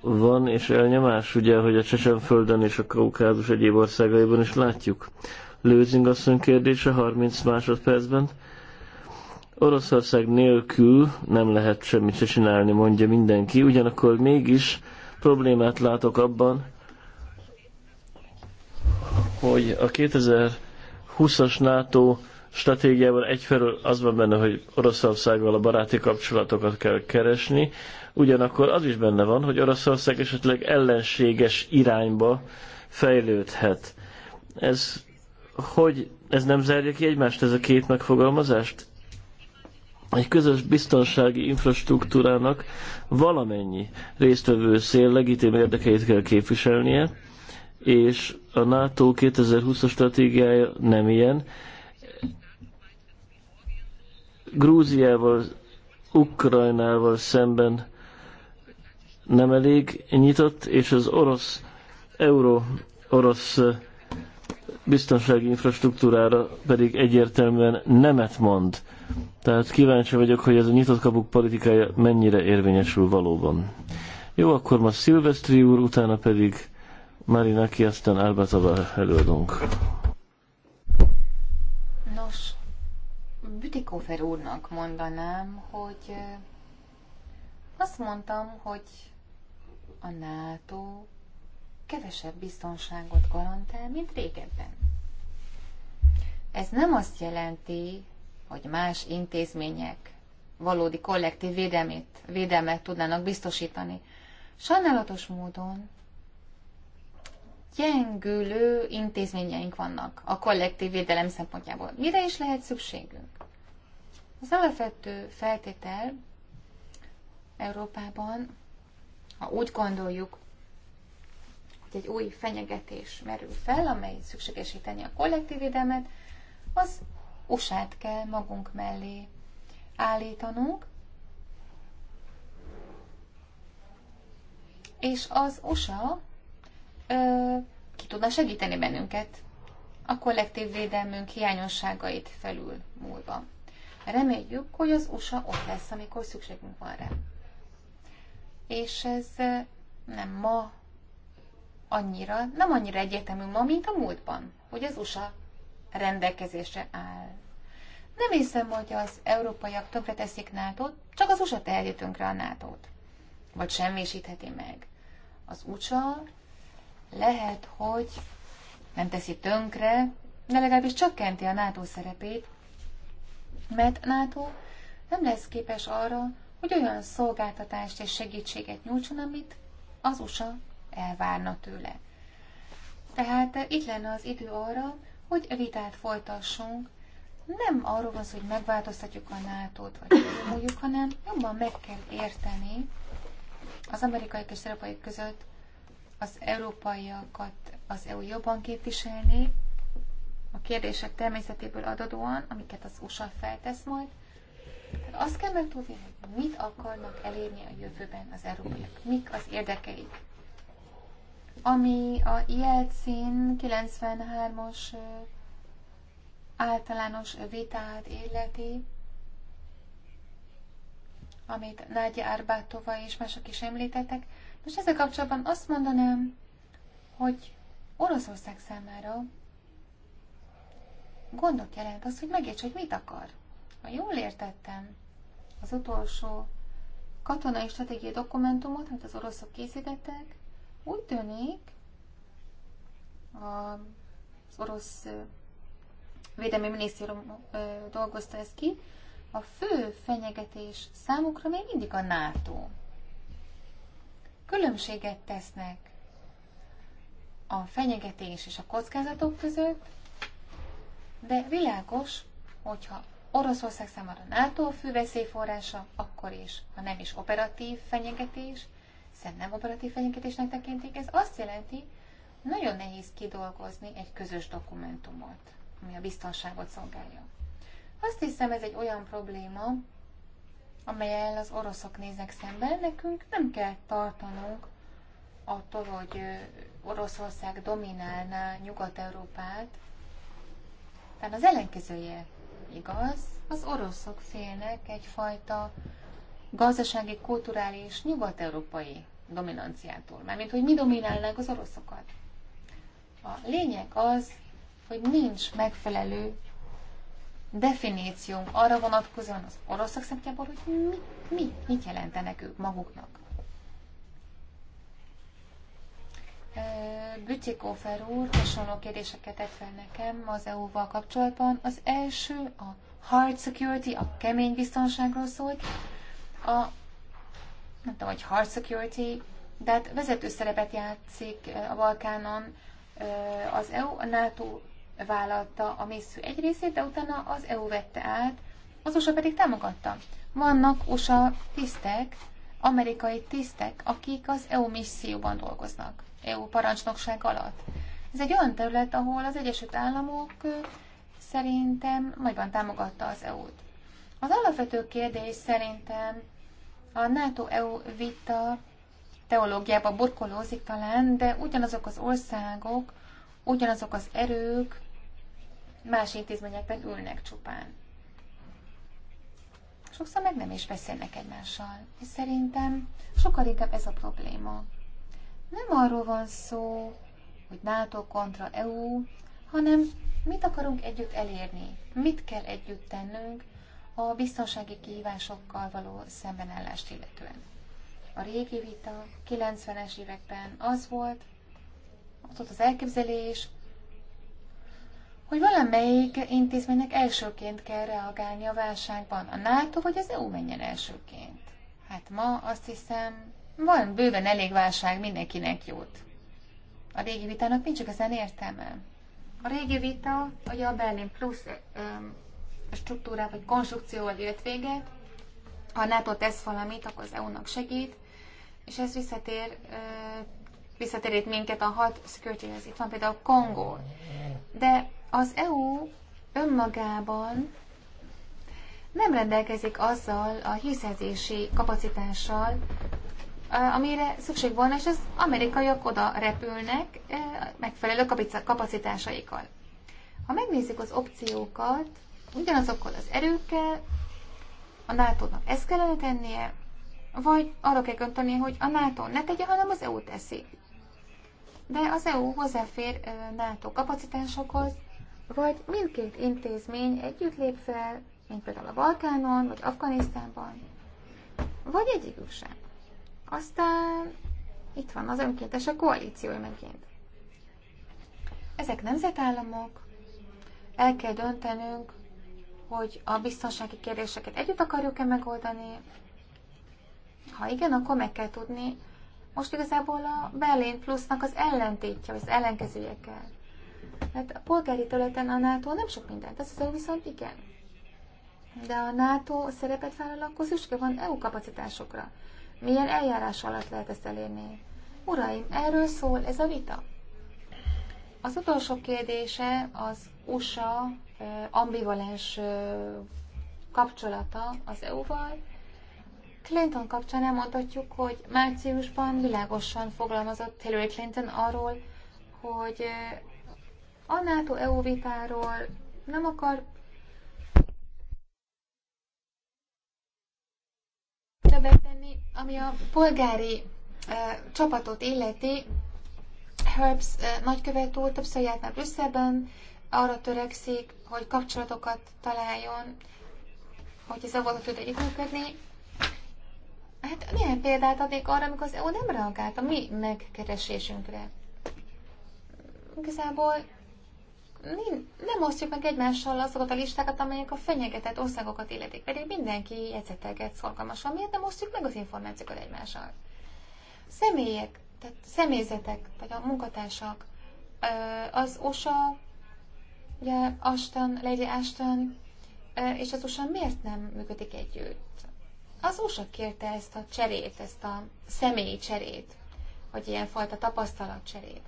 van, és elnyomás, ugye, hogy a Csecsenföldön és a Kaukázus egyéb országaiban is látjuk. Lőzing asszony kérdése 30 másodpercben. Oroszország nélkül nem lehet semmit se csinálni, mondja mindenki, ugyanakkor mégis problémát látok abban, hogy a 2020-as NATO stratégiában egyfelől az van benne, hogy Oroszországgal a baráti kapcsolatokat kell keresni, ugyanakkor az is benne van, hogy Oroszország esetleg ellenséges irányba fejlődhet. Ez hogy ez nem zárja ki egymást, ez a két megfogalmazást? Egy közös biztonsági infrastruktúrának valamennyi résztvevő szél legitim érdekeit kell képviselnie, és a NATO 2020-as stratégiája nem ilyen. Grúziával, Ukrajnával szemben nem elég nyitott, és az orosz, euró-orosz biztonsági infrastruktúrára pedig egyértelműen nemet mond. Tehát kíváncsi vagyok, hogy ez a nyitott kapuk politikája mennyire érvényesül valóban. Jó, akkor ma Szilvesztri úr, utána pedig Marinaki, aztán Árbátaba előadunk. Nos, Bütikófer úrnak mondanám, hogy azt mondtam, hogy a NATO kevesebb biztonságot garantál, mint régebben. Ez nem azt jelenti, hogy más intézmények valódi kollektív védelmét, védelmet tudnának biztosítani. Sajnálatos módon gyengülő intézményeink vannak a kollektív védelem szempontjából. Mire is lehet szükségünk? Az alapvető feltétel Európában, ha úgy gondoljuk, egy új fenyegetés merül fel, amely szükségesíteni a kollektív védelmet, az usát kell magunk mellé állítanunk, és az USA ö, ki tudna segíteni bennünket a kollektív védelmünk hiányosságait felül múlva. Reméljük, hogy az USA ott lesz, amikor szükségünk van rá. És ez nem ma annyira, nem annyira egyértelmű ma, mint a múltban, hogy az USA rendelkezésre áll. Nem hiszem, hogy az európaiak teszik nato csak az USA teheti tönkre a nato -t. Vagy semmisítheti meg. Az USA lehet, hogy nem teszi tönkre, de legalábbis csökkenti a NATO szerepét, mert NATO nem lesz képes arra, hogy olyan szolgáltatást és segítséget nyújtson, amit az USA elvárna tőle. Tehát itt lenne az idő arra, hogy vitát folytassunk. Nem arról van szó, hogy megváltoztatjuk a NATO-t, vagy múljuk, hanem jobban meg kell érteni az amerikai és európai között az európaiakat az EU jobban képviselni, a kérdések természetéből adódóan, amiket az USA feltesz majd. Tehát azt kell megtudni, hogy mit akarnak elérni a jövőben az európaiak, mik az érdekeik ami a Jelcin 93-os általános vitát illeti, amit Nagy Árbátova és mások is említettek. Most ezzel kapcsolatban azt mondanám, hogy Oroszország számára gondot jelent az, hogy megérts, hogy mit akar. Ha jól értettem, az utolsó katonai stratégiai dokumentumot, amit az oroszok készítettek, úgy tűnik, az orosz védelmi minisztérium dolgozta ezt ki, a fő fenyegetés számukra még mindig a NATO. Különbséget tesznek a fenyegetés és a kockázatok között, de világos, hogyha Oroszország számára NATO fő veszélyforrása, akkor is, ha nem is operatív fenyegetés, hiszen nem operatív fenyegetésnek tekintik. Ez azt jelenti, nagyon nehéz kidolgozni egy közös dokumentumot, ami a biztonságot szolgálja. Azt hiszem, ez egy olyan probléma, amelyel az oroszok néznek szemben, nekünk nem kell tartanunk attól, hogy Oroszország dominálná Nyugat-Európát. Tehát az ellenkezője igaz, az oroszok félnek egyfajta gazdasági, kulturális nyugat-európai dominanciától. Mármint, hogy mi dominálnánk az oroszokat. A lényeg az, hogy nincs megfelelő definíciónk arra vonatkozóan az oroszok szempontjából, hogy mi, mi, mit jelentenek ők maguknak. Bütikofer úr hasonló kérdéseket tett fel nekem az EU-val kapcsolatban. Az első a hard security, a kemény biztonságról szólt. A nem tudom, hogy hard security, de hát vezető szerepet játszik a Balkánon. Az EU, a NATO vállalta a misszió egy részét, de utána az EU vette át, az USA pedig támogatta. Vannak USA tisztek, amerikai tisztek, akik az EU misszióban dolgoznak, EU parancsnokság alatt. Ez egy olyan terület, ahol az Egyesült Államok szerintem nagyban támogatta az EU-t. Az alapvető kérdés szerintem a NATO-EU vita teológiába burkolózik talán, de ugyanazok az országok, ugyanazok az erők más intézményekben ülnek csupán. Sokszor meg nem is beszélnek egymással, és szerintem sokkal inkább ez a probléma. Nem arról van szó, hogy NATO kontra EU, hanem mit akarunk együtt elérni, mit kell együtt tennünk, a biztonsági kihívásokkal való szembenállást illetően. A régi vita 90-es években az volt, ott volt az elképzelés, hogy valamelyik intézménynek elsőként kell reagálni a válságban. A NATO vagy az EU menjen elsőként. Hát ma azt hiszem, van bőven elég válság mindenkinek jót. A régi vitának nincs igazán értelme. A régi vita, hogy a Berlin Plus struktúrát, vagy konstrukcióval ért véget. Ha a NATO tesz valamit, akkor az EU-nak segít, és ez visszatér, visszatérít minket a hat securityhez. Itt van például Kongó. De az EU önmagában nem rendelkezik azzal a hírszerzési kapacitással, amire szükség volna, és az amerikaiak oda repülnek megfelelő kapacitásaikkal. Ha megnézzük az opciókat, ugyanazokkal az erőkkel, a NATO-nak ezt kellene tennie, vagy arra kell gondolni, hogy a NATO ne tegye, hanem az EU teszi. De az EU hozzáfér NATO kapacitásokhoz, vagy mindkét intézmény együtt lép fel, mint például a Balkánon, vagy Afganisztánban, vagy egyikük sem. Aztán itt van az a koalíciója megint. Ezek nemzetállamok, el kell döntenünk, hogy a biztonsági kérdéseket együtt akarjuk-e megoldani. Ha igen, akkor meg kell tudni. Most igazából a Berlin plusznak az ellentétje, az ellenkezője kell. Mert hát a polgári területen a NATO nem sok mindent tesz, azért viszont igen. De a NATO szerepet vállal, akkor szükség van EU kapacitásokra. Milyen eljárás alatt lehet ezt elérni? Uraim, erről szól ez a vita. Az utolsó kérdése az USA ambivalens kapcsolata az EU-val. Clinton kapcsán elmondhatjuk, hogy márciusban világosan fogalmazott Hillary Clinton arról, hogy a NATO-EU vitáról nem akar többet tenni, ami a polgári uh, csapatot illeti. Herbs uh, nagykövet úr többször járt már Brüsszelben, arra törekszik, hogy kapcsolatokat találjon, hogy ez volt, együtt működni. Hát milyen példát adnék arra, amikor az EU nem reagált a mi megkeresésünkre? Igazából nem osztjuk meg egymással azokat a listákat, amelyek a fenyegetett országokat illetik, pedig mindenki jegyzetelget szorgalmasan. Miért nem osztjuk meg az információkat egymással? Személyek, tehát személyzetek, vagy a munkatársak, az USA Ugye Ashton, Lady Ashton és az USA miért nem működik együtt? Az USA kérte ezt a cserét, ezt a személyi cserét, vagy ilyenfajta cserét.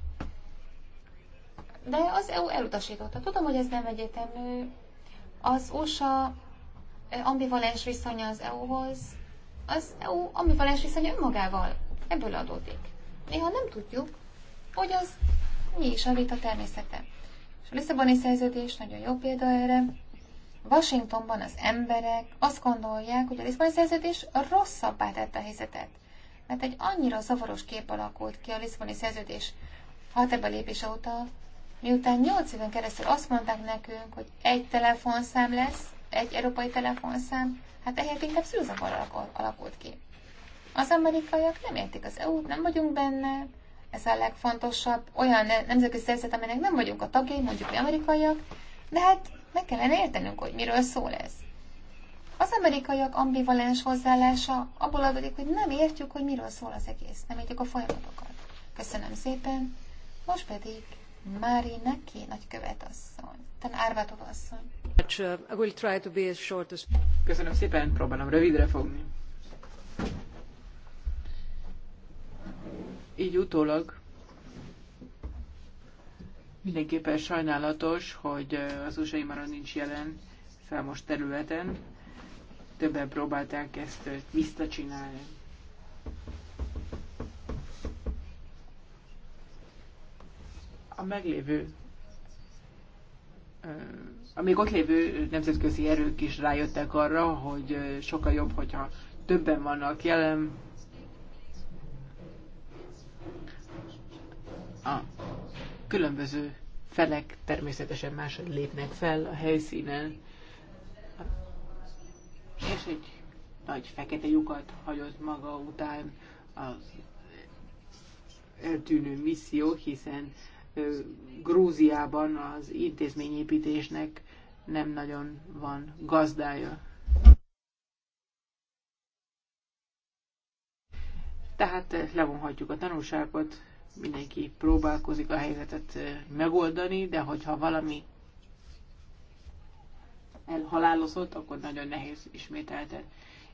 De az EU elutasította. Tudom, hogy ez nem egyetemű. Az USA ambivalens viszonya az EU-hoz, az EU ambivalens viszonya önmagával ebből adódik. Néha nem tudjuk, hogy az mi is a vita természete. Lisszaboni szerződés nagyon jó példa erre. Washingtonban az emberek azt gondolják, hogy a Lisszaboni szerződés rosszabbá tette a helyzetet, mert egy annyira zavaros kép alakult ki a Lisszaboni szerződés ebbe lépése óta, miután 8 éven keresztül azt mondták nekünk, hogy egy telefonszám lesz, egy európai telefonszám, hát ehhez inkább szűzavar alakult ki. Az amerikaiak nem értik az EU-t, nem vagyunk benne, ez a legfontosabb, olyan nemzetközi szerzet, aminek nem vagyunk a tagjai, mondjuk mi amerikaiak, de hát meg kellene értenünk, hogy miről szól ez. Az amerikaiak ambivalens hozzáállása abból adódik, hogy nem értjük, hogy miről szól az egész, nem értjük a folyamatokat. Köszönöm szépen, most pedig Mári Neki nagykövet asszony, ten árvátok asszony. Uh, Köszönöm szépen, próbálom rövidre fogni így utólag mindenképpen sajnálatos, hogy az USA már nincs jelen számos területen. Többen próbálták ezt visszacsinálni. A meglévő a még ott lévő nemzetközi erők is rájöttek arra, hogy sokkal jobb, hogyha többen vannak jelen, a különböző felek természetesen máshogy lépnek fel a helyszínen, és egy nagy fekete lyukat hagyott maga után az eltűnő misszió, hiszen Grúziában az intézményépítésnek nem nagyon van gazdája. Tehát levonhatjuk a tanulságot mindenki próbálkozik a helyzetet megoldani, de hogyha valami elhalálozott, akkor nagyon nehéz ismételten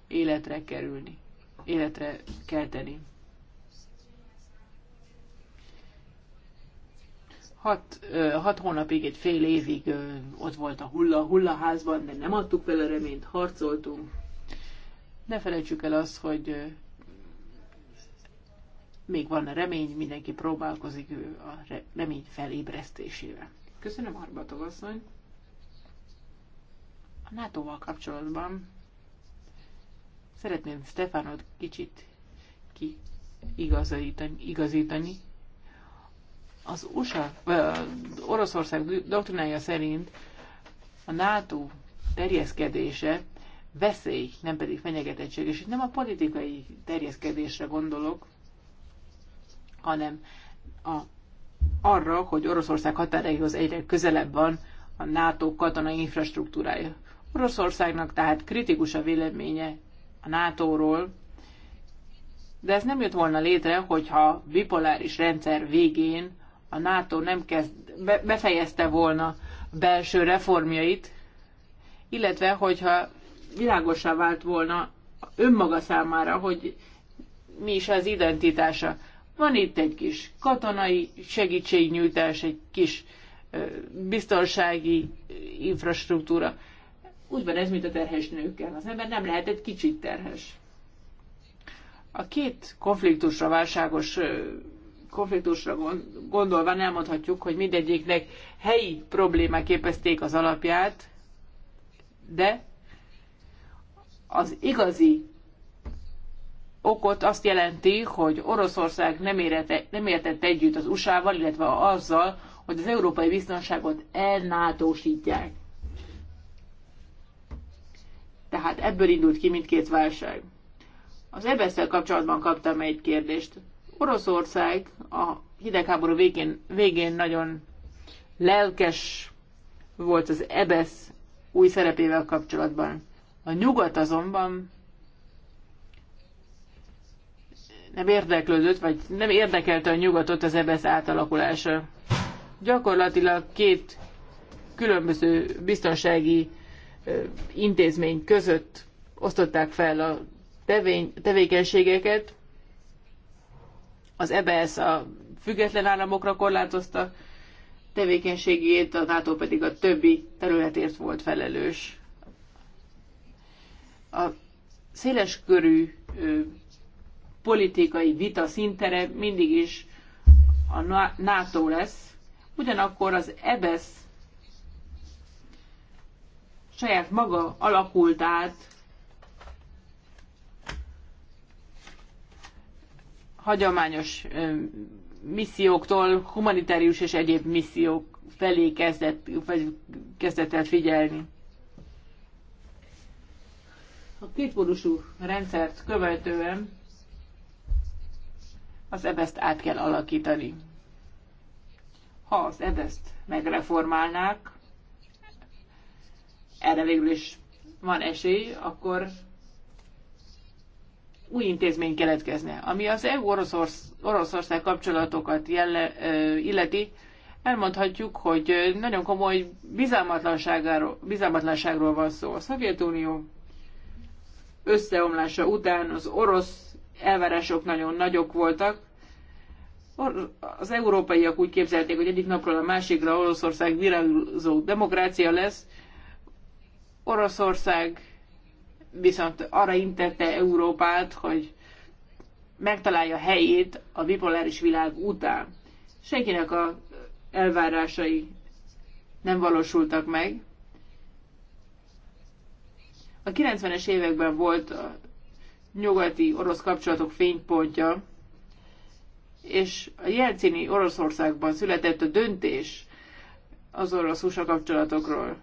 életre kerülni, életre kelteni. Hat, ö, hat hónapig, egy fél évig ö, ott volt a hulla, hulla házban, de nem adtuk vele reményt, harcoltunk. Ne felejtsük el azt, hogy még van remény, mindenki próbálkozik a remény felébresztésével. Köszönöm, Arbatov asszony. A NATO-val kapcsolatban szeretném Stefanot kicsit kiigazítani, igazítani, Az USA, az Oroszország doktrinája szerint a NATO terjeszkedése veszély, nem pedig fenyegetettség. És itt nem a politikai terjeszkedésre gondolok, hanem a, arra, hogy Oroszország határaihoz egyre közelebb van a NATO katonai infrastruktúrája. Oroszországnak tehát kritikus a véleménye a NATO-ról, de ez nem jött volna létre, hogyha bipoláris rendszer végén a NATO nem kezd, be, befejezte volna belső reformjait, illetve hogyha világosá vált volna önmaga számára, hogy mi is az identitása. Van itt egy kis katonai segítségnyújtás, egy kis biztonsági infrastruktúra. Úgy van ez, mint a terhes nőkkel. Az ember nem lehet egy kicsit terhes. A két konfliktusra, válságos konfliktusra gondolva nem mondhatjuk, hogy mindegyiknek helyi problémák képezték az alapját, de az igazi okot azt jelenti, hogy Oroszország nem, érete, nem értett együtt az USA-val, illetve azzal, hogy az európai biztonságot elnátósítják. Tehát ebből indult ki mindkét válság. Az ebesszel kapcsolatban kaptam egy kérdést. Oroszország a hidegháború végén, végén nagyon lelkes volt az ebesz új szerepével kapcsolatban. A nyugat azonban nem érdeklődött, vagy nem érdekelte a nyugatot az ebesz átalakulása. Gyakorlatilag két különböző biztonsági intézmény között osztották fel a tevény, tevékenységeket. Az EBS a független államokra korlátozta tevékenységét, a NATO pedig a többi területért volt felelős. A széleskörű politikai vita szintere mindig is a NATO lesz, ugyanakkor az EBS e saját maga alakult át hagyományos misszióktól humanitárius és egyéb missziók felé kezdett, kezdett el figyelni. A kétpólusú rendszert követően az ebeszt át kell alakítani. Ha az ebeszt megreformálnák, erre végül is van esély, akkor új intézmény keletkezne. Ami az EU-Oroszország kapcsolatokat jelle, illeti, elmondhatjuk, hogy nagyon komoly bizalmatlanságról, bizalmatlanságról van szó. A Szovjetunió összeomlása után az orosz elvárások nagyon nagyok voltak. Az európaiak úgy képzelték, hogy egyik napról a másikra Oroszország virágzó demokrácia lesz. Oroszország viszont arra intette Európát, hogy megtalálja helyét a bipoláris világ után. Senkinek a elvárásai nem valósultak meg. A 90-es években volt nyugati orosz kapcsolatok fénypontja, és a Jelcini Oroszországban született a döntés az orosz-USA kapcsolatokról.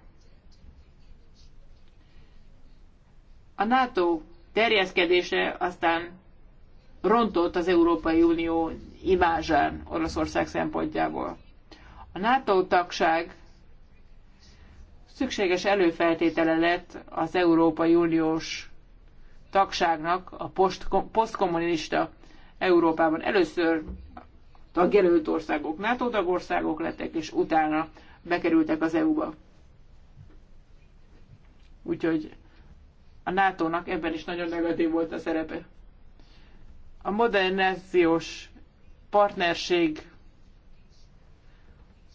A NATO terjeszkedése aztán rontott az Európai Unió imázsán Oroszország szempontjából. A NATO tagság szükséges előfeltétele lett az Európai Uniós tagságnak a posztkommunista Európában. Először tagjelölt országok NATO tagországok lettek, és utána bekerültek az EU-ba. Úgyhogy a NATO-nak ebben is nagyon negatív volt a szerepe. A modernizációs partnerség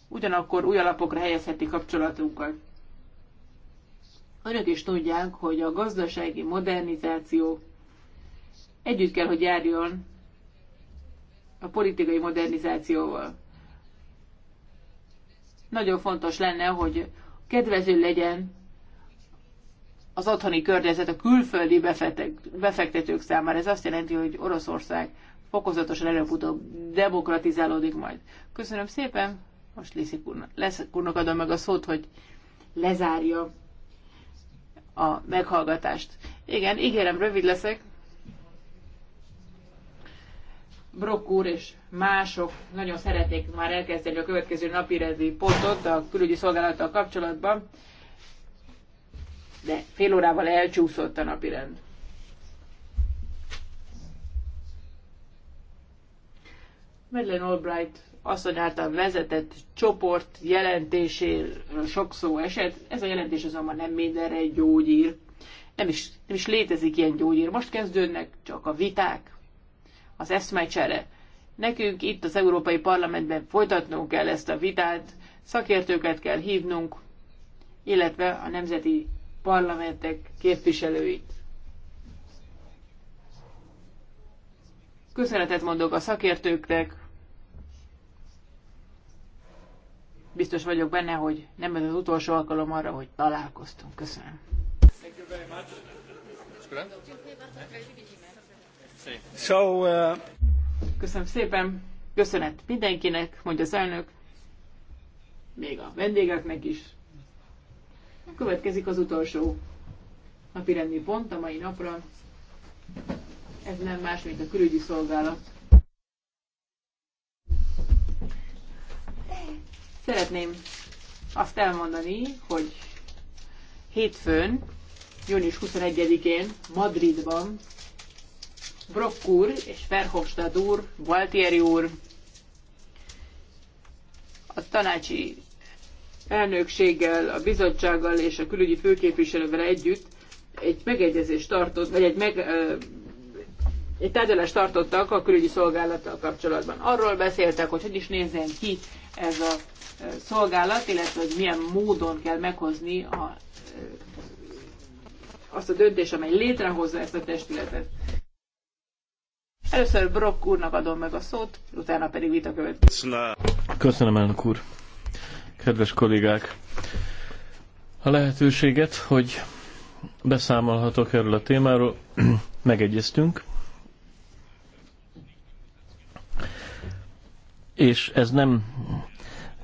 ugyanakkor új alapokra helyezheti kapcsolatunkat. Önök is tudják, hogy a gazdasági modernizáció együtt kell, hogy járjon a politikai modernizációval. Nagyon fontos lenne, hogy kedvező legyen az otthoni környezet a külföldi befektetők számára. Ez azt jelenti, hogy Oroszország fokozatosan előbb-utóbb demokratizálódik majd. Köszönöm szépen, most Lisi kurnak, Lesz, úrnak adom meg a szót, hogy lezárja a meghallgatást. Igen, ígérem, rövid leszek. Brock úr és mások nagyon szeretnék már elkezdeni a következő napirendi pontot a külügyi szolgálattal kapcsolatban, de fél órával elcsúszott a napirend. Madeleine Albright asszony által vezetett csoport jelentéséről sok szó esett. Ez a jelentés azonban nem mindenre egy gyógyír. Nem is, nem is létezik ilyen gyógyír. Most kezdődnek csak a viták, az eszmecsere. Nekünk itt az Európai Parlamentben folytatnunk kell ezt a vitát, szakértőket kell hívnunk, illetve a nemzeti parlamentek képviselőit. Köszönetet mondok a szakértőknek, Biztos vagyok benne, hogy nem ez az utolsó alkalom arra, hogy találkoztunk. Köszönöm. So, uh, Köszönöm szépen. Köszönet mindenkinek, mondja az elnök. Még a vendégeknek is. Következik az utolsó napirendi pont a mai napra. Ez nem más, mint a külügyi szolgálat Szeretném azt elmondani, hogy hétfőn, június 21-én Madridban Brock úr és Verhofstadt úr, Gualtieri úr, a tanácsi elnökséggel, a bizottsággal és a külügyi főképviselővel együtt egy megegyezést tartott, vagy egy, meg, egy tárgyalást tartottak a külügyi szolgálattal kapcsolatban. Arról beszéltek, hogy hogy is nézzen ki ez a e, szolgálat, illetve hogy milyen módon kell meghozni a, e, azt a döntés, amely létrehozza ezt a testületet. Először Brock úrnak adom meg a szót, utána pedig vita következik. Köszönöm, elnök úr. Kedves kollégák, a lehetőséget, hogy beszámolhatok erről a témáról, megegyeztünk, és ez nem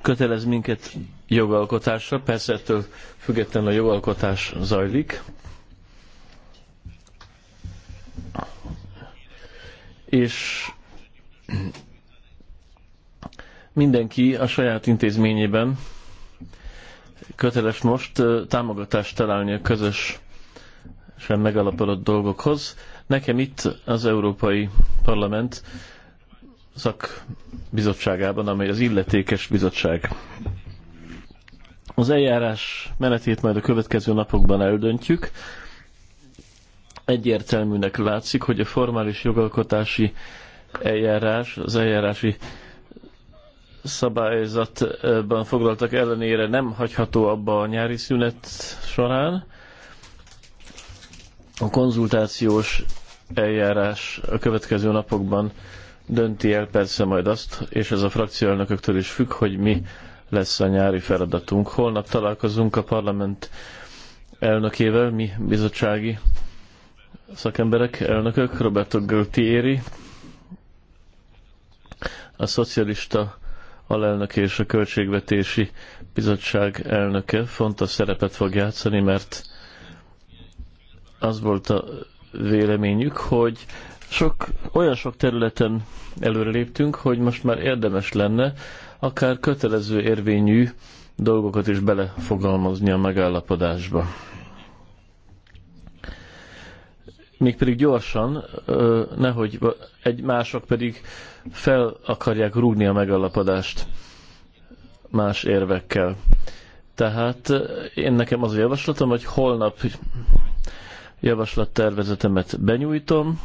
kötelez minket jogalkotásra, persze ettől függetlenül a jogalkotás zajlik. És mindenki a saját intézményében köteles most támogatást találni a közös sem megalapodott dolgokhoz. Nekem itt az Európai Parlament szakbizottságában, amely az illetékes bizottság. Az eljárás menetét majd a következő napokban eldöntjük. Egyértelműnek látszik, hogy a formális jogalkotási eljárás, az eljárási szabályzatban foglaltak ellenére nem hagyható abba a nyári szünet során. A konzultációs eljárás a következő napokban dönti el persze majd azt, és ez a frakcióelnököktől is függ, hogy mi lesz a nyári feladatunk. Holnap találkozunk a parlament elnökével, mi bizottsági szakemberek, elnökök, Roberto Gautieri, a szocialista alelnöke és a költségvetési bizottság elnöke fontos szerepet fog játszani, mert az volt a véleményük, hogy sok, olyan sok területen előre léptünk, hogy most már érdemes lenne akár kötelező érvényű dolgokat is belefogalmazni a megállapodásba. Mégpedig gyorsan, nehogy egy mások pedig fel akarják rúgni a megállapodást más érvekkel. Tehát én nekem az a javaslatom, hogy holnap javaslattervezetemet benyújtom,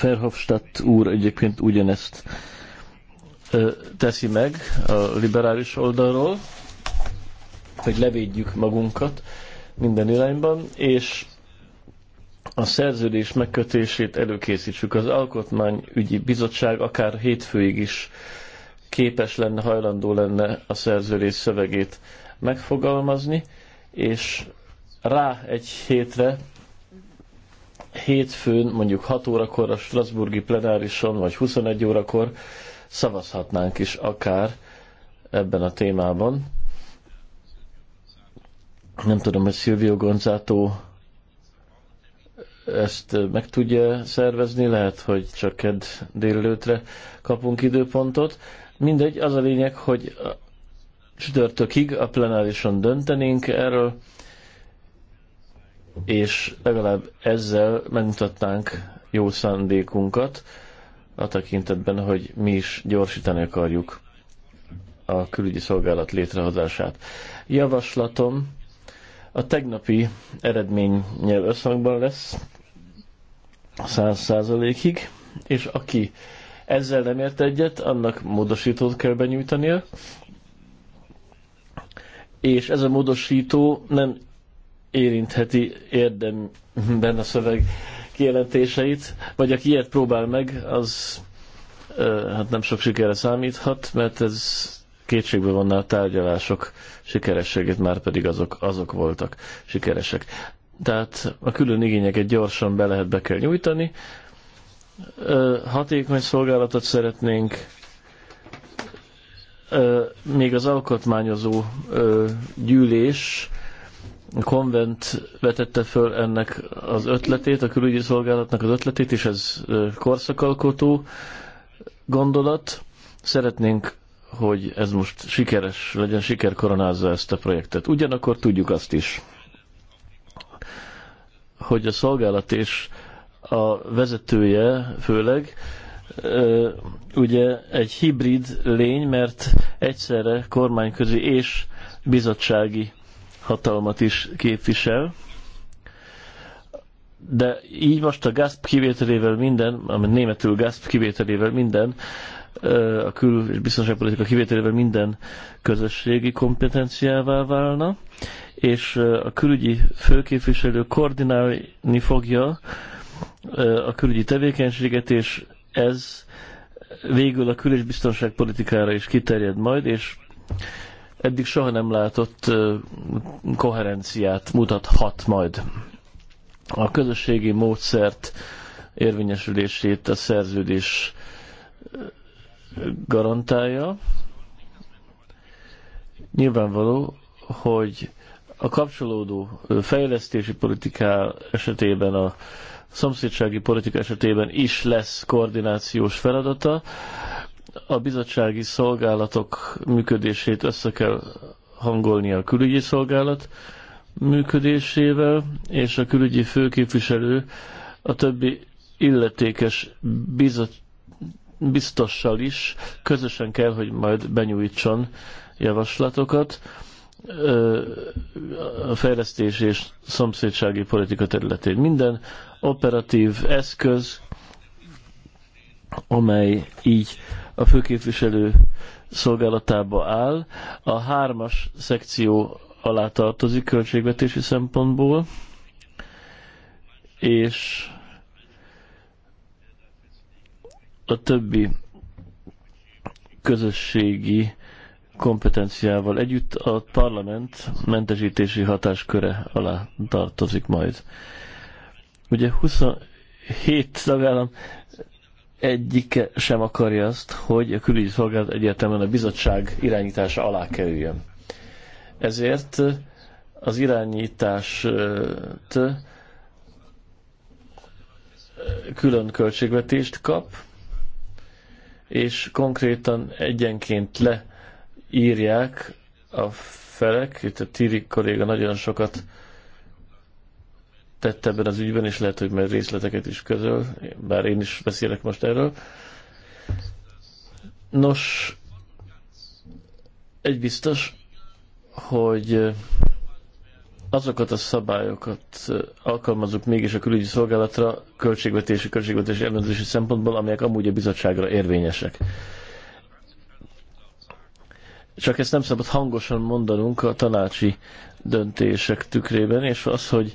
Verhofstadt úr egyébként ugyanezt teszi meg a liberális oldalról, hogy levédjük magunkat minden irányban, és a szerződés megkötését előkészítsük. Az Alkotmányügyi Bizottság akár hétfőig is képes lenne, hajlandó lenne a szerződés szövegét megfogalmazni, és rá egy hétre hétfőn, mondjuk 6 órakor a Strasburgi plenárison, vagy 21 órakor szavazhatnánk is akár ebben a témában. Nem tudom, hogy Silvio Gonzátó ezt meg tudja szervezni, lehet, hogy csak kedd délelőtre kapunk időpontot. Mindegy, az a lényeg, hogy csütörtökig a plenárison döntenénk erről, és legalább ezzel megmutatnánk jó szándékunkat a tekintetben, hogy mi is gyorsítani akarjuk a külügyi szolgálat létrehozását. Javaslatom a tegnapi eredménnyel összhangban lesz 100%-ig, és aki ezzel nem ért egyet, annak módosítót kell benyújtania, és ez a módosító nem érintheti érdemben a szöveg kijelentéseit, vagy aki ilyet próbál meg, az hát nem sok sikere számíthat, mert ez kétségbe vonná a tárgyalások sikerességét, már pedig azok, azok voltak sikeresek. Tehát a külön igényeket gyorsan be lehet be kell nyújtani. Hatékony szolgálatot szeretnénk, még az alkotmányozó gyűlés a konvent vetette föl ennek az ötletét, a külügyi szolgálatnak az ötletét, és ez korszakalkotó gondolat. Szeretnénk, hogy ez most sikeres legyen, siker koronázza ezt a projektet. Ugyanakkor tudjuk azt is, hogy a szolgálat és a vezetője főleg ugye egy hibrid lény, mert egyszerre kormányközi és bizottsági hatalmat is képvisel. De így most a GASP kivételével minden, a németül GASP kivételével minden, a kül- és biztonságpolitika kivételével minden közösségi kompetenciává válna, és a külügyi főképviselő koordinálni fogja a külügyi tevékenységet, és ez végül a kül- és biztonságpolitikára is kiterjed majd, és eddig soha nem látott koherenciát mutathat majd. A közösségi módszert érvényesülését a szerződés garantálja. Nyilvánvaló, hogy a kapcsolódó fejlesztési politiká esetében, a szomszédsági politika esetében is lesz koordinációs feladata, a bizottsági szolgálatok működését össze kell hangolni a külügyi szolgálat működésével, és a külügyi főképviselő a többi illetékes bizot, biztossal is közösen kell, hogy majd benyújtson javaslatokat a fejlesztés és szomszédsági politika területén. Minden operatív eszköz, amely így a főképviselő szolgálatába áll. A hármas szekció alá tartozik költségvetési szempontból, és a többi közösségi kompetenciával együtt a parlament mentesítési hatásköre alá tartozik majd. Ugye 27 tagállam egyik sem akarja azt, hogy a külügyi szolgálat egyértelműen a bizottság irányítása alá kerüljön. Ezért az irányítást külön költségvetést kap, és konkrétan egyenként leírják a felek, itt a Tiri kolléga nagyon sokat tett ebben az ügyben, és lehet, hogy majd részleteket is közöl, bár én is beszélek most erről. Nos, egy biztos, hogy azokat a szabályokat alkalmazunk mégis a külügyi szolgálatra költségvetési, költségvetési ellenőrzési szempontból, amelyek amúgy a bizottságra érvényesek. Csak ezt nem szabad hangosan mondanunk a tanácsi döntések tükrében, és az, hogy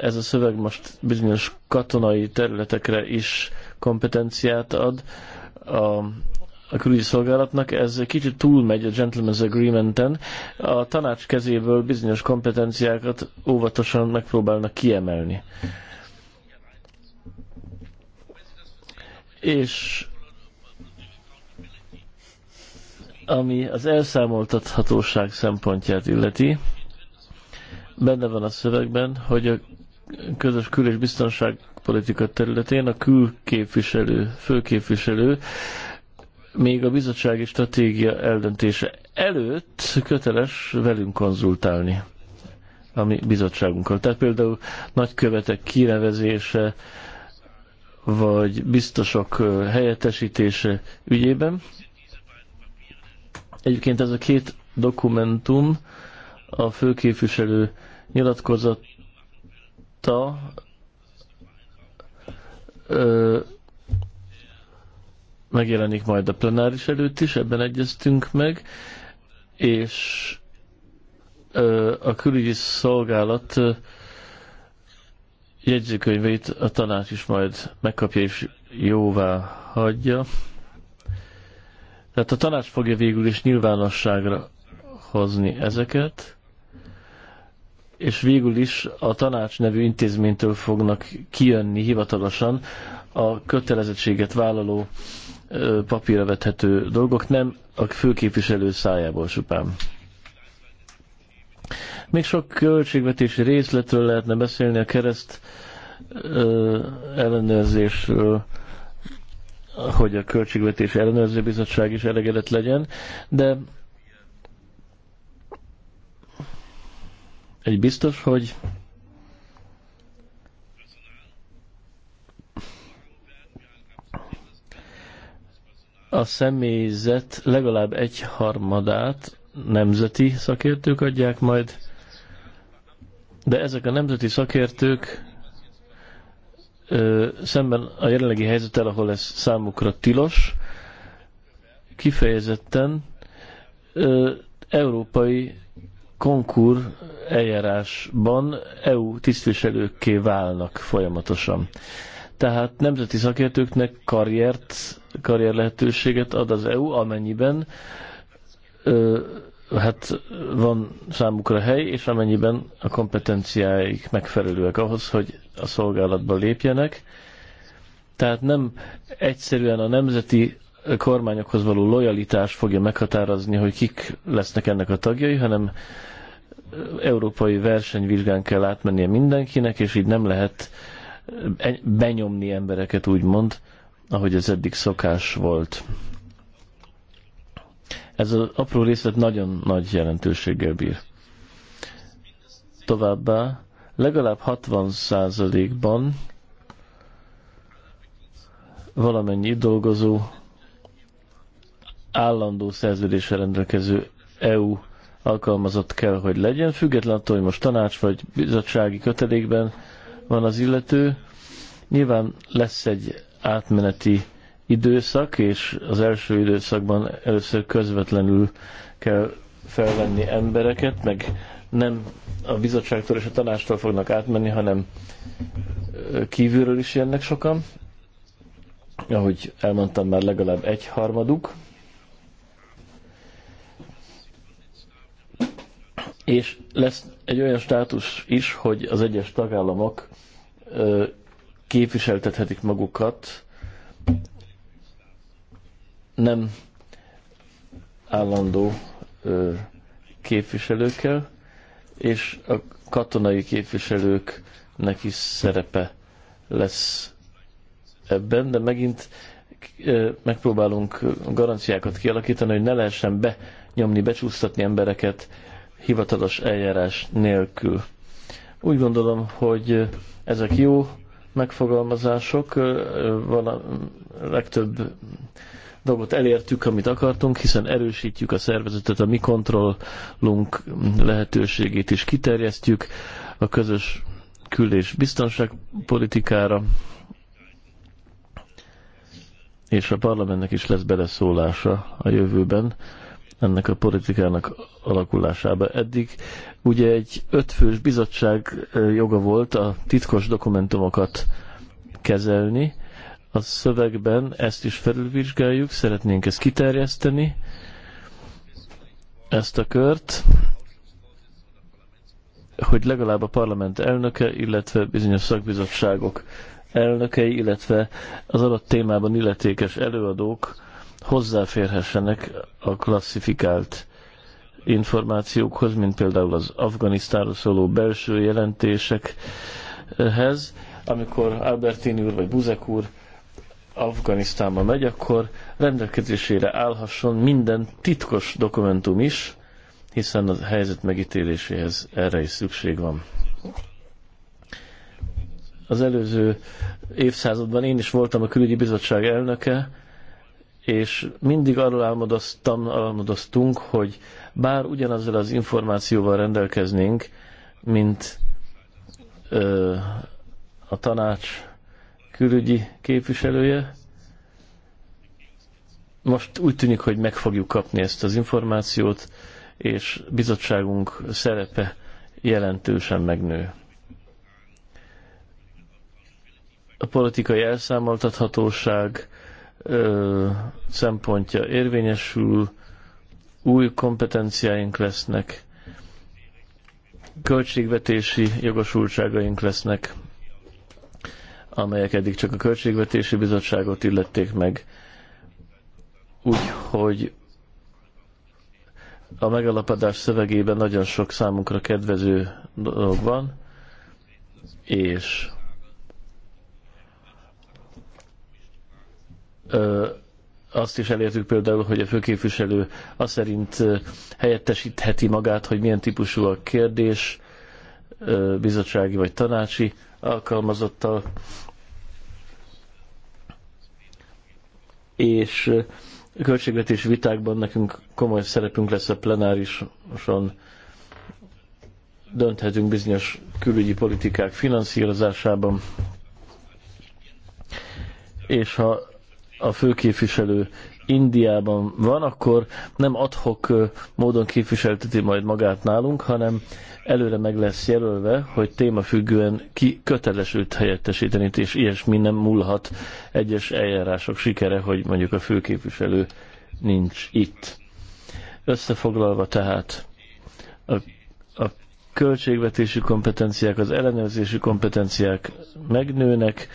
ez a szöveg most bizonyos katonai területekre is kompetenciát ad a, a külügyi szolgálatnak. Ez kicsit túlmegy a Gentleman's Agreement-en. A tanács kezéből bizonyos kompetenciákat óvatosan megpróbálnak kiemelni. És ami az elszámoltathatóság szempontját illeti, benne van a szövegben, hogy a közös kül- és biztonságpolitika területén a külképviselő, főképviselő még a bizottsági stratégia eldöntése előtt köteles velünk konzultálni a mi bizottságunkkal. Tehát például nagykövetek kinevezése, vagy biztosok helyettesítése ügyében. Egyébként ez a két dokumentum a főképviselő nyilatkozata ö, megjelenik majd a plenáris előtt is, ebben egyeztünk meg, és ö, a külügyi szolgálat ö, jegyzőkönyveit a tanács is majd megkapja és jóvá hagyja. Tehát a tanács fogja végül is nyilvánosságra hozni ezeket és végül is a tanács nevű intézménytől fognak kijönni hivatalosan a kötelezettséget vállaló papírra vethető dolgok, nem a főképviselő szájából csupán. Még sok költségvetési részletről lehetne beszélni, a kereszt ö, ellenőrzésről, hogy a Költségvetés Ellenőrző Bizottság is elegedett legyen, de Egy biztos, hogy a személyzet legalább egy harmadát nemzeti szakértők adják majd, de ezek a nemzeti szakértők ö, szemben a jelenlegi helyzettel, ahol ez számukra tilos, kifejezetten ö, európai konkur eljárásban EU tisztviselőkké válnak folyamatosan. Tehát nemzeti szakértőknek karriert, karrier lehetőséget ad az EU, amennyiben ö, hát van számukra hely, és amennyiben a kompetenciáik megfelelőek ahhoz, hogy a szolgálatba lépjenek. Tehát nem egyszerűen a nemzeti kormányokhoz való lojalitás fogja meghatározni, hogy kik lesznek ennek a tagjai, hanem európai versenyvizsgán kell átmennie mindenkinek, és így nem lehet benyomni embereket úgymond, ahogy ez eddig szokás volt. Ez az apró részlet nagyon nagy jelentőséggel bír. Továbbá legalább 60%-ban valamennyi dolgozó állandó szerződésre rendelkező EU alkalmazott kell, hogy legyen, független attól, hogy most tanács vagy bizottsági kötelékben van az illető. Nyilván lesz egy átmeneti időszak, és az első időszakban először közvetlenül kell felvenni embereket, meg nem a bizottságtól és a tanástól fognak átmenni, hanem kívülről is jönnek sokan. Ahogy elmondtam, már legalább egy harmaduk. és lesz egy olyan státusz is, hogy az egyes tagállamok képviseltethetik magukat, nem állandó képviselőkkel, és a katonai képviselőknek is szerepe lesz ebben, de megint megpróbálunk garanciákat kialakítani, hogy ne lehessen benyomni, becsúsztatni embereket hivatalos eljárás nélkül. Úgy gondolom, hogy ezek jó megfogalmazások, vala, legtöbb dolgot elértük, amit akartunk, hiszen erősítjük a szervezetet, a mi kontrollunk lehetőségét is kiterjesztjük a közös küldés biztonságpolitikára, és a parlamentnek is lesz beleszólása a jövőben ennek a politikának alakulásába. Eddig ugye egy ötfős bizottság joga volt a titkos dokumentumokat kezelni. A szövegben ezt is felülvizsgáljuk, szeretnénk ezt kiterjeszteni, ezt a kört, hogy legalább a parlament elnöke, illetve bizonyos szakbizottságok elnökei, illetve az adott témában illetékes előadók hozzáférhessenek a klasszifikált információkhoz, mint például az Afganisztánról szóló belső jelentésekhez. Amikor Albertini úr vagy Buzek úr Afganisztánba megy, akkor rendelkezésére állhasson minden titkos dokumentum is, hiszen a helyzet megítéléséhez erre is szükség van. Az előző évszázadban én is voltam a külügyi bizottság elnöke, és mindig arról álmodoztam, álmodoztunk, hogy bár ugyanazzal az információval rendelkeznénk, mint ö, a tanács külügyi képviselője, most úgy tűnik, hogy meg fogjuk kapni ezt az információt, és bizottságunk szerepe jelentősen megnő. A politikai elszámoltathatóság, ö, szempontja érvényesül, új kompetenciáink lesznek, költségvetési jogosultságaink lesznek, amelyek eddig csak a Költségvetési Bizottságot illették meg. Úgyhogy a megalapadás szövegében nagyon sok számunkra kedvező dolog van, és Ö, azt is elértük például, hogy a főképviselő azt szerint helyettesítheti magát, hogy milyen típusú a kérdés, bizottsági vagy tanácsi alkalmazottal. És költségvetési vitákban nekünk komoly szerepünk lesz a plenárison, dönthetünk bizonyos külügyi politikák finanszírozásában, és ha a főképviselő Indiában van, akkor nem adhok módon képviselteti majd magát nálunk, hanem előre meg lesz jelölve, hogy témafüggően ki köteles őt helyettesíteni, és ilyesmi nem múlhat egyes eljárások sikere, hogy mondjuk a főképviselő nincs itt. Összefoglalva tehát a, a költségvetési kompetenciák, az ellenőrzési kompetenciák megnőnek,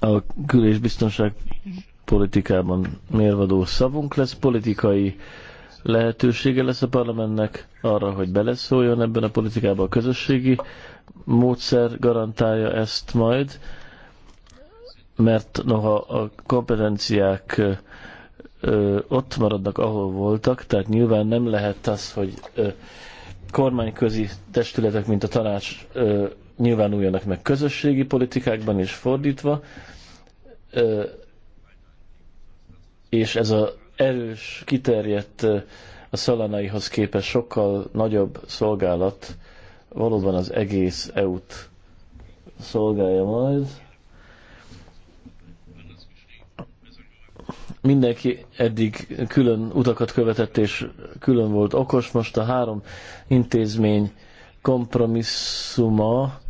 a kül- és biztonságpolitikában mérvadó szavunk lesz, politikai lehetősége lesz a parlamentnek arra, hogy beleszóljon ebben a politikába a közösségi módszer garantálja ezt majd, mert noha a kompetenciák ö, ott maradnak, ahol voltak, tehát nyilván nem lehet az, hogy ö, kormányközi testületek, mint a tanács ö, nyilvánuljanak meg közösségi politikákban is fordítva, és ez a erős, kiterjedt a szalanaihoz képest sokkal nagyobb szolgálat valóban az egész EU-t szolgálja majd. Mindenki eddig külön utakat követett és külön volt okos, most a három intézmény kompromisszuma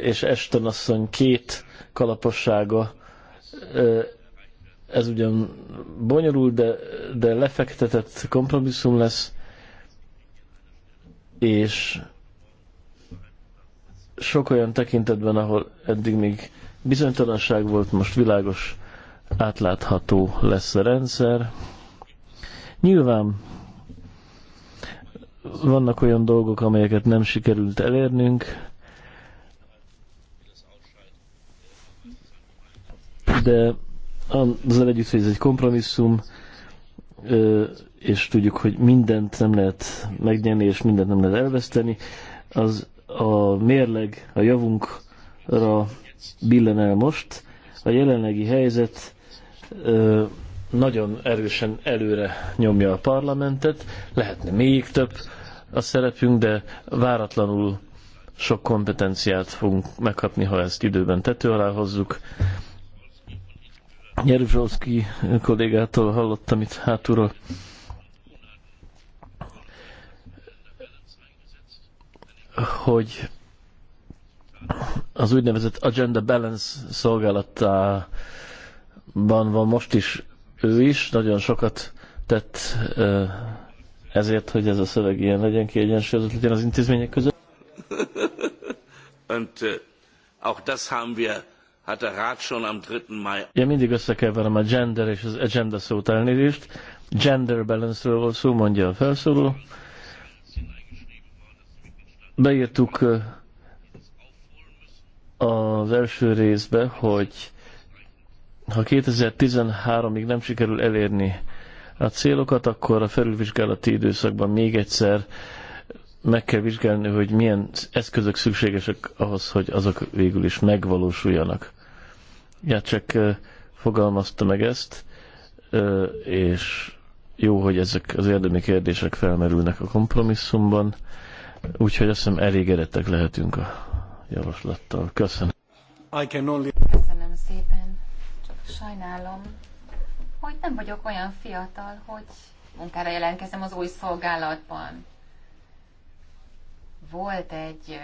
és Eston asszony két kalapossága, ez ugyan bonyolult, de, de lefektetett kompromisszum lesz, és sok olyan tekintetben, ahol eddig még bizonytalanság volt, most világos, átlátható lesz a rendszer. Nyilván vannak olyan dolgok, amelyeket nem sikerült elérnünk, de az együtt, hogy ez egy kompromisszum, és tudjuk, hogy mindent nem lehet megnyerni, és mindent nem lehet elveszteni, az a mérleg a javunkra billen el most. A jelenlegi helyzet nagyon erősen előre nyomja a parlamentet, lehetne még több a szerepünk, de váratlanul sok kompetenciát fogunk megkapni, ha ezt időben tető alá hozzuk. Jeruzsolszki kollégától hallottam itt hátulról. hogy az úgynevezett Agenda Balance szolgálatában van most is ő is, nagyon sokat tett ezért, hogy ez a szöveg ilyen legyen, kiegyensúlyozott legyen az intézmények között. Und uh, auch das haben wir, hat der Rat schon am 3. Mai. Ja, mindig összekeverem a gender és az agenda szót elnézést. Gender balance-ről volt szó, mondja a felszóló. Beírtuk az első részbe, hogy ha 2013-ig nem sikerül elérni a célokat, akkor a felülvizsgálati időszakban még egyszer meg kell vizsgálni, hogy milyen eszközök szükségesek ahhoz, hogy azok végül is megvalósuljanak. csak fogalmazta meg ezt, és jó, hogy ezek az érdemi kérdések felmerülnek a kompromisszumban, úgyhogy azt hiszem elégedettek lehetünk a javaslattal. Köszönöm. I can only... Köszönöm szépen. Csak sajnálom, hogy nem vagyok olyan fiatal, hogy munkára jelentkezem az új szolgálatban. Volt egy...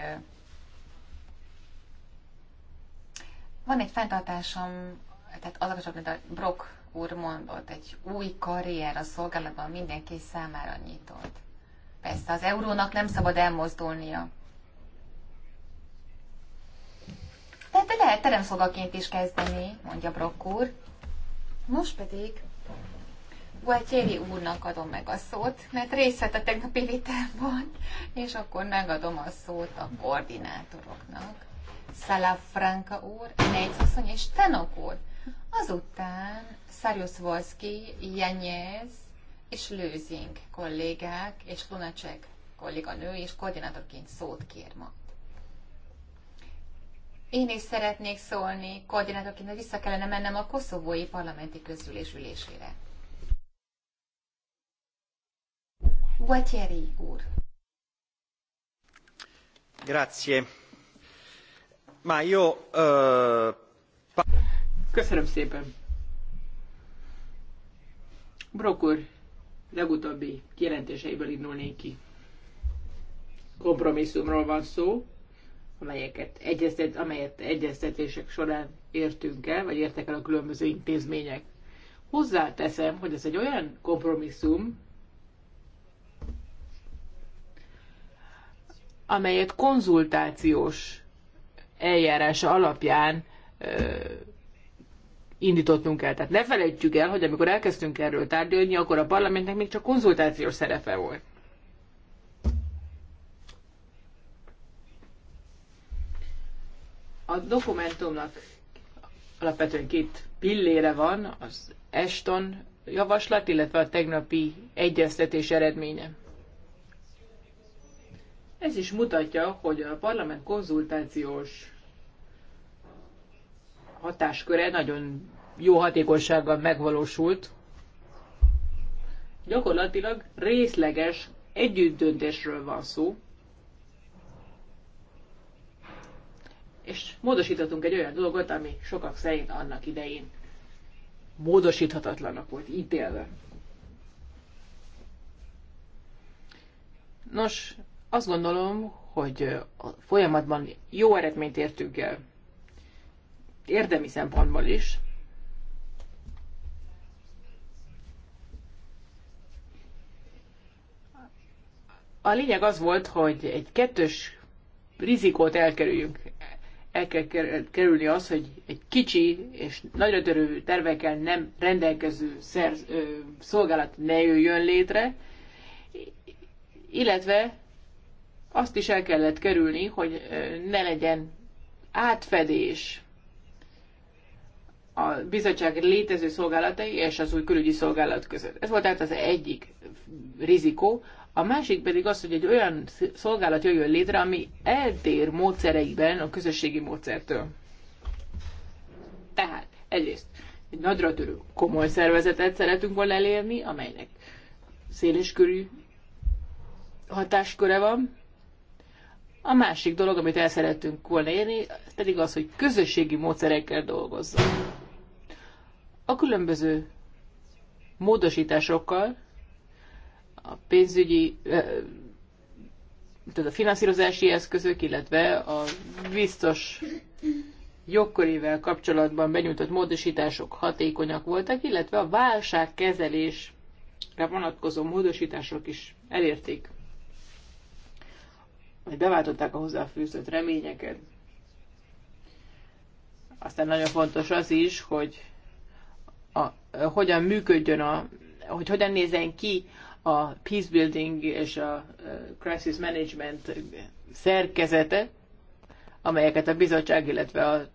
Van egy fenntartásom, tehát az a kapcsolatban, amit a Brock úr mondott, egy új karrier a szolgálatban mindenki számára nyitott. Persze az eurónak nem szabad elmozdulnia. Tehát lehet teremszolgaként is kezdeni, mondja Brock úr. Most pedig Gualtieri úrnak adom meg a szót, mert részlet a tegnapi vitában, és akkor megadom a szót a koordinátoroknak. Franka úr, Nejcasszony és Tenok úr. Azután Szarius Volszki, Janyez és Lőzing kollégák és Lunacek kolléganő és koordinátorként szót kér ma. Én is szeretnék szólni koordinátorként, hogy vissza kellene mennem a koszovói parlamenti közülés ülésére. Guatieri úr. Grazie. Ma jó. Uh... Eh, Köszönöm szépen. Brokur, legutóbbi kijelentéseiből indulnék ki. Kompromisszumról van szó, amelyeket egyeztet, amelyet egyeztetések során értünk el, vagy értek el a különböző intézmények. Hozzáteszem, hogy ez egy olyan kompromisszum, amelyet konzultációs eljárása alapján ö, indítottunk el. Tehát ne felejtjük el, hogy amikor elkezdtünk erről tárgyalni, akkor a parlamentnek még csak konzultációs szerepe volt. A dokumentumnak alapvetően két pillére van, az Eston javaslat, illetve a tegnapi egyeztetés eredménye. Ez is mutatja, hogy a parlament konzultációs hatásköre nagyon jó hatékonysággal megvalósult. Gyakorlatilag részleges együttdöntésről van szó, és módosítottunk egy olyan dolgot, ami sokak szerint annak idején módosíthatatlanak volt ítélve. Nos, azt gondolom, hogy a folyamatban jó eredményt értünk el, érdemi szempontból is. A lényeg az volt, hogy egy kettős rizikót elkerüljünk el kell kerülni az, hogy egy kicsi és nagyra törő tervekkel nem rendelkező szerz, ö, szolgálat ne jöjjön létre, illetve azt is el kellett kerülni, hogy ne legyen átfedés a bizottság létező szolgálatai és az új külügyi szolgálat között. Ez volt tehát az egyik rizikó. A másik pedig az, hogy egy olyan szolgálat jöjjön létre, ami eltér módszereiben a közösségi módszertől. Tehát egyrészt egy nagyra törő komoly szervezetet szeretünk volna elérni, amelynek széleskörű hatásköre van. A másik dolog, amit el szeretünk volna érni, pedig az, hogy közösségi módszerekkel dolgozzon. A különböző módosításokkal a pénzügyi, tehát a finanszírozási eszközök, illetve a biztos jogkörével kapcsolatban benyújtott módosítások hatékonyak voltak, illetve a válságkezelésre vonatkozó módosítások is elérték, vagy beváltották a hozzáfűzött reményeket. Aztán nagyon fontos az is, hogy a, hogyan működjön a, hogy hogyan nézen ki a peacebuilding és a eh, crisis management szerkezete, amelyeket a bizottság, illetve a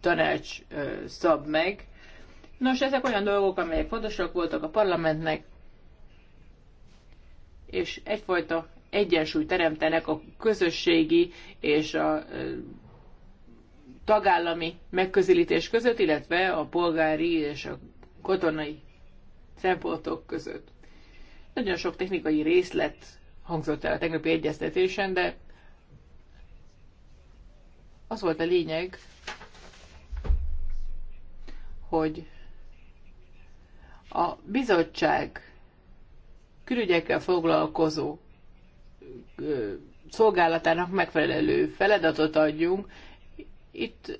tanács eh, szab meg. Nos, ezek olyan dolgok, amelyek fontosak voltak a parlamentnek, és egyfajta egyensúly teremtenek a közösségi és a eh, tagállami megközelítés között, illetve a polgári és a katonai szempontok között. Nagyon sok technikai részlet hangzott el a tegnapi egyeztetésen, de az volt a lényeg, hogy a bizottság külügyekkel foglalkozó szolgálatának megfelelő feladatot adjunk. Itt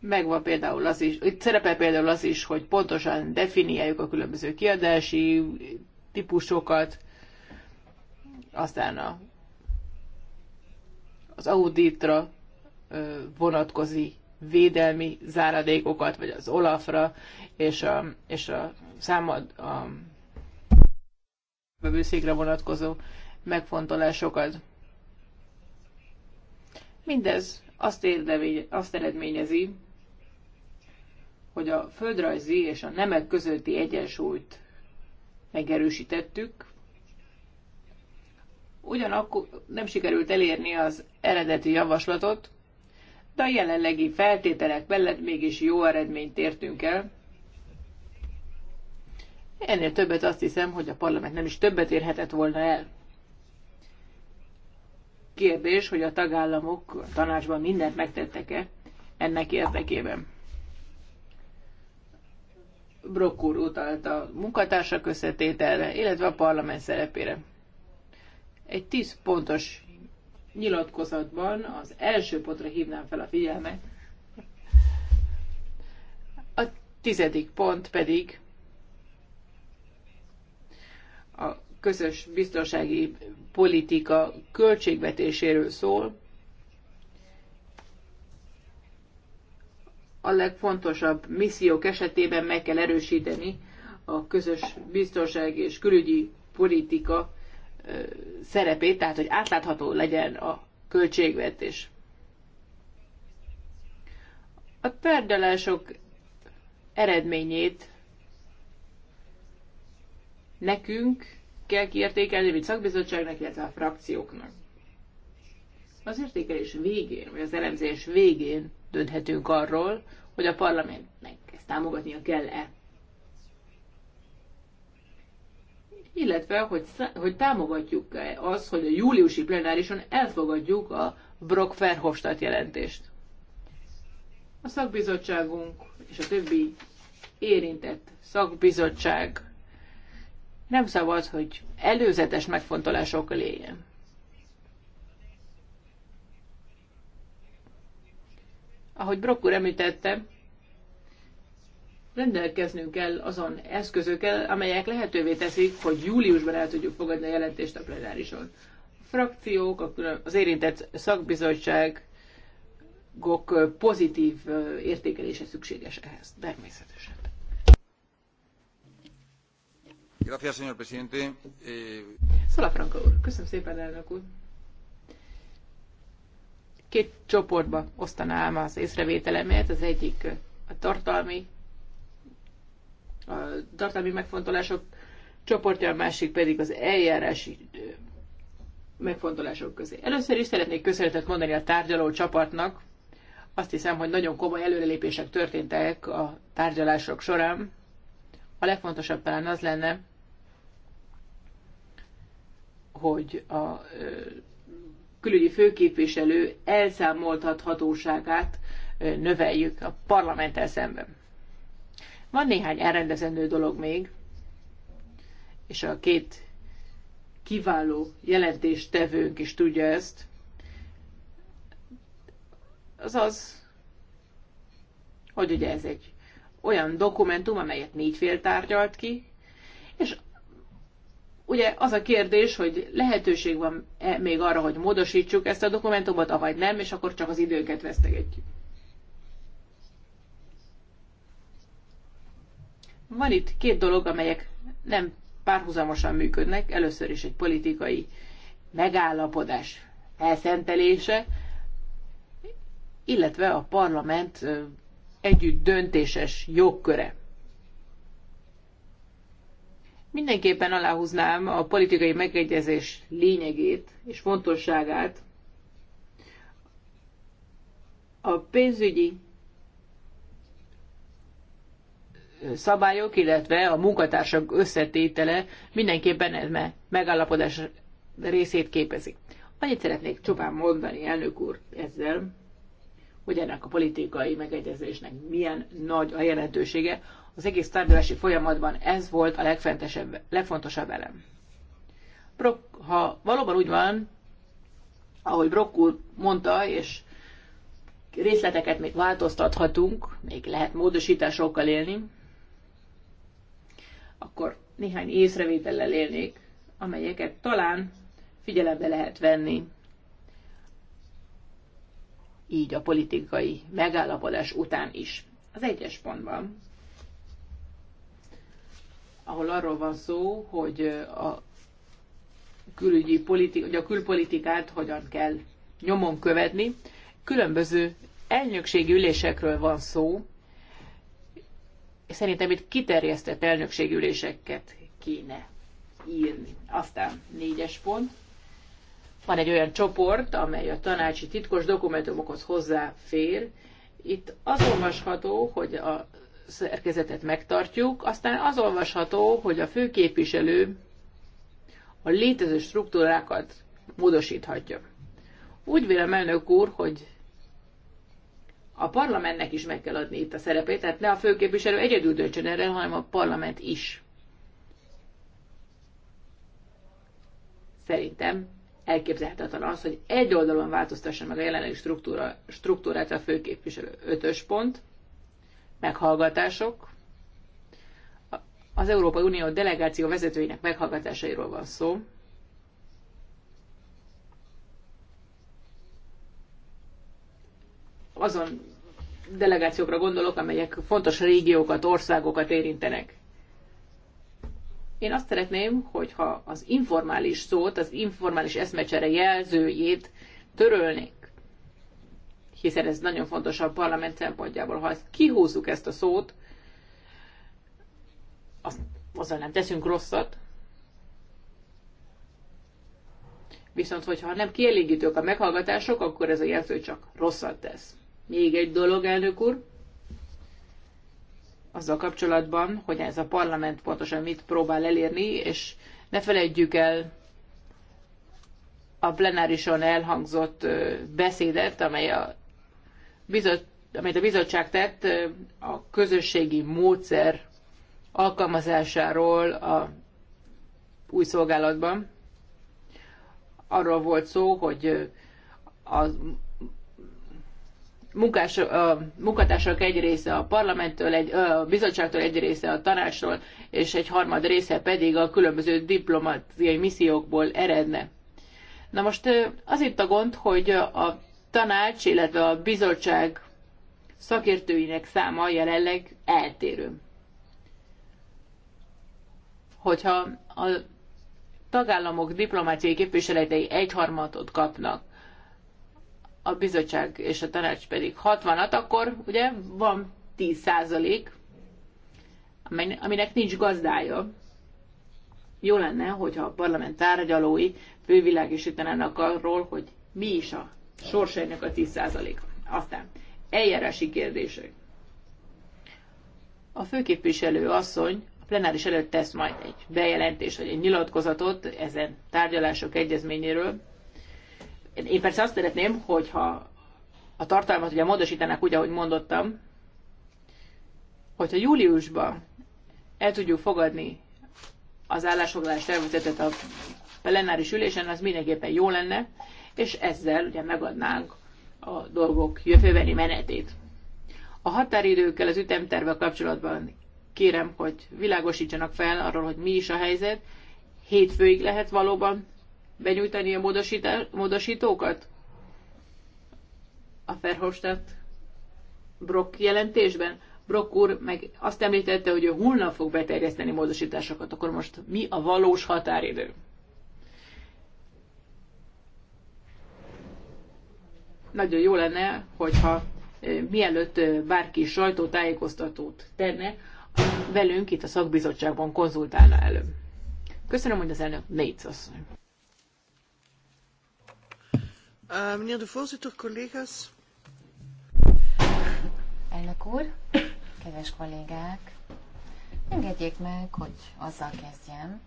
Megvan például az is, itt szerepel például az is, hogy pontosan definiáljuk a különböző kiadási típusokat, aztán a, az auditra vonatkozi védelmi záradékokat, vagy az Olafra, és a, és a számad a bőszékre vonatkozó megfontolásokat. Mindez azt, érdemény, azt eredményezi, hogy a földrajzi és a nemek közötti egyensúlyt megerősítettük. Ugyanakkor nem sikerült elérni az eredeti javaslatot, de a jelenlegi feltételek mellett mégis jó eredményt értünk el. Ennél többet azt hiszem, hogy a parlament nem is többet érhetett volna el. Kérdés, hogy a tagállamok a tanácsban mindent megtettek-e ennek érdekében. Brock úr utalt a munkatársak összetételre, illetve a parlament szerepére. Egy tíz pontos nyilatkozatban az első pontra hívnám fel a figyelmet, a tizedik pont pedig a közös biztonsági politika költségvetéséről szól, a legfontosabb missziók esetében meg kell erősíteni a közös biztonság és külügyi politika szerepét, tehát hogy átlátható legyen a költségvetés. A tárgyalások eredményét nekünk kell kiértékelni, mint szakbizottságnak, illetve a frakcióknak. Az értékelés végén, vagy az elemzés végén dönthetünk arról, hogy a parlamentnek ezt támogatnia kell-e. Illetve, hogy, hogy támogatjuk -e az, hogy a júliusi plenárison elfogadjuk a Brock-Verhofstadt jelentést. A szakbizottságunk és a többi érintett szakbizottság nem szabad, hogy előzetes megfontolásokkal éljen. Ahogy Brock úr említette, rendelkeznünk kell azon eszközökkel, amelyek lehetővé teszik, hogy júliusban el tudjuk fogadni a jelentést a plenárison. A frakciók, az érintett szakbizottságok pozitív értékelése szükséges ehhez, természetesen. Gracias, señor presidente. Eh, Szala Franco, úr, köszönöm szépen, elnök úr. Két csoportba osztanám az észrevételemet. Az egyik a tartalmi, a tartalmi megfontolások csoportja, a másik pedig az eljárási megfontolások közé. Először is szeretnék köszönetet mondani a tárgyaló csapatnak. Azt hiszem, hogy nagyon komoly előrelépések történtek a tárgyalások során. A legfontosabb talán az lenne, hogy a külügyi főképviselő elszámoltathatóságát növeljük a parlamenttel szemben. Van néhány elrendezendő dolog még, és a két kiváló jelentéstevőnk is tudja ezt. azaz hogy ugye ez egy olyan dokumentum, amelyet négy fél tárgyalt ki, és Ugye az a kérdés, hogy lehetőség van -e még arra, hogy módosítsuk ezt a dokumentumot, avagy nem, és akkor csak az időket vesztegetjük. Van itt két dolog, amelyek nem párhuzamosan működnek. Először is egy politikai megállapodás elszentelése, illetve a parlament együtt döntéses jogköre. Mindenképpen aláhúznám a politikai megegyezés lényegét és fontosságát. A pénzügyi szabályok, illetve a munkatársak összetétele mindenképpen ez megállapodás részét képezi. Annyit szeretnék csupán mondani, elnök úr, ezzel, hogy ennek a politikai megegyezésnek milyen nagy a jelentősége az egész tárgyalási folyamatban ez volt a legfontosabb elem. Brock, ha valóban úgy van, ahogy Brock úr mondta, és részleteket még változtathatunk, még lehet módosításokkal élni, akkor néhány észrevétellel élnék, amelyeket talán figyelembe lehet venni így a politikai megállapodás után is. Az egyes pontban ahol arról van szó, hogy a, külügyi politi- hogy a külpolitikát hogyan kell nyomon követni. Különböző elnökségi ülésekről van szó, szerintem itt kiterjesztett elnökségi üléseket kéne írni. Aztán négyes pont. Van egy olyan csoport, amely a tanácsi titkos dokumentumokhoz hozzáfér. Itt az olvasható, hogy a szerkezetet megtartjuk, aztán az olvasható, hogy a főképviselő a létező struktúrákat módosíthatja. Úgy vélem, elnök úr, hogy a parlamentnek is meg kell adni itt a szerepét, tehát ne a főképviselő egyedül döntsön erről, hanem a parlament is. Szerintem elképzelhetetlen az, hogy egy oldalon változtassa meg a jelenlegi struktúra, struktúrát a főképviselő. Ötös pont meghallgatások. Az Európai Unió delegáció vezetőinek meghallgatásairól van szó. Azon delegációkra gondolok, amelyek fontos régiókat, országokat érintenek. Én azt szeretném, hogyha az informális szót, az informális eszmecsere jelzőjét törölnék hiszen ez nagyon fontos a parlament szempontjából. Ha ezt kihúzzuk ezt a szót, azt, azzal nem teszünk rosszat, Viszont, hogyha nem kielégítők a meghallgatások, akkor ez a jelző csak rosszat tesz. Még egy dolog, elnök úr, azzal kapcsolatban, hogy ez a parlament pontosan mit próbál elérni, és ne felejtjük el a plenárison elhangzott beszédet, amely a amit a bizottság tett a közösségi módszer alkalmazásáról a új szolgálatban. Arról volt szó, hogy a munkás, a munkatársak egy része a parlamenttől, egy, a bizottságtól egy része a tanácsról, és egy harmad része pedig a különböző diplomáciai missziókból eredne. Na most az itt a gond, hogy a tanács, illetve a bizottság szakértőinek száma jelenleg eltérő. Hogyha a tagállamok diplomáciai képviseletei egyharmatot kapnak, a bizottság és a tanács pedig 60-at, akkor ugye van 10 százalék, aminek nincs gazdája. Jó lenne, hogyha a parlament tárgyalói fővilágisítanának arról, hogy mi is a sorsainak a 10%-a. Aztán eljárási kérdések. A főképviselő asszony a plenáris előtt tesz majd egy bejelentést, vagy egy nyilatkozatot ezen tárgyalások egyezményéről. Én persze azt szeretném, hogyha a tartalmat ugye módosítanák úgy, ahogy mondottam, hogyha júliusban el tudjuk fogadni az állásfoglalás tervezetet a plenáris ülésen, az mindenképpen jó lenne, és ezzel ugye megadnánk a dolgok jövőbeni menetét. A határidőkkel, az ütemtervel kapcsolatban kérem, hogy világosítsanak fel arról, hogy mi is a helyzet. Hétfőig lehet valóban benyújtani a módosítókat? A Verhofstadt Brock jelentésben. Brock úr meg azt említette, hogy ő holnap fog beterjeszteni módosításokat. Akkor most mi a valós határidő? nagyon jó lenne, hogyha mielőtt bárki sajtótájékoztatót tenne, velünk itt a szakbizottságban konzultálna előbb. Köszönöm, hogy az elnök Négy asszony. Meneer de voorzitter, collega's. Elnök úr, kedves kollégák, engedjék meg, hogy azzal kezdjem,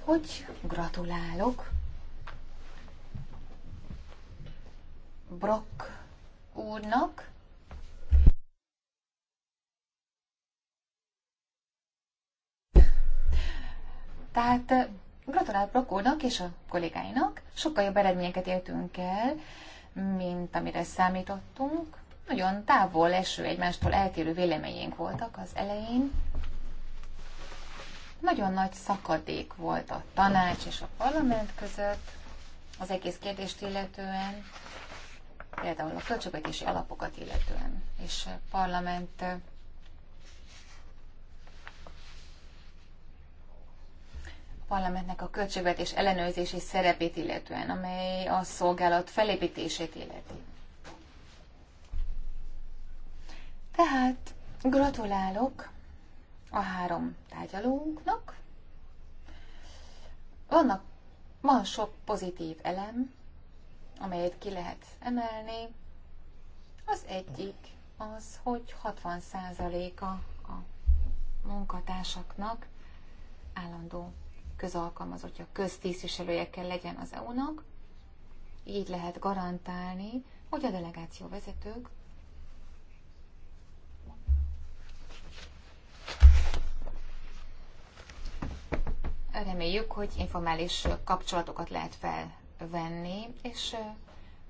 hogy gratulálok Brock úrnak. Tehát eh, gratulál Brock úrnak és a kollégáinak. Sokkal jobb eredményeket értünk el, mint amire számítottunk. Nagyon távol eső, egymástól eltérő véleményénk voltak az elején. Nagyon nagy szakadék volt a tanács és a parlament között az egész kérdést illetően például a költségvetési alapokat illetően, és a parlament a parlamentnek a költségvetés ellenőrzési szerepét illetően, amely a szolgálat felépítését illeti. Tehát gratulálok a három tárgyalónknak. Vannak, van sok pozitív elem, amelyet ki lehet emelni. Az egyik az, hogy 60%-a a munkatársaknak állandó közalkalmazottja, köztisztviselőjekkel legyen az EU-nak. Így lehet garantálni, hogy a delegáció vezetők reméljük, hogy informális kapcsolatokat lehet fel venni, és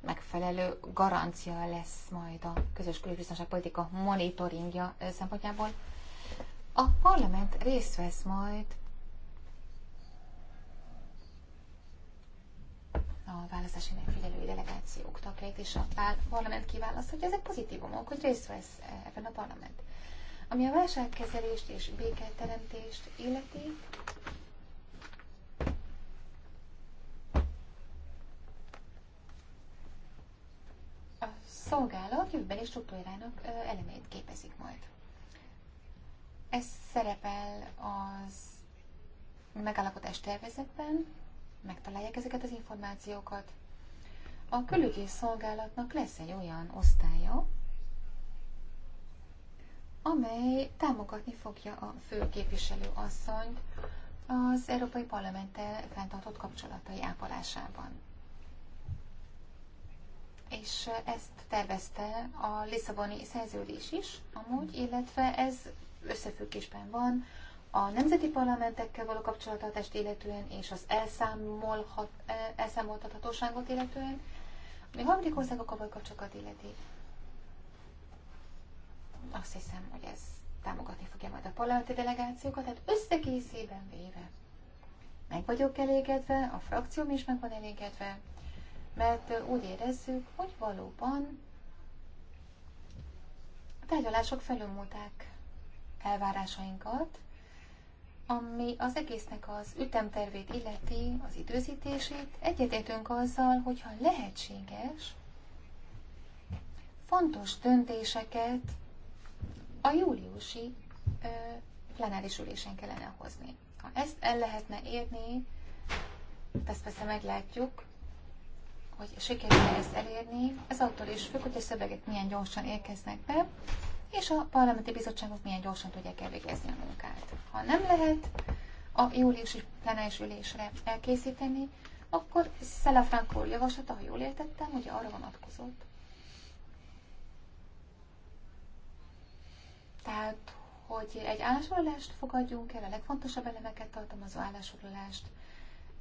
megfelelő garancia lesz majd a közös politika monitoringja szempontjából. A parlament részt vesz majd a választási megfigyelői delegációk tagjait, és a parlament kiválaszt, hogy ezek pozitívumok, hogy részt vesz ebben a parlament. Ami a válságkezelést és béketeremtést illeti, szolgálat jövőbeli struktúrának elemeit képezik majd. Ez szerepel az megállapodás tervezetben, megtalálják ezeket az információkat. A külügyész szolgálatnak lesz egy olyan osztálya, amely támogatni fogja a főképviselő asszonyt az Európai Parlamenttel fenntartott kapcsolatai ápolásában és ezt tervezte a Lisszaboni szerződés is, amúgy, illetve ez összefüggésben van a nemzeti parlamentekkel való kapcsolatartást illetően, és az elszámolhat, elszámoltathatóságot illetően, ami harmadik országokkal való kapcsolatot illeti. Azt hiszem, hogy ez támogatni fogja majd a parlamenti delegációkat, tehát összekészében véve. Meg vagyok elégedve, a frakcióm is meg van elégedve, mert úgy érezzük, hogy valóban a tárgyalások felülmúlták elvárásainkat, ami az egésznek az ütemtervét illeti, az időzítését, egyetértünk azzal, hogyha lehetséges, fontos döntéseket a júliusi ö, plenáris ülésen kellene hozni. Ha ezt el lehetne érni, ezt persze meglátjuk, hogy sikerül ezt elérni. Ez attól is függ, hogy a szövegek milyen gyorsan érkeznek be, és a parlamenti bizottságok milyen gyorsan tudják elvégezni a munkát. Ha nem lehet a júliusi plenáris ülésre elkészíteni, akkor Szelefránk úr javaslata, ha jól értettem, hogy arra vonatkozott. Tehát, hogy egy állásfoglalást fogadjunk el, a legfontosabb elemeket tartalmazó állásfoglalást,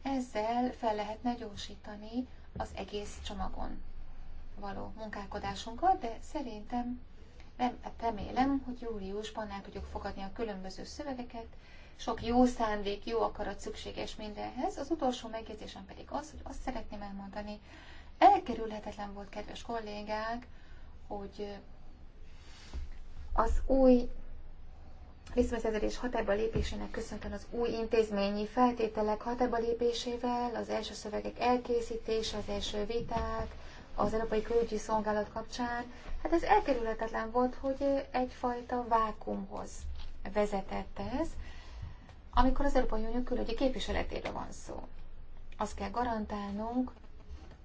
ezzel fel lehetne gyorsítani az egész csomagon való munkálkodásunkat, de szerintem nem, remélem, hogy júliusban el tudjuk fogadni a különböző szövegeket, sok jó szándék, jó akarat szükséges mindenhez. Az utolsó megjegyzésem pedig az, hogy azt szeretném elmondani, elkerülhetetlen volt, kedves kollégák, hogy az új Lisszaboni szerződés hatályba lépésének köszönhetően az új intézményi feltételek hatályba lépésével, az első szövegek elkészítése, az első viták, az Európai Külügyi Szolgálat kapcsán, hát ez elkerülhetetlen volt, hogy egyfajta vákumhoz vezetett ez, amikor az Európai Unió külügyi képviseletéről van szó. Azt kell garantálnunk,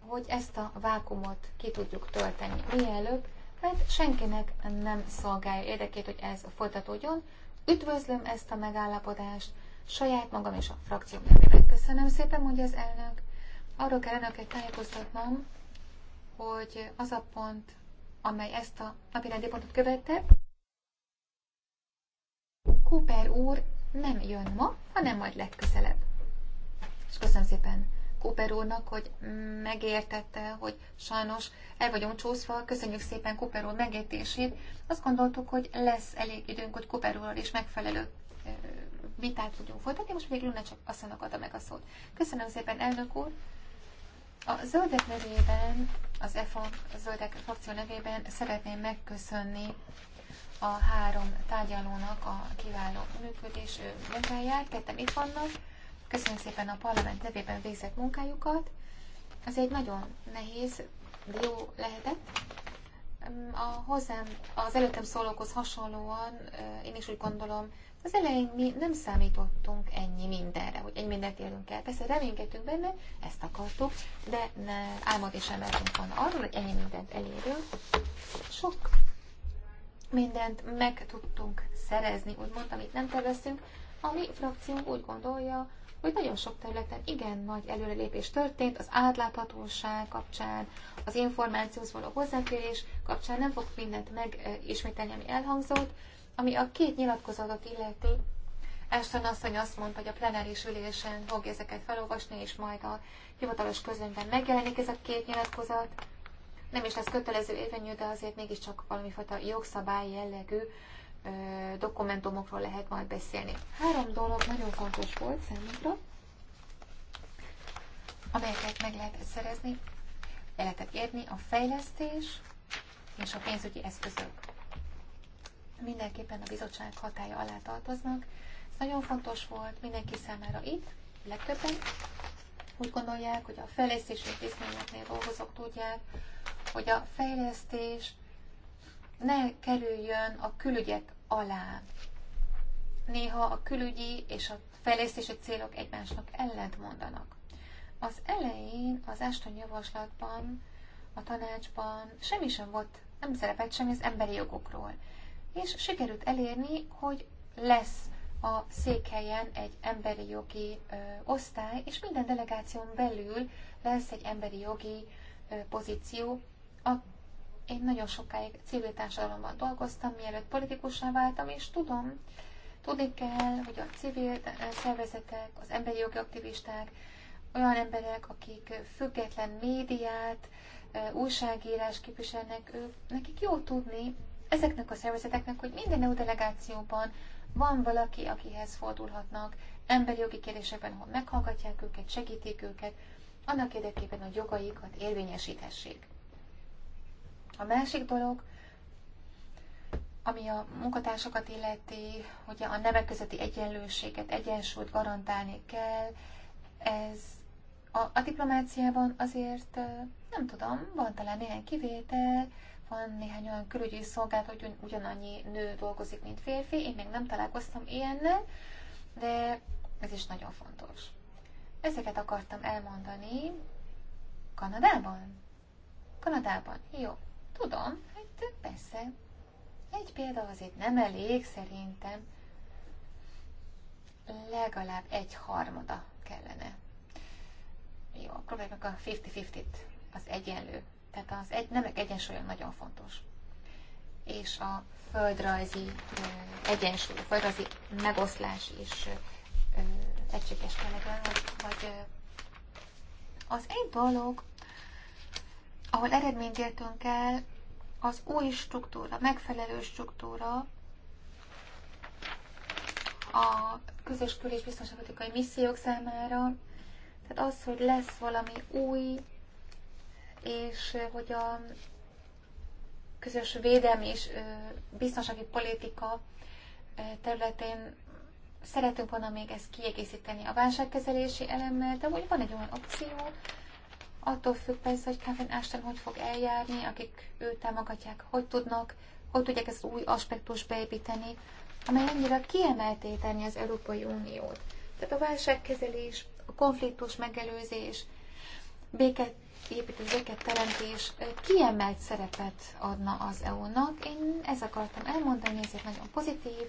hogy ezt a vákumot ki tudjuk tölteni mielőbb, mert senkinek nem szolgálja érdekét, hogy ez folytatódjon, Üdvözlöm ezt a megállapodást, saját magam és a frakcióm nevében köszönöm szépen, mondja az elnök. Arról kell önöket tájékoztatnom, hogy az a pont, amely ezt a napirendi pontot követte, Cooper úr nem jön ma, hanem majd legközelebb. És köszönöm szépen Cooper úrnak, hogy megértette, hogy sajnos el vagyunk csúszva. Köszönjük szépen Cooper úr megértését. Azt gondoltuk, hogy lesz elég időnk, hogy Cooper úrral is megfelelő vitát tudjunk folytatni, most pedig Luna csak asszonynak adta meg a szót. Köszönöm szépen, elnök úr! A zöldek nevében, az EFA zöldek frakció nevében szeretném megköszönni a három tárgyalónak a kiváló működés munkáját. Ketten itt vannak, Köszönöm szépen a parlament nevében végzett munkájukat. Ez egy nagyon nehéz, de jó lehetett. A hozzám, az előttem szólókhoz hasonlóan én is úgy gondolom, az elején mi nem számítottunk ennyi mindenre, hogy ennyi mindent érünk el. Persze reménykedtünk benne, ezt akartuk, de ne, álmod is emeltünk van arról, hogy ennyi mindent elérünk. Sok mindent meg tudtunk szerezni, úgymond, amit nem terveztünk, ami frakciónk úgy gondolja, hogy nagyon sok területen igen nagy előrelépés történt, az átláthatóság kapcsán, az információhoz való hozzáférés kapcsán nem fogok mindent megismételni, ami elhangzott, ami a két nyilatkozatot illeti. Ashton asszony azt mondta, hogy a plenáris ülésen fog ezeket felolvasni, és majd a hivatalos közlönyben megjelenik ez a két nyilatkozat. Nem is lesz kötelező érvényű, de azért mégiscsak valamifajta jogszabály jellegű dokumentumokról lehet majd beszélni. Három dolog nagyon fontos volt számunkra, amelyeket meg lehet szerezni, el lehetett érni a fejlesztés és a pénzügyi eszközök. Mindenképpen a bizottság hatája alá tartoznak. Ez nagyon fontos volt mindenki számára itt, legtöbben úgy gondolják, hogy a fejlesztési intézményeknél dolgozók tudják, hogy a fejlesztés ne kerüljön a külügyek alá. Néha a külügyi és a fejlesztési célok egymásnak ellent mondanak. Az elején az Aston javaslatban, a tanácsban semmi sem volt, nem szerepelt semmi az emberi jogokról. És sikerült elérni, hogy lesz a székhelyen egy emberi jogi ö, osztály, és minden delegáción belül lesz egy emberi jogi ö, pozíció. A én nagyon sokáig civil társadalomban dolgoztam, mielőtt politikussá váltam, és tudom, tudni kell, hogy a civil szervezetek, az emberi jogi aktivisták, olyan emberek, akik független médiát, újságírás képviselnek, ők, nekik jó tudni ezeknek a szervezeteknek, hogy minden EU delegációban van valaki, akihez fordulhatnak, emberi jogi kérdésekben, ahol meghallgatják őket, segítik őket, annak érdekében, hogy jogaikat érvényesíthessék. A másik dolog, ami a munkatársakat illeti, hogy a nemek közötti egyenlőséget, egyensúlyt garantálni kell, ez a, a diplomáciában azért nem tudom, van talán néhány kivétel, van néhány olyan külügyi szolgált, hogy ugyanannyi nő dolgozik, mint férfi, én még nem találkoztam ilyennel, de ez is nagyon fontos. Ezeket akartam elmondani Kanadában. Kanadában, jó. Tudom, hát persze. Egy példa azért nem elég, szerintem. Legalább egy harmada kellene. Jó, akkor meg a 50-50-t, az egyenlő. Tehát az egy, nemek egyensúlya nagyon fontos. És a földrajzi egyensúly, a földrajzi megoszlás is egységes kellene, vagy, vagy az egy dolog, ahol eredményt értünk el, az új struktúra, megfelelő struktúra, a közös kül- és biztonságpolitikai missziók számára, tehát az, hogy lesz valami új, és hogy a közös védelmi és biztonsági politika területén szeretünk volna még ezt kiegészíteni a válságkezelési elemmel, de úgy van egy olyan opció, attól függ persze, hogy Kevin Ashton hogy fog eljárni, akik őt támogatják, hogy tudnak, hogy tudják ezt új aspektus beépíteni, amely annyira kiemelté tenni az Európai Uniót. Tehát a válságkezelés, a konfliktus megelőzés, béket építés, béket teremtés kiemelt szerepet adna az EU-nak. Én ezt akartam elmondani, ezért nagyon pozitív.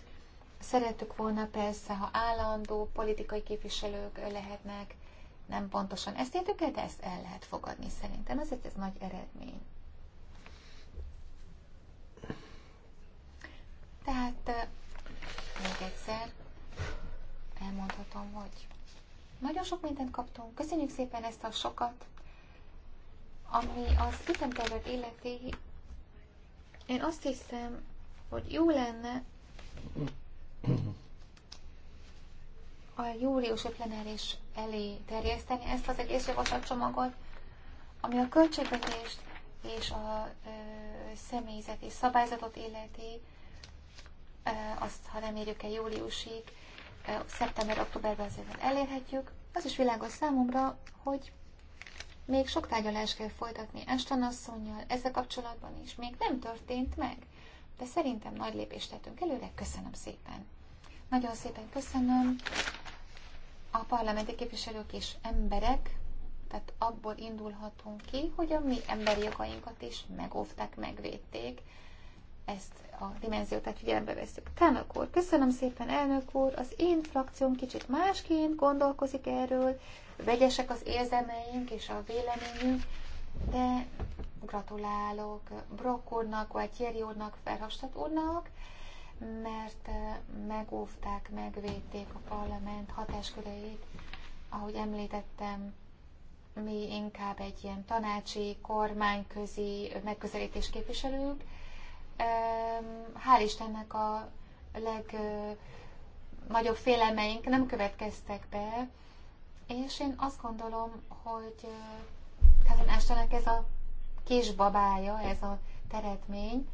Szerettük volna persze, ha állandó politikai képviselők lehetnek, nem pontosan ezt értük el, de ezt el lehet fogadni szerintem. Ezért ez nagy eredmény. Tehát még egyszer elmondhatom, hogy nagyon sok mindent kaptunk. Köszönjük szépen ezt a sokat, ami az ütemtervet illeti. Én azt hiszem, hogy jó lenne, a júliusi plenáris elé terjeszteni ezt az egész javaslatcsomagot, ami a költségvetést és a ö, személyzeti szabályzatot illeti, ö, azt ha nem érjük el júliusig, szeptember-októberben azért elérhetjük. Az is világos számomra, hogy még sok tárgyalást kell folytatni Ashton asszonynal, ezzel kapcsolatban is még nem történt meg, de szerintem nagy lépést tettünk előre, köszönöm szépen. Nagyon szépen köszönöm a parlamenti képviselők is emberek, tehát abból indulhatunk ki, hogy a mi emberi jogainkat is megóvták, megvédték. Ezt a dimenziót, tehát figyelembe veszük. Tának úr, köszönöm szépen, elnök úr, az én frakcióm kicsit másként gondolkozik erről, vegyesek az érzelmeink és a véleményünk, de gratulálok Brock úrnak, Jeri úrnak, Ferhastat úrnak, mert megóvták, megvédték a parlament hatásköreit. Ahogy említettem, mi inkább egy ilyen tanácsi, kormányközi megközelítés képviselők. Hál' Istennek a legnagyobb félelmeink nem következtek be, és én azt gondolom, hogy Kevin Ashtonnek ez a kisbabája, ez a teretmény,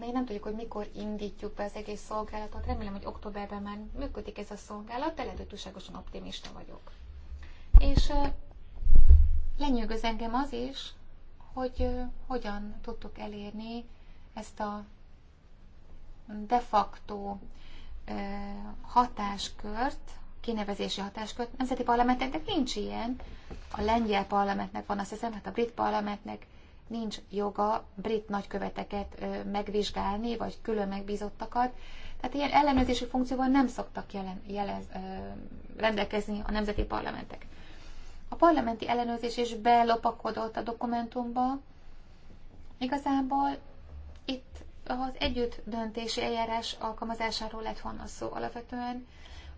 még nem tudjuk, hogy mikor indítjuk be az egész szolgálatot. Remélem, hogy októberben már működik ez a szolgálat, de lehet, hogy túlságosan optimista vagyok. És lenyűgöz engem az is, hogy hogyan tudtuk elérni ezt a de facto hatáskört, kinevezési hatáskört. Nemzeti parlamenteknek nincs ilyen. A lengyel parlamentnek van, azt hiszem, hát a brit parlamentnek nincs joga brit nagyköveteket megvizsgálni, vagy külön megbízottakat. Tehát ilyen ellenőrzési funkcióval nem szoktak jelen, jelez, rendelkezni a nemzeti parlamentek. A parlamenti ellenőrzés is belopakodott a dokumentumba. Igazából itt az együtt döntési eljárás alkalmazásáról lett volna szó alapvetően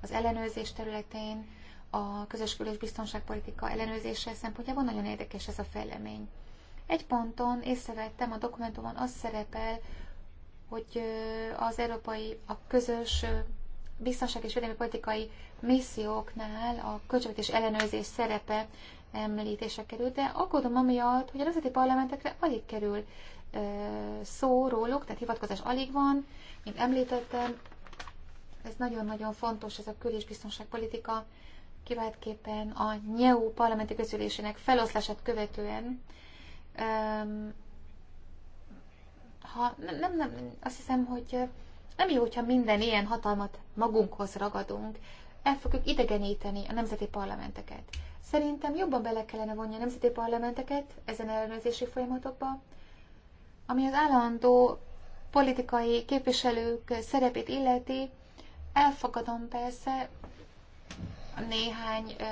az ellenőrzés területén, a közös biztonságpolitika ellenőrzése szempontjából nagyon érdekes ez a fejlemény. Egy ponton észrevettem, a dokumentumon az szerepel, hogy az európai, a közös biztonság és védelmi politikai misszióknál a költségvetés ellenőrzés szerepe említése került, de aggódom amiatt, hogy a nemzeti parlamentekre alig kerül ö, szó róluk, tehát hivatkozás alig van. Mint említettem, ez nagyon-nagyon fontos, ez a kül- és biztonságpolitika, kiváltképpen a NEU parlamenti közülésének feloszlását követően ha, nem, nem, nem, azt hiszem, hogy nem jó, hogyha minden ilyen hatalmat magunkhoz ragadunk, el fogjuk idegeníteni a nemzeti parlamenteket. Szerintem jobban bele kellene vonni a nemzeti parlamenteket ezen ellenőrzési folyamatokba, ami az állandó politikai képviselők szerepét illeti. Elfogadom persze néhány ö,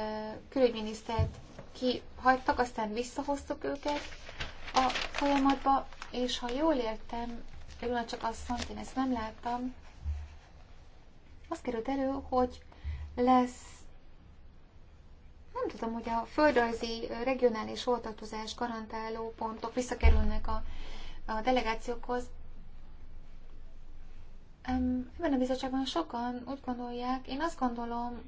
külügyminisztert kihagytak, aztán visszahoztuk őket, a folyamatba, és ha jól értem, Jól csak azt mondta, én ezt nem láttam, az került elő, hogy lesz nem tudom, hogy a földrajzi, regionális oltatozás garantáló pontok visszakerülnek a, a delegációkhoz. Ebben a bizottságban sokan úgy gondolják, én azt gondolom,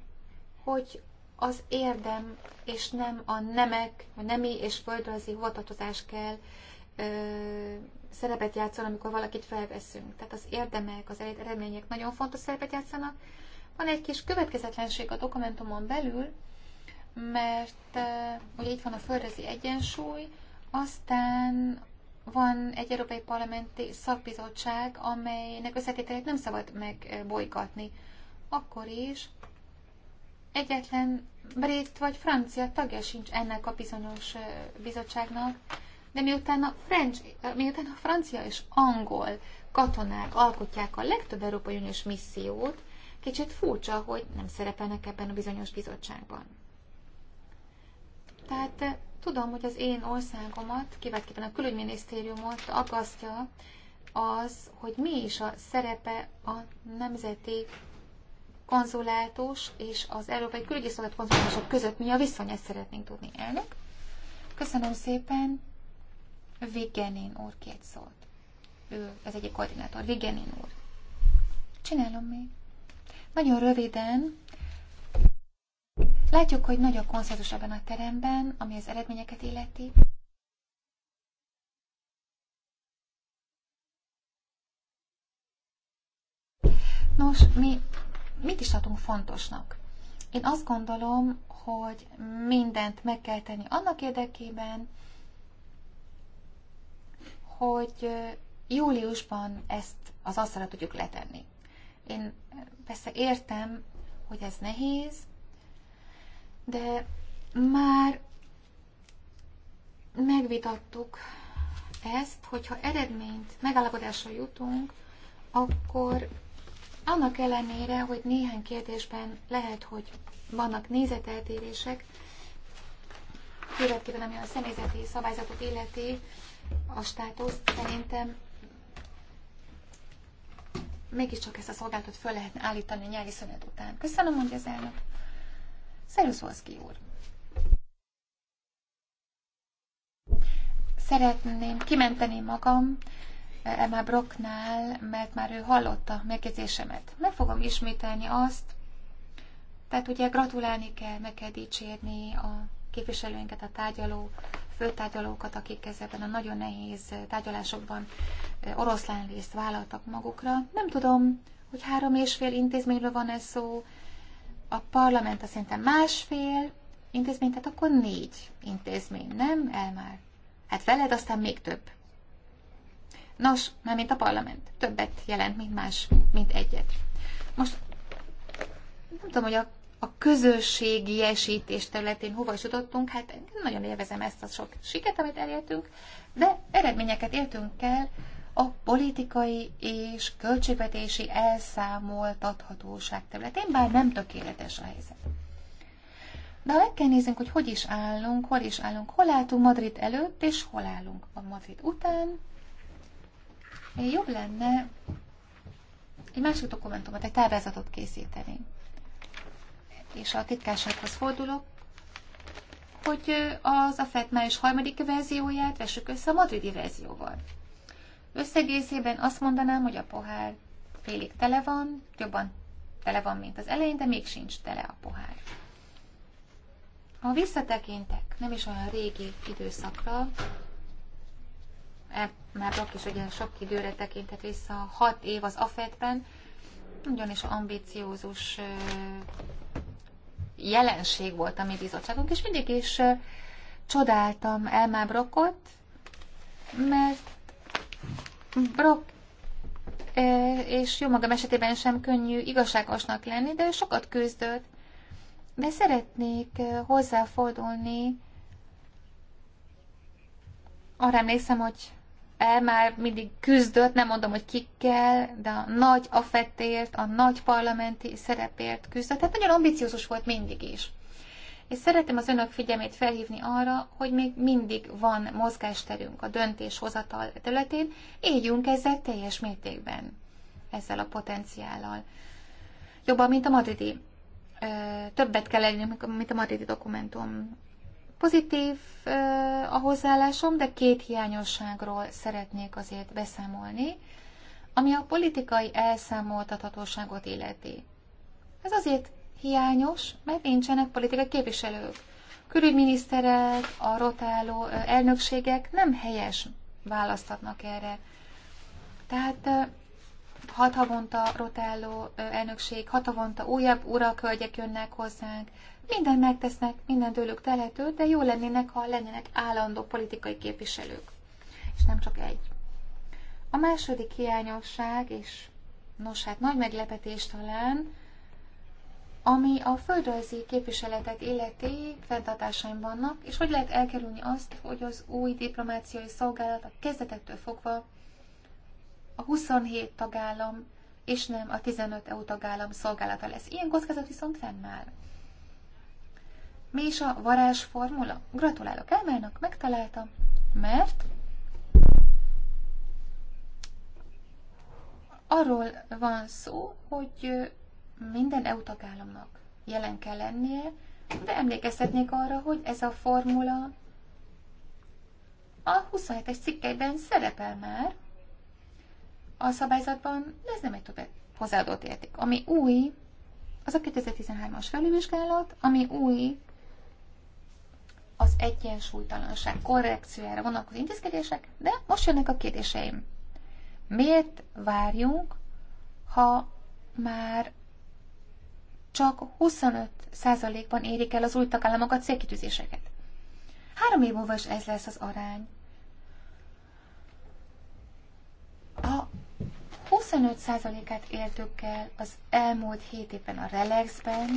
hogy az érdem és nem a nemek, a nemi és földrajzi hivatatozás kell ö, szerepet játszol, amikor valakit felveszünk. Tehát az érdemek, az eredmények nagyon fontos szerepet játszanak. Van egy kis következetlenség a dokumentumon belül, mert ö, ugye itt van a földrajzi egyensúly, aztán van egy Európai Parlamenti Szakbizottság, amelynek összetételét nem szabad megbolygatni. Akkor is, Egyetlen brit vagy francia tagja sincs ennek a bizonyos bizottságnak, de miután a, French, miután a francia és angol katonák alkotják a legtöbb Európai Uniós missziót, kicsit furcsa, hogy nem szerepelnek ebben a bizonyos bizottságban. Tehát tudom, hogy az én országomat, kiváltképpen a külügyminisztériumot aggasztja az, hogy mi is a szerepe a nemzeti konzulátus és az Európai Külügyi Szolgálat konzulátusok között mi a viszony, ezt szeretnénk tudni, elnök. Köszönöm szépen. Vigenin úr két szót. Ő az egyik koordinátor. Vigenin úr. Csinálom még. Nagyon röviden. Látjuk, hogy nagy a konszenzus ebben a teremben, ami az eredményeket illeti. Nos, mi mit is tartunk fontosnak? Én azt gondolom, hogy mindent meg kell tenni annak érdekében, hogy júliusban ezt az asztalra tudjuk letenni. Én persze értem, hogy ez nehéz, de már megvitattuk ezt, hogyha eredményt, megállapodásra jutunk, akkor annak ellenére, hogy néhány kérdésben lehet, hogy vannak nézeteltérések, következően ami a személyzeti szabályzatot illeti, a státuszt szerintem mégiscsak ezt a szolgáltat föl lehetne állítani nyári szünet után. Köszönöm, mondja az elnök. Szerűszolszki úr. Szeretném kimenteni magam, Emma Brocknál, mert már ő hallotta megjegyzésemet. Meg fogom ismételni azt, tehát ugye gratulálni kell, meg kell dicsérni a képviselőinket, a tárgyaló, főtárgyalókat, akik ezekben a nagyon nehéz tárgyalásokban oroszlán részt vállaltak magukra. Nem tudom, hogy három és fél intézményről van ez szó, a parlament azt szerintem másfél intézmény, tehát akkor négy intézmény, nem? Elmár? Hát veled aztán még több. Nos, mint a parlament többet jelent, mint más, mint egyet. Most nem tudom, hogy a, a közösségi esítés területén hova is jutottunk, hát nagyon élvezem ezt a sok siket amit elértünk, de eredményeket értünk el a politikai és költségvetési elszámoltathatóság területén, bár nem tökéletes a helyzet. De ha meg kell néznünk, hogy hogy is állunk, hol is állunk, hol álltunk Madrid előtt, és hol állunk a Madrid után, jobb lenne egy másik dokumentumot, egy táblázatot készíteni. És a titkársághoz fordulok, hogy az a AFET május harmadik verzióját vessük össze a madridi verzióval. Összegészében azt mondanám, hogy a pohár félig tele van, jobban tele van, mint az elején, de még sincs tele a pohár. Ha visszatekintek, nem is olyan régi időszakra, E- már Brock is ugye sok időre tekintett vissza, hat év az AFED-ben, nagyon is ambiciózus jelenség volt a mi bizottságunk, és mindig is csodáltam Elmar Brockot, mert Brock és jó magam esetében sem könnyű igazságosnak lenni, de ő sokat küzdött. De szeretnék hozzáfordulni arra emlékszem, hogy el már mindig küzdött, nem mondom, hogy kikkel, de a nagy affettért, a nagy parlamenti szerepért küzdött. Tehát nagyon ambiciózus volt mindig is. És szeretem az önök figyelmét felhívni arra, hogy még mindig van mozgásterünk a döntéshozatal területén, éljünk ezzel teljes mértékben, ezzel a potenciállal. Jobban, mint a madridi. Többet kell lennünk, mint a madridi dokumentum. Pozitív a hozzáállásom, de két hiányosságról szeretnék azért beszámolni, ami a politikai elszámoltathatóságot illeti. Ez azért hiányos, mert nincsenek politikai képviselők. Külügyminiszterek, a rotáló elnökségek nem helyes választatnak erre. Tehát hat havonta rotáló elnökség, hat havonta újabb urakölgyek jönnek hozzánk, minden megtesznek, minden tőlük telhető, de jó lennének, ha lennének állandó politikai képviselők, és nem csak egy. A második hiányosság, és nos hát nagy meglepetés talán, ami a földrajzi képviseletet illeti fenntartásaim vannak, és hogy lehet elkerülni azt, hogy az új diplomáciai szolgálat a kezdetektől fogva a 27 tagállam és nem a 15 EU tagállam szolgálata lesz. Ilyen kockázat viszont fennáll. Mi is a varázs formula? Gratulálok Elmának, megtaláltam, mert arról van szó, hogy minden EU tagállamnak jelen kell lennie, de emlékeztetnék arra, hogy ez a formula a 27-es cikkeiben szerepel már a szabályzatban, de ez nem egy többet hozzáadott érték. Ami új, az a 2013-as felülvizsgálat, ami új az egyensúlytalanság korrekciójára vonatkozó intézkedések, de most jönnek a kérdéseim. Miért várjunk, ha már csak 25%-ban érik el az új tagállamok a célkitűzéseket? Három év múlva is ez lesz az arány. A 25%-át értük el az elmúlt 7 évben a Relaxben,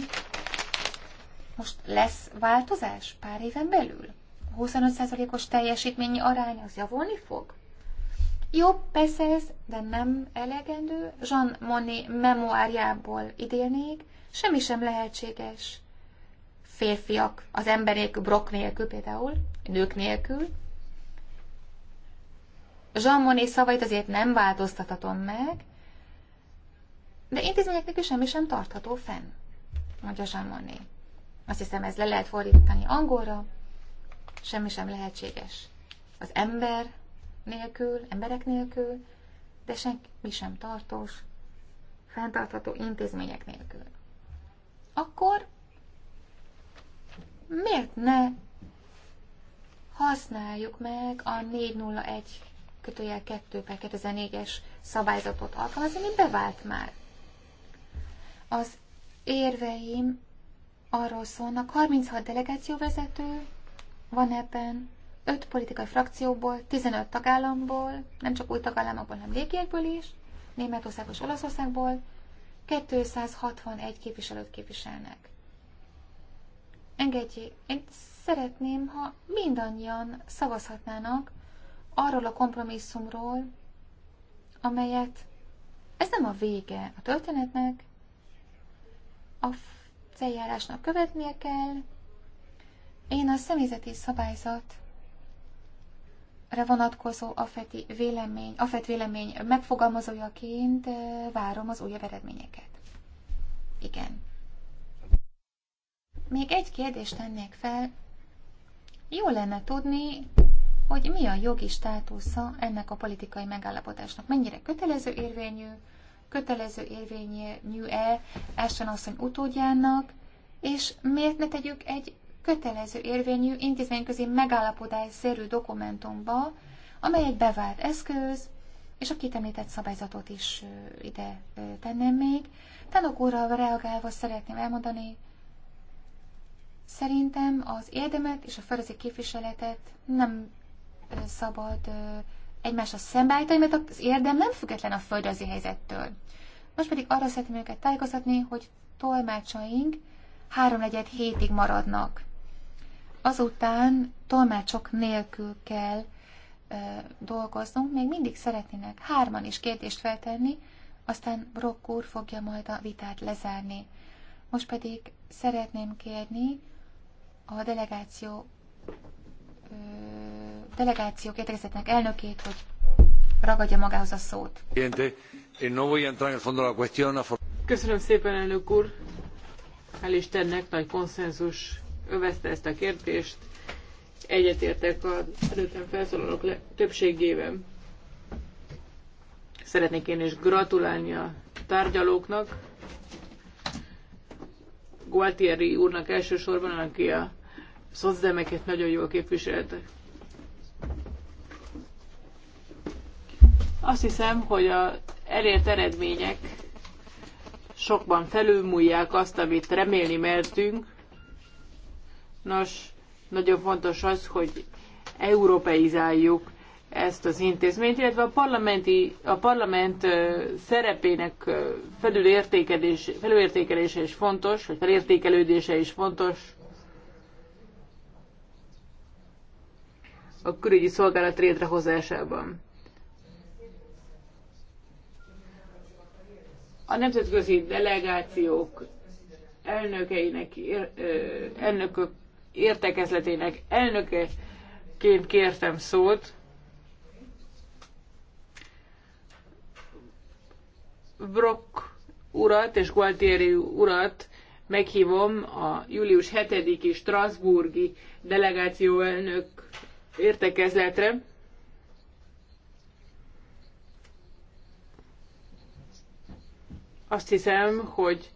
most lesz változás pár éven belül? 25%-os teljesítményi arány az javulni fog? Jó, persze ez, de nem elegendő. Jean Monnet memoárjából idélnék, semmi sem lehetséges. Férfiak, az emberek brok nélkül például, nők nélkül. Jean Monnet szavait azért nem változtathatom meg, de intézmények nélkül semmi sem tartható fenn, mondja Jean Monnet. Azt hiszem, ez le lehet fordítani angolra, semmi sem lehetséges. Az ember nélkül, emberek nélkül, de senki sem tartós, fenntartható intézmények nélkül. Akkor miért ne használjuk meg a 401 kötőjel 2 per 2004-es szabályzatot alkalmazni, mint bevált már. Az érveim arról szólnak, 36 delegációvezető van ebben, 5 politikai frakcióból, 15 tagállamból, nem csak új tagállamokból, hanem légiekből is, Németország és Olaszországból, 261 képviselőt képviselnek. Engedjék, én szeretném, ha mindannyian szavazhatnának arról a kompromisszumról, amelyet ez nem a vége a történetnek, a az eljárásnak követnie kell. Én a személyzeti szabályzat vonatkozó afeti vélemény, afet vélemény megfogalmazójaként várom az újabb eredményeket. Igen. Még egy kérdést tennék fel. Jó lenne tudni, hogy mi a jogi státusza ennek a politikai megállapodásnak. Mennyire kötelező érvényű, kötelező érvényű-e Ashton asszony utódjának, és miért ne tegyük egy kötelező érvényű intézményközi megállapodásszerű dokumentumba, amely egy bevált eszköz, és a kitemített szabályzatot is ide tenném még. Tanok úrral reagálva szeretném elmondani, szerintem az érdemet és a felezi képviseletet nem szabad egymásra szembeállítani, mert az érdem nem független a földrajzi helyzettől. Most pedig arra szeretném őket tájékoztatni, hogy tolmácsaink háromnegyed hétig maradnak. Azután tolmácsok nélkül kell ö, dolgoznunk, még mindig szeretnének hárman is kérdést feltenni, aztán Brock úr fogja majd a vitát lezárni. Most pedig szeretném kérni a delegáció ö, delegációk értekezetnek elnökét, hogy ragadja magához a szót. Eh, Köszönöm szépen, elnök úr! Hál' Istennek nagy konszenzus övezte ezt a kérdést. Egyetértek a előttem felszólalók le- többségében. Szeretnék én is gratulálni a tárgyalóknak, Gualtieri úrnak elsősorban, aki a szozdemeket nagyon jól képviselte. Azt hiszem, hogy a elért eredmények sokban felülmúlják azt, amit remélni mertünk. Nos, nagyon fontos az, hogy európeizáljuk ezt az intézményt, illetve a, parlamenti, a parlament szerepének felülértékelés, felülértékelése is fontos, vagy felértékelődése is fontos. a külügyi szolgálat létrehozásában. a nemzetközi delegációk elnökeinek, elnökök értekezletének elnökeként kértem szót. Brock urat és Gualtieri urat meghívom a július 7-i Strasburgi delegáció elnök értekezletre. Azt hiszem, hogy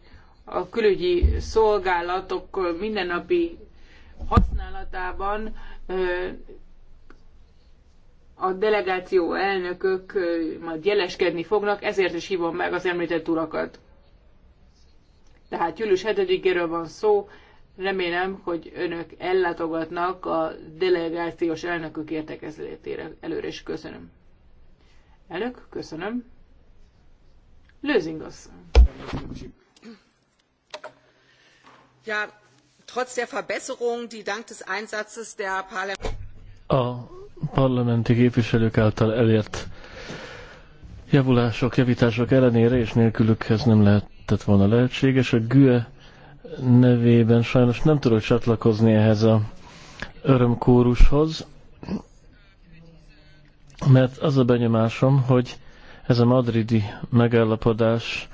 a külügyi szolgálatok mindennapi használatában a delegáció elnökök majd jeleskedni fognak, ezért is hívom meg az említett urakat. Tehát július 7-éről van szó, remélem, hogy önök ellátogatnak a delegációs elnökök értekezletére. Előre is köszönöm. Elnök, köszönöm. Lőzing asszony. Ja, trotz der die dank des Einsatzes der A parlamenti képviselők által elért javulások, javítások ellenére és nélkülük ez nem lehetett volna lehetséges. A GÜE nevében sajnos nem tudok csatlakozni ehhez a örömkórushoz, mert az a benyomásom, hogy ez a madridi megállapodás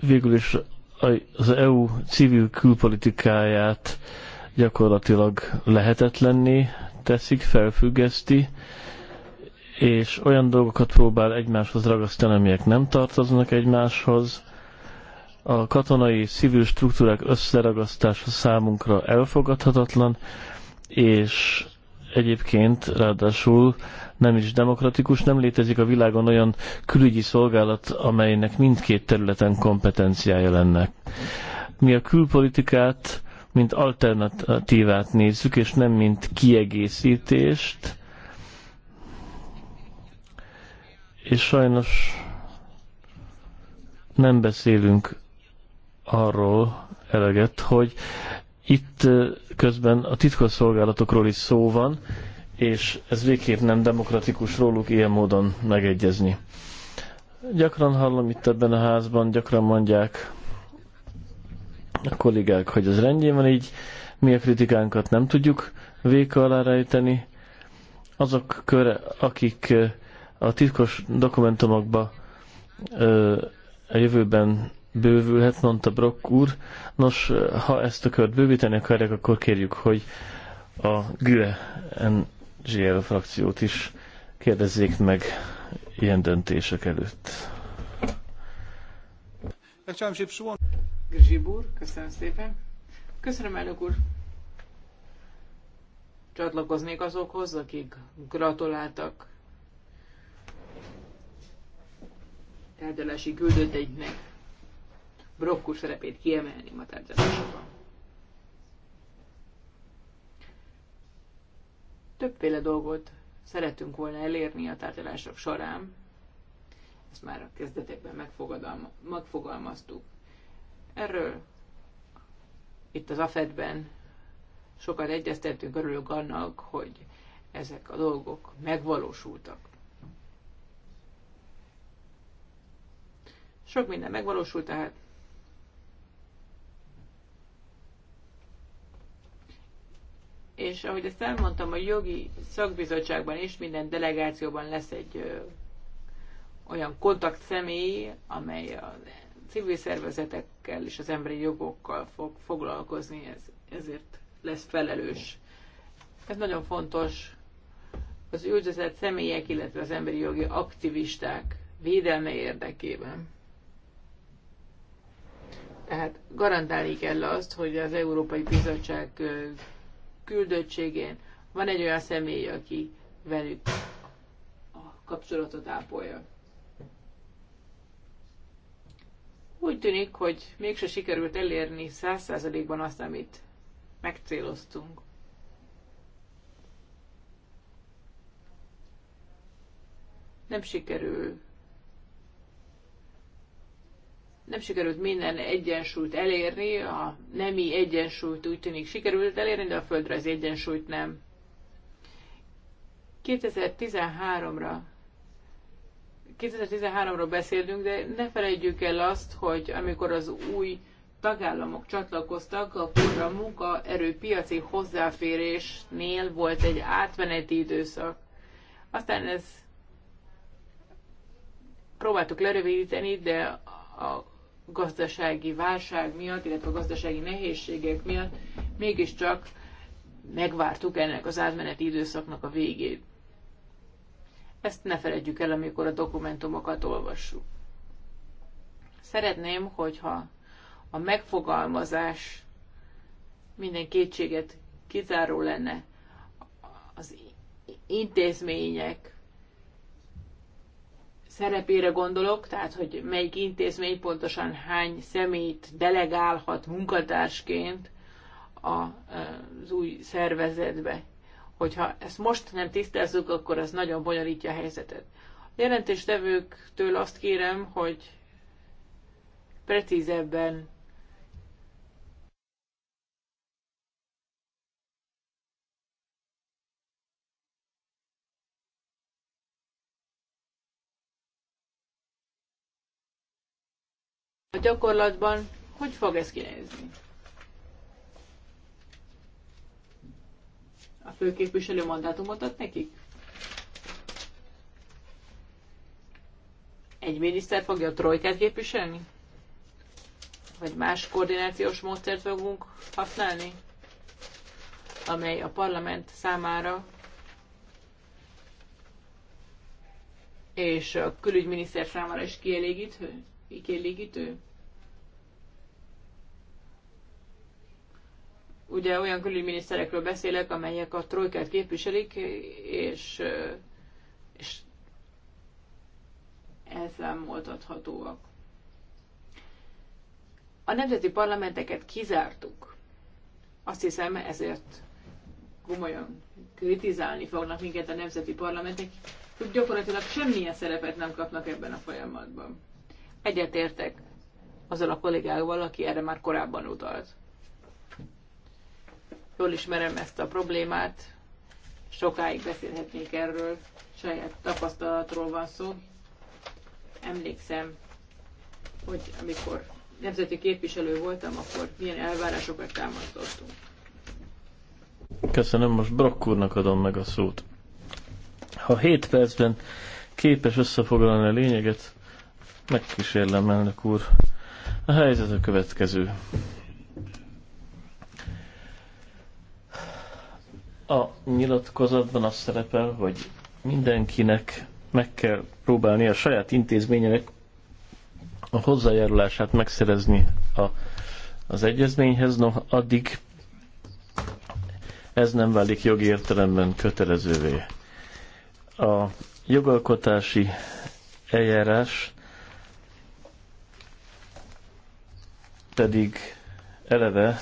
végül is az EU civil külpolitikáját gyakorlatilag lehetetlenné teszik, felfüggeszti, és olyan dolgokat próbál egymáshoz ragasztani, amelyek nem tartoznak egymáshoz. A katonai civil struktúrák összeragasztása számunkra elfogadhatatlan, és egyébként ráadásul nem is demokratikus, nem létezik a világon olyan külügyi szolgálat, amelynek mindkét területen kompetenciája lenne. Mi a külpolitikát, mint alternatívát nézzük, és nem mint kiegészítést, és sajnos nem beszélünk arról eleget, hogy itt közben a titkosszolgálatokról is szó van, és ez végképp nem demokratikus róluk ilyen módon megegyezni. Gyakran hallom itt ebben a házban, gyakran mondják a kollégák, hogy ez rendjén van így, mi a kritikánkat nem tudjuk véka alá rejteni. Azok köre, akik a titkos dokumentumokba a jövőben bővülhet, mondta Brock úr. Nos, ha ezt a kört bővíteni akarják, akkor kérjük, hogy a GÜE GL frakciót is kérdezzék meg ilyen döntések előtt. Grzsib köszönöm szépen. Köszönöm, elnök úr. Csatlakoznék azokhoz, akik gratuláltak tárgyalási egynek. Brokkus szerepét kiemelni, a tárgyalásokban. Többféle dolgot szeretünk volna elérni a tárgyalások során, ezt már a kezdetekben megfogalmaztuk. Erről itt az AFED-ben sokat egyeztettünk, örülök annak, hogy ezek a dolgok megvalósultak. Sok minden megvalósult, tehát és ahogy ezt elmondtam, a jogi szakbizottságban és minden delegációban lesz egy ö, olyan kontakt személy, amely a civil szervezetekkel és az emberi jogokkal fog foglalkozni, ez, ezért lesz felelős. Ez nagyon fontos az üldözett személyek, illetve az emberi jogi aktivisták védelme érdekében. Tehát garantálni kell azt, hogy az Európai Bizottság küldöttségén van egy olyan személy, aki velük a kapcsolatot ápolja. Úgy tűnik, hogy mégse sikerült elérni száz százalékban azt, amit megcéloztunk. Nem sikerül nem sikerült minden egyensúlyt elérni, a nemi egyensúlyt úgy tűnik sikerült elérni, de a földre az egyensúlyt nem. 2013-ra 2013-ról beszélünk, de ne felejtjük el azt, hogy amikor az új tagállamok csatlakoztak, akkor a munkaerőpiaci hozzáférésnél volt egy átmeneti időszak. Aztán ez próbáltuk lerövidíteni, de a gazdasági válság miatt, illetve a gazdasági nehézségek miatt mégiscsak megvártuk ennek az átmeneti időszaknak a végét. Ezt ne feledjük el, amikor a dokumentumokat olvassuk. Szeretném, hogyha a megfogalmazás minden kétséget kizáró lenne az intézmények szerepére gondolok, tehát hogy melyik intézmény pontosan hány személyt delegálhat munkatársként az új szervezetbe. Hogyha ezt most nem tisztázzuk, akkor az nagyon bonyolítja a helyzetet. A jelentéstevőktől azt kérem, hogy precízebben a gyakorlatban hogy fog ez kinézni? A főképviselő mandátumot ad nekik? Egy miniszter fogja a trojkát képviselni? Vagy más koordinációs módszert fogunk használni? amely a parlament számára és a külügyminiszter számára is kielégítő? kielégítő? Ugye olyan külügyminiszterekről beszélek, amelyek a trojkát képviselik, és, és elszámoltathatóak. A nemzeti parlamenteket kizártuk. Azt hiszem, ezért komolyan kritizálni fognak minket a nemzeti parlamentek, hogy gyakorlatilag semmilyen szerepet nem kapnak ebben a folyamatban. Egyetértek azzal a kollégával, aki erre már korábban utalt. Jól ismerem ezt a problémát, sokáig beszélhetnék erről, saját tapasztalatról van szó. Emlékszem, hogy amikor nemzeti képviselő voltam, akkor milyen elvárásokat támasztottunk. Köszönöm, most Brock úrnak adom meg a szót. Ha 7 percben képes összefoglalni a lényeget, megkísérlem, elnök úr. A helyzet a következő. A nyilatkozatban az szerepel, hogy mindenkinek meg kell próbálni a saját intézményének a hozzájárulását megszerezni a, az egyezményhez, no addig ez nem válik jogi értelemben kötelezővé. A jogalkotási eljárás pedig eleve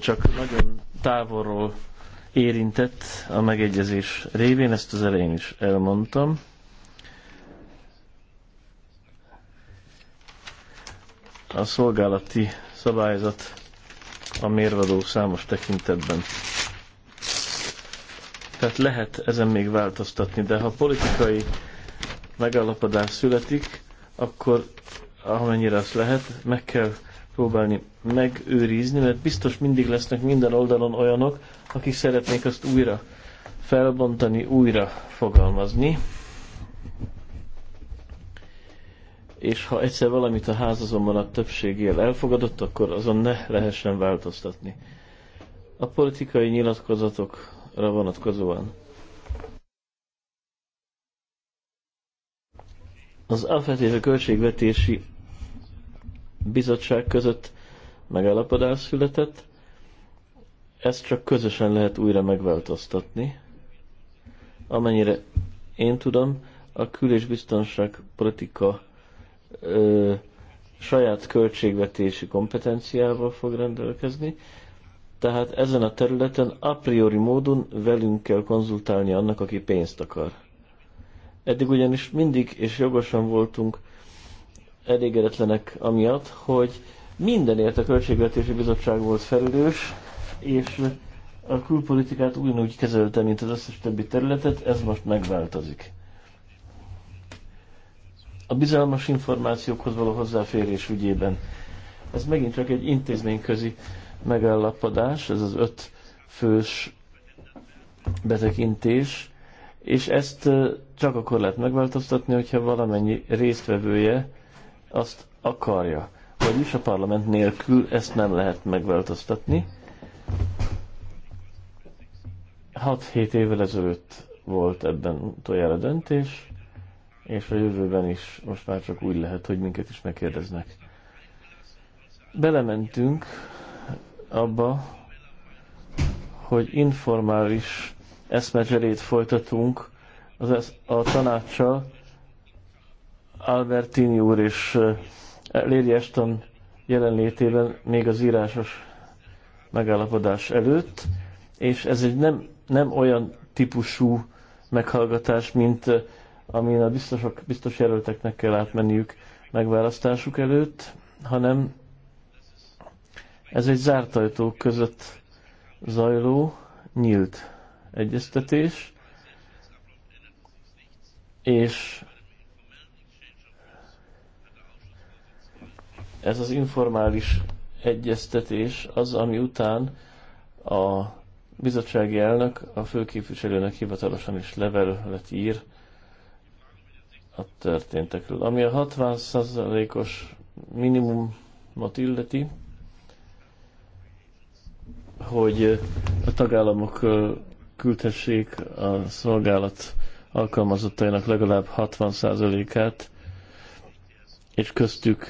csak nagyon távolról érintett a megegyezés révén, ezt az elején is elmondtam. A szolgálati szabályzat a mérvadó számos tekintetben. Tehát lehet ezen még változtatni, de ha politikai megállapodás születik, akkor amennyire azt lehet, meg kell próbálni megőrizni, mert biztos mindig lesznek minden oldalon olyanok, akik szeretnék azt újra felbontani, újra fogalmazni. És ha egyszer valamit a ház azonban a többségél elfogadott, akkor azon ne lehessen változtatni. A politikai nyilatkozatokra vonatkozóan. Az alapvető költségvetési bizottság között megállapodás született. Ezt csak közösen lehet újra megváltoztatni. Amennyire én tudom, a kül- és politika ö, saját költségvetési kompetenciával fog rendelkezni, tehát ezen a területen a priori módon velünk kell konzultálni annak, aki pénzt akar. Eddig ugyanis mindig és jogosan voltunk elégedetlenek amiatt, hogy mindenért a Költségvetési Bizottság volt felülős, és a külpolitikát ugyanúgy kezelte, mint az összes többi területet, ez most megváltozik. A bizalmas információkhoz való hozzáférés ügyében. Ez megint csak egy intézményközi megállapodás, ez az öt fős betekintés, és ezt csak akkor lehet megváltoztatni, hogyha valamennyi résztvevője azt akarja. Vagyis a parlament nélkül ezt nem lehet megváltoztatni. 6-7 évvel ezelőtt volt ebben utoljára döntés, és a jövőben is most már csak úgy lehet, hogy minket is megkérdeznek. Belementünk abba, hogy informális eszmecserét folytatunk az, a tanácssal, Albertini úr és eh, Lady Ashton jelenlétében még az írásos megállapodás előtt, és ez egy nem, nem olyan típusú meghallgatás, mint eh, amin a biztosok, biztos jelölteknek kell átmenniük megválasztásuk előtt, hanem ez egy zárt ajtók között zajló, nyílt egyeztetés, és Ez az informális egyeztetés az, ami után a bizottsági elnök a főképviselőnek hivatalosan is levelet ír a történtekről. Ami a 60%-os minimumot illeti, hogy a tagállamok küldhessék a szolgálat alkalmazottainak legalább 60%-át, és köztük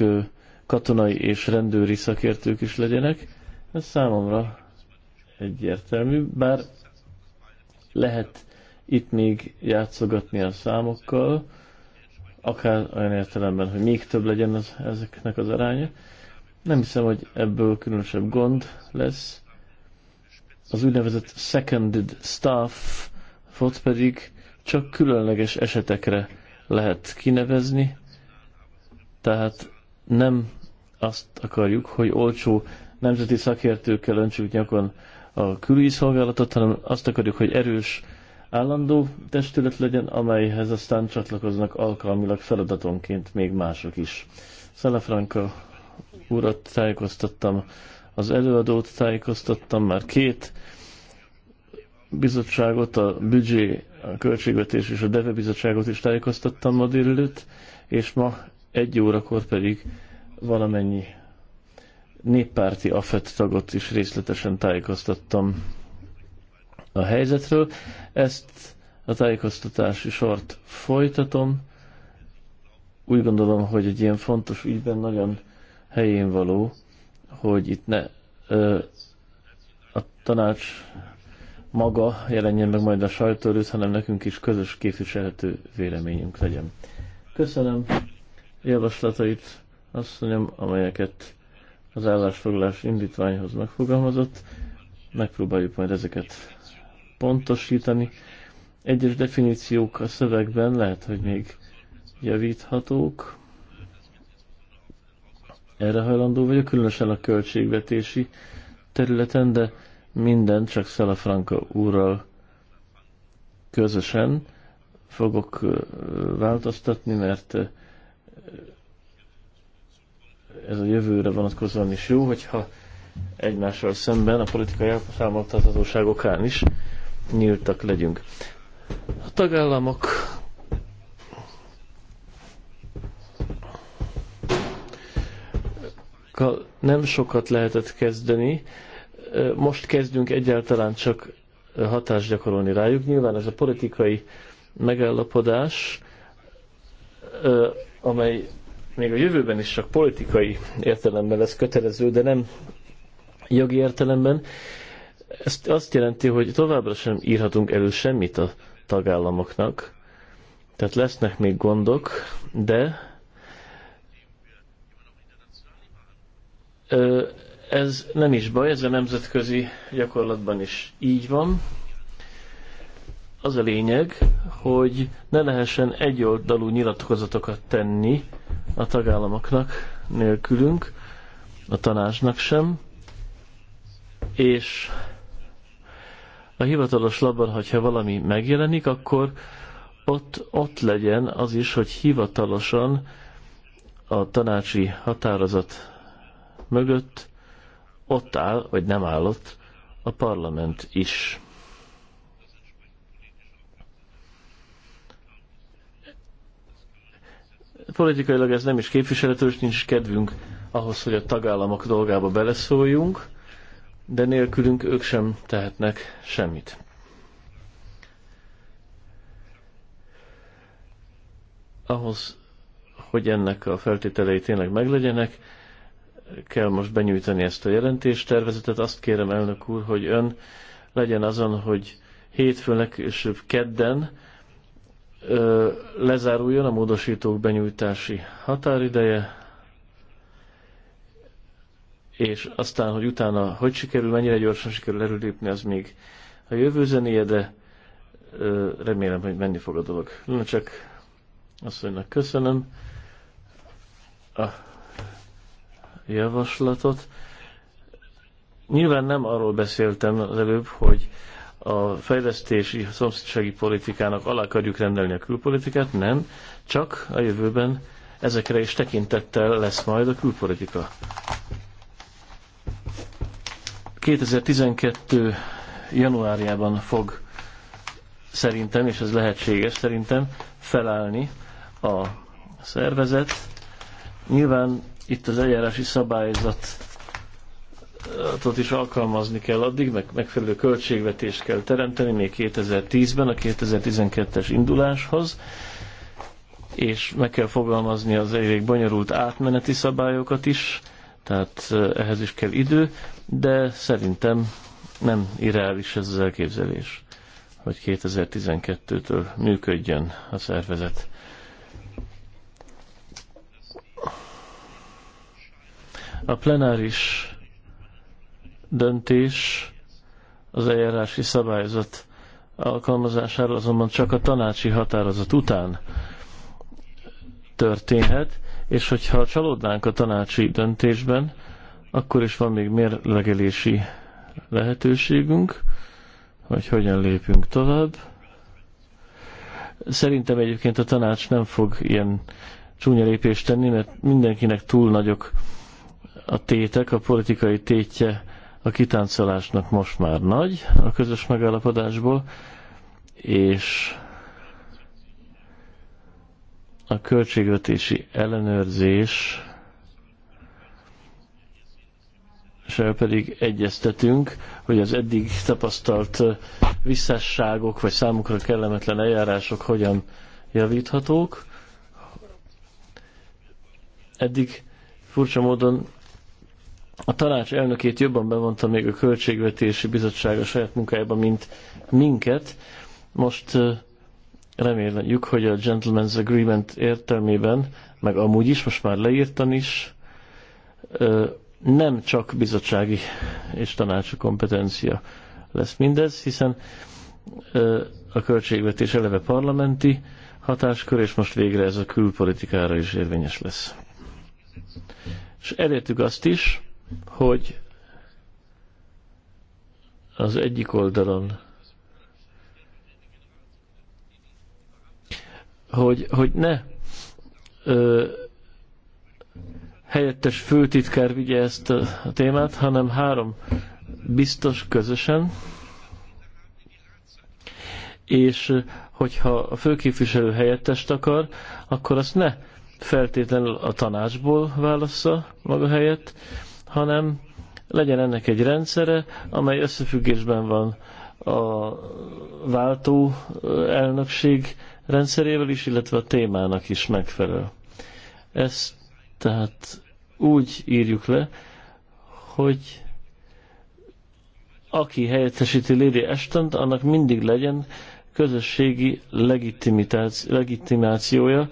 katonai és rendőri szakértők is legyenek. Ez számomra egyértelmű, bár lehet itt még játszogatni a számokkal, akár olyan értelemben, hogy még több legyen az, ezeknek az aránya. Nem hiszem, hogy ebből különösebb gond lesz. Az úgynevezett seconded staffot pedig csak különleges esetekre lehet kinevezni, tehát nem azt akarjuk, hogy olcsó nemzeti szakértőkkel öntsük nyakon a külügyi szolgálatot, hanem azt akarjuk, hogy erős, állandó testület legyen, amelyhez aztán csatlakoznak alkalmilag feladatonként még mások is. Franka urat tájékoztattam, az előadót tájékoztattam, már két bizottságot, a büdzsé, a költségvetés és a deve bizottságot is tájékoztattam ma délelőtt, és ma egy órakor pedig valamennyi néppárti AFET tagot is részletesen tájékoztattam a helyzetről. Ezt a tájékoztatási sort folytatom. Úgy gondolom, hogy egy ilyen fontos ügyben nagyon helyén való, hogy itt ne ö, a tanács maga jelenjen meg majd a sajtó hanem nekünk is közös képviselhető véleményünk legyen. Köszönöm javaslatait, azt mondjam, amelyeket az állásfoglalás indítványhoz megfogalmazott. Megpróbáljuk majd ezeket pontosítani. Egyes definíciók a szövegben lehet, hogy még javíthatók. Erre hajlandó vagyok, különösen a költségvetési területen, de minden csak Szelafranka úrral közösen fogok változtatni, mert ez a jövőre vonatkozóan is jó, hogyha egymással szemben a politikai elszámoltathatóságokán is nyíltak legyünk. A tagállamok nem sokat lehetett kezdeni. Most kezdünk egyáltalán csak hatást gyakorolni rájuk. Nyilván ez a politikai megállapodás amely még a jövőben is csak politikai értelemben lesz kötelező, de nem jogi értelemben, ez azt jelenti, hogy továbbra sem írhatunk elő semmit a tagállamoknak, tehát lesznek még gondok, de ez nem is baj, ez a nemzetközi gyakorlatban is így van az a lényeg, hogy ne lehessen egyoldalú nyilatkozatokat tenni a tagállamoknak nélkülünk, a tanácsnak sem, és a hivatalos labban, hogyha valami megjelenik, akkor ott, ott legyen az is, hogy hivatalosan a tanácsi határozat mögött ott áll, vagy nem állott a parlament is. Politikailag ez nem is képviselető, és nincs kedvünk ahhoz, hogy a tagállamok dolgába beleszóljunk, de nélkülünk ők sem tehetnek semmit. Ahhoz, hogy ennek a feltételei tényleg meglegyenek, kell most benyújtani ezt a jelentéstervezetet. Azt kérem, elnök úr, hogy ön legyen azon, hogy hétfőn, legkésőbb kedden lezáruljon a módosítók benyújtási határideje, és aztán, hogy utána hogy sikerül, mennyire gyorsan sikerül erőlépni, az még a jövő zenéje, de remélem, hogy menni fog a dolog. Na csak asszonynak köszönöm a javaslatot. Nyilván nem arról beszéltem az előbb, hogy a fejlesztési szomszédsági politikának alá akarjuk rendelni a külpolitikát, nem, csak a jövőben ezekre is tekintettel lesz majd a külpolitika. 2012 januárjában fog szerintem, és ez lehetséges szerintem, felállni a szervezet. Nyilván itt az eljárási szabályzat vizsgálatot is alkalmazni kell addig, meg megfelelő költségvetést kell teremteni még 2010-ben a 2012-es induláshoz, és meg kell fogalmazni az elég bonyolult átmeneti szabályokat is, tehát ehhez is kell idő, de szerintem nem irreális ez az elképzelés, hogy 2012-től működjön a szervezet. A plenáris döntés az eljárási szabályzat alkalmazására azonban csak a tanácsi határozat után történhet, és hogyha csalódnánk a tanácsi döntésben, akkor is van még mérlegelési lehetőségünk, hogy hogyan lépünk tovább. Szerintem egyébként a tanács nem fog ilyen csúnya lépést tenni, mert mindenkinek túl nagyok a tétek, a politikai tétje a kitáncolásnak most már nagy a közös megállapodásból, és a költségvetési ellenőrzés se pedig egyeztetünk, hogy az eddig tapasztalt visszásságok vagy számukra kellemetlen eljárások hogyan javíthatók. Eddig furcsa módon a tanács elnökét jobban bevonta még a Költségvetési Bizottság a saját munkájába, mint minket. Most reméljük, hogy a Gentleman's Agreement értelmében, meg amúgy is, most már leírtan is, nem csak bizottsági és tanácsi kompetencia lesz mindez, hiszen a költségvetés eleve parlamenti hatáskör, és most végre ez a külpolitikára is érvényes lesz. És elértük azt is, hogy az egyik oldalon, hogy, hogy ne ö, helyettes főtitkár vigye ezt a témát, hanem három biztos közösen, és hogyha a főképviselő helyettest akar, akkor azt ne feltétlenül a tanácsból válassza maga helyett, hanem legyen ennek egy rendszere, amely összefüggésben van a váltó elnökség rendszerével is, illetve a témának is megfelel. Ezt tehát úgy írjuk le, hogy aki helyettesíti Lady ashton annak mindig legyen közösségi legitimációja,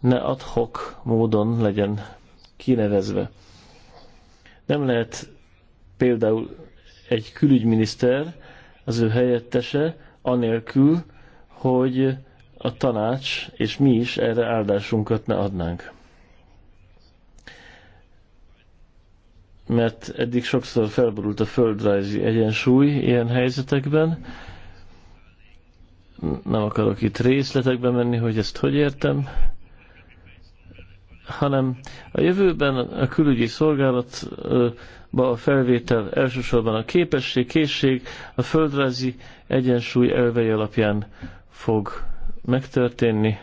ne adhok módon legyen kinevezve. Nem lehet például egy külügyminiszter, az ő helyettese, anélkül, hogy a tanács és mi is erre áldásunkat ne adnánk. Mert eddig sokszor felborult a földrajzi egyensúly ilyen helyzetekben. Nem akarok itt részletekbe menni, hogy ezt hogy értem hanem a jövőben a külügyi szolgálatba a felvétel elsősorban a képesség, készség, a földrajzi egyensúly elvei alapján fog megtörténni.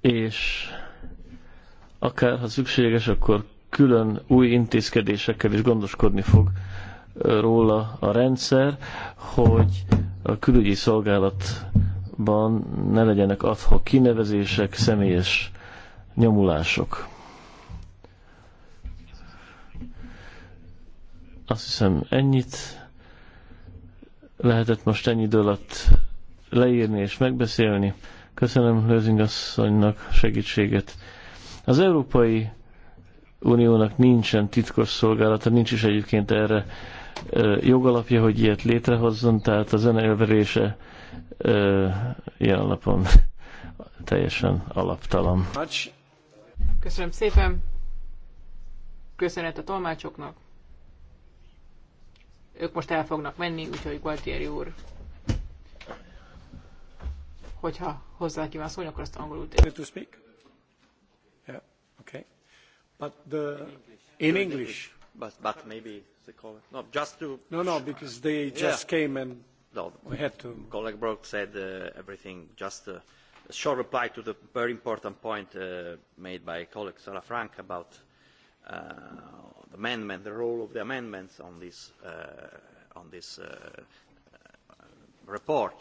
És akár ha szükséges, akkor külön új intézkedésekkel is gondoskodni fog róla a rendszer, hogy a külügyi szolgálat kapcsolatban ne legyenek adhok kinevezések, személyes nyomulások. Azt hiszem ennyit lehetett most ennyi idő alatt leírni és megbeszélni. Köszönöm Lőzing asszonynak segítséget. Az Európai Uniónak nincsen titkos szolgálata, nincs is egyébként erre jogalapja, hogy ilyet létrehozzon, tehát a zene ö, ilyen alapon teljesen alaptalan. Köszönöm szépen. Köszönet a tolmácsoknak. Ők most el fognak menni, úgyhogy Gualtieri úr, hogyha hozzá kíván szólni, akkor azt angolul tegyük. to speak? Yeah, okay. But the... In English. In English. But, but maybe the call... No, just to... No, no, because they just yeah. came and No, we have to. Colleague Brock said uh, everything. Just uh, a short reply to the very important point uh, made by colleague Salafranca about uh, the amendment, the role of the amendments on this uh, on this uh, uh, report.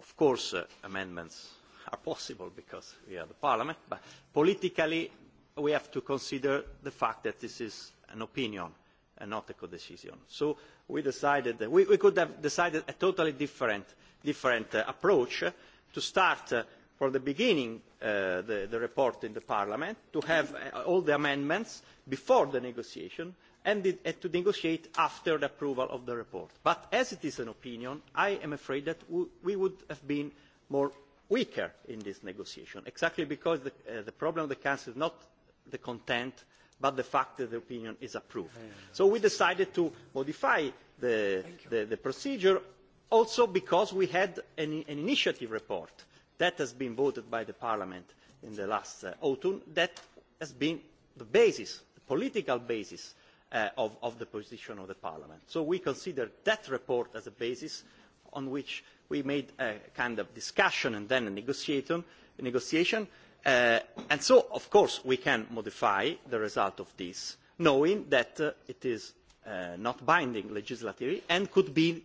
Of course, uh, amendments are possible because we are the Parliament, but politically we have to consider the fact that this is an opinion and not a codecision. So we decided that we, could have decided a totally different, different uh, approach to start uh, from the beginning uh, the, the report in the Parliament, to have uh, all the amendments before the negotiation, and, to negotiate after the approval of the report. But as it is an opinion, I am afraid that we, we would have been more weaker in this negotiation, exactly because the, uh, the problem of the Council is not the content but the fact that the opinion is approved. So we decided to modify the, the, the procedure also because we had an, an initiative report that has been voted by the Parliament in the last uh, autumn that has been the basis, the political basis uh, of, of the position of the Parliament. So we consider that report as a basis on which we made a kind of discussion and then a negotiation, a negotiation Uh, and so of course we can modify the result of this knowing that uh, it is uh, not binding legislatively and could be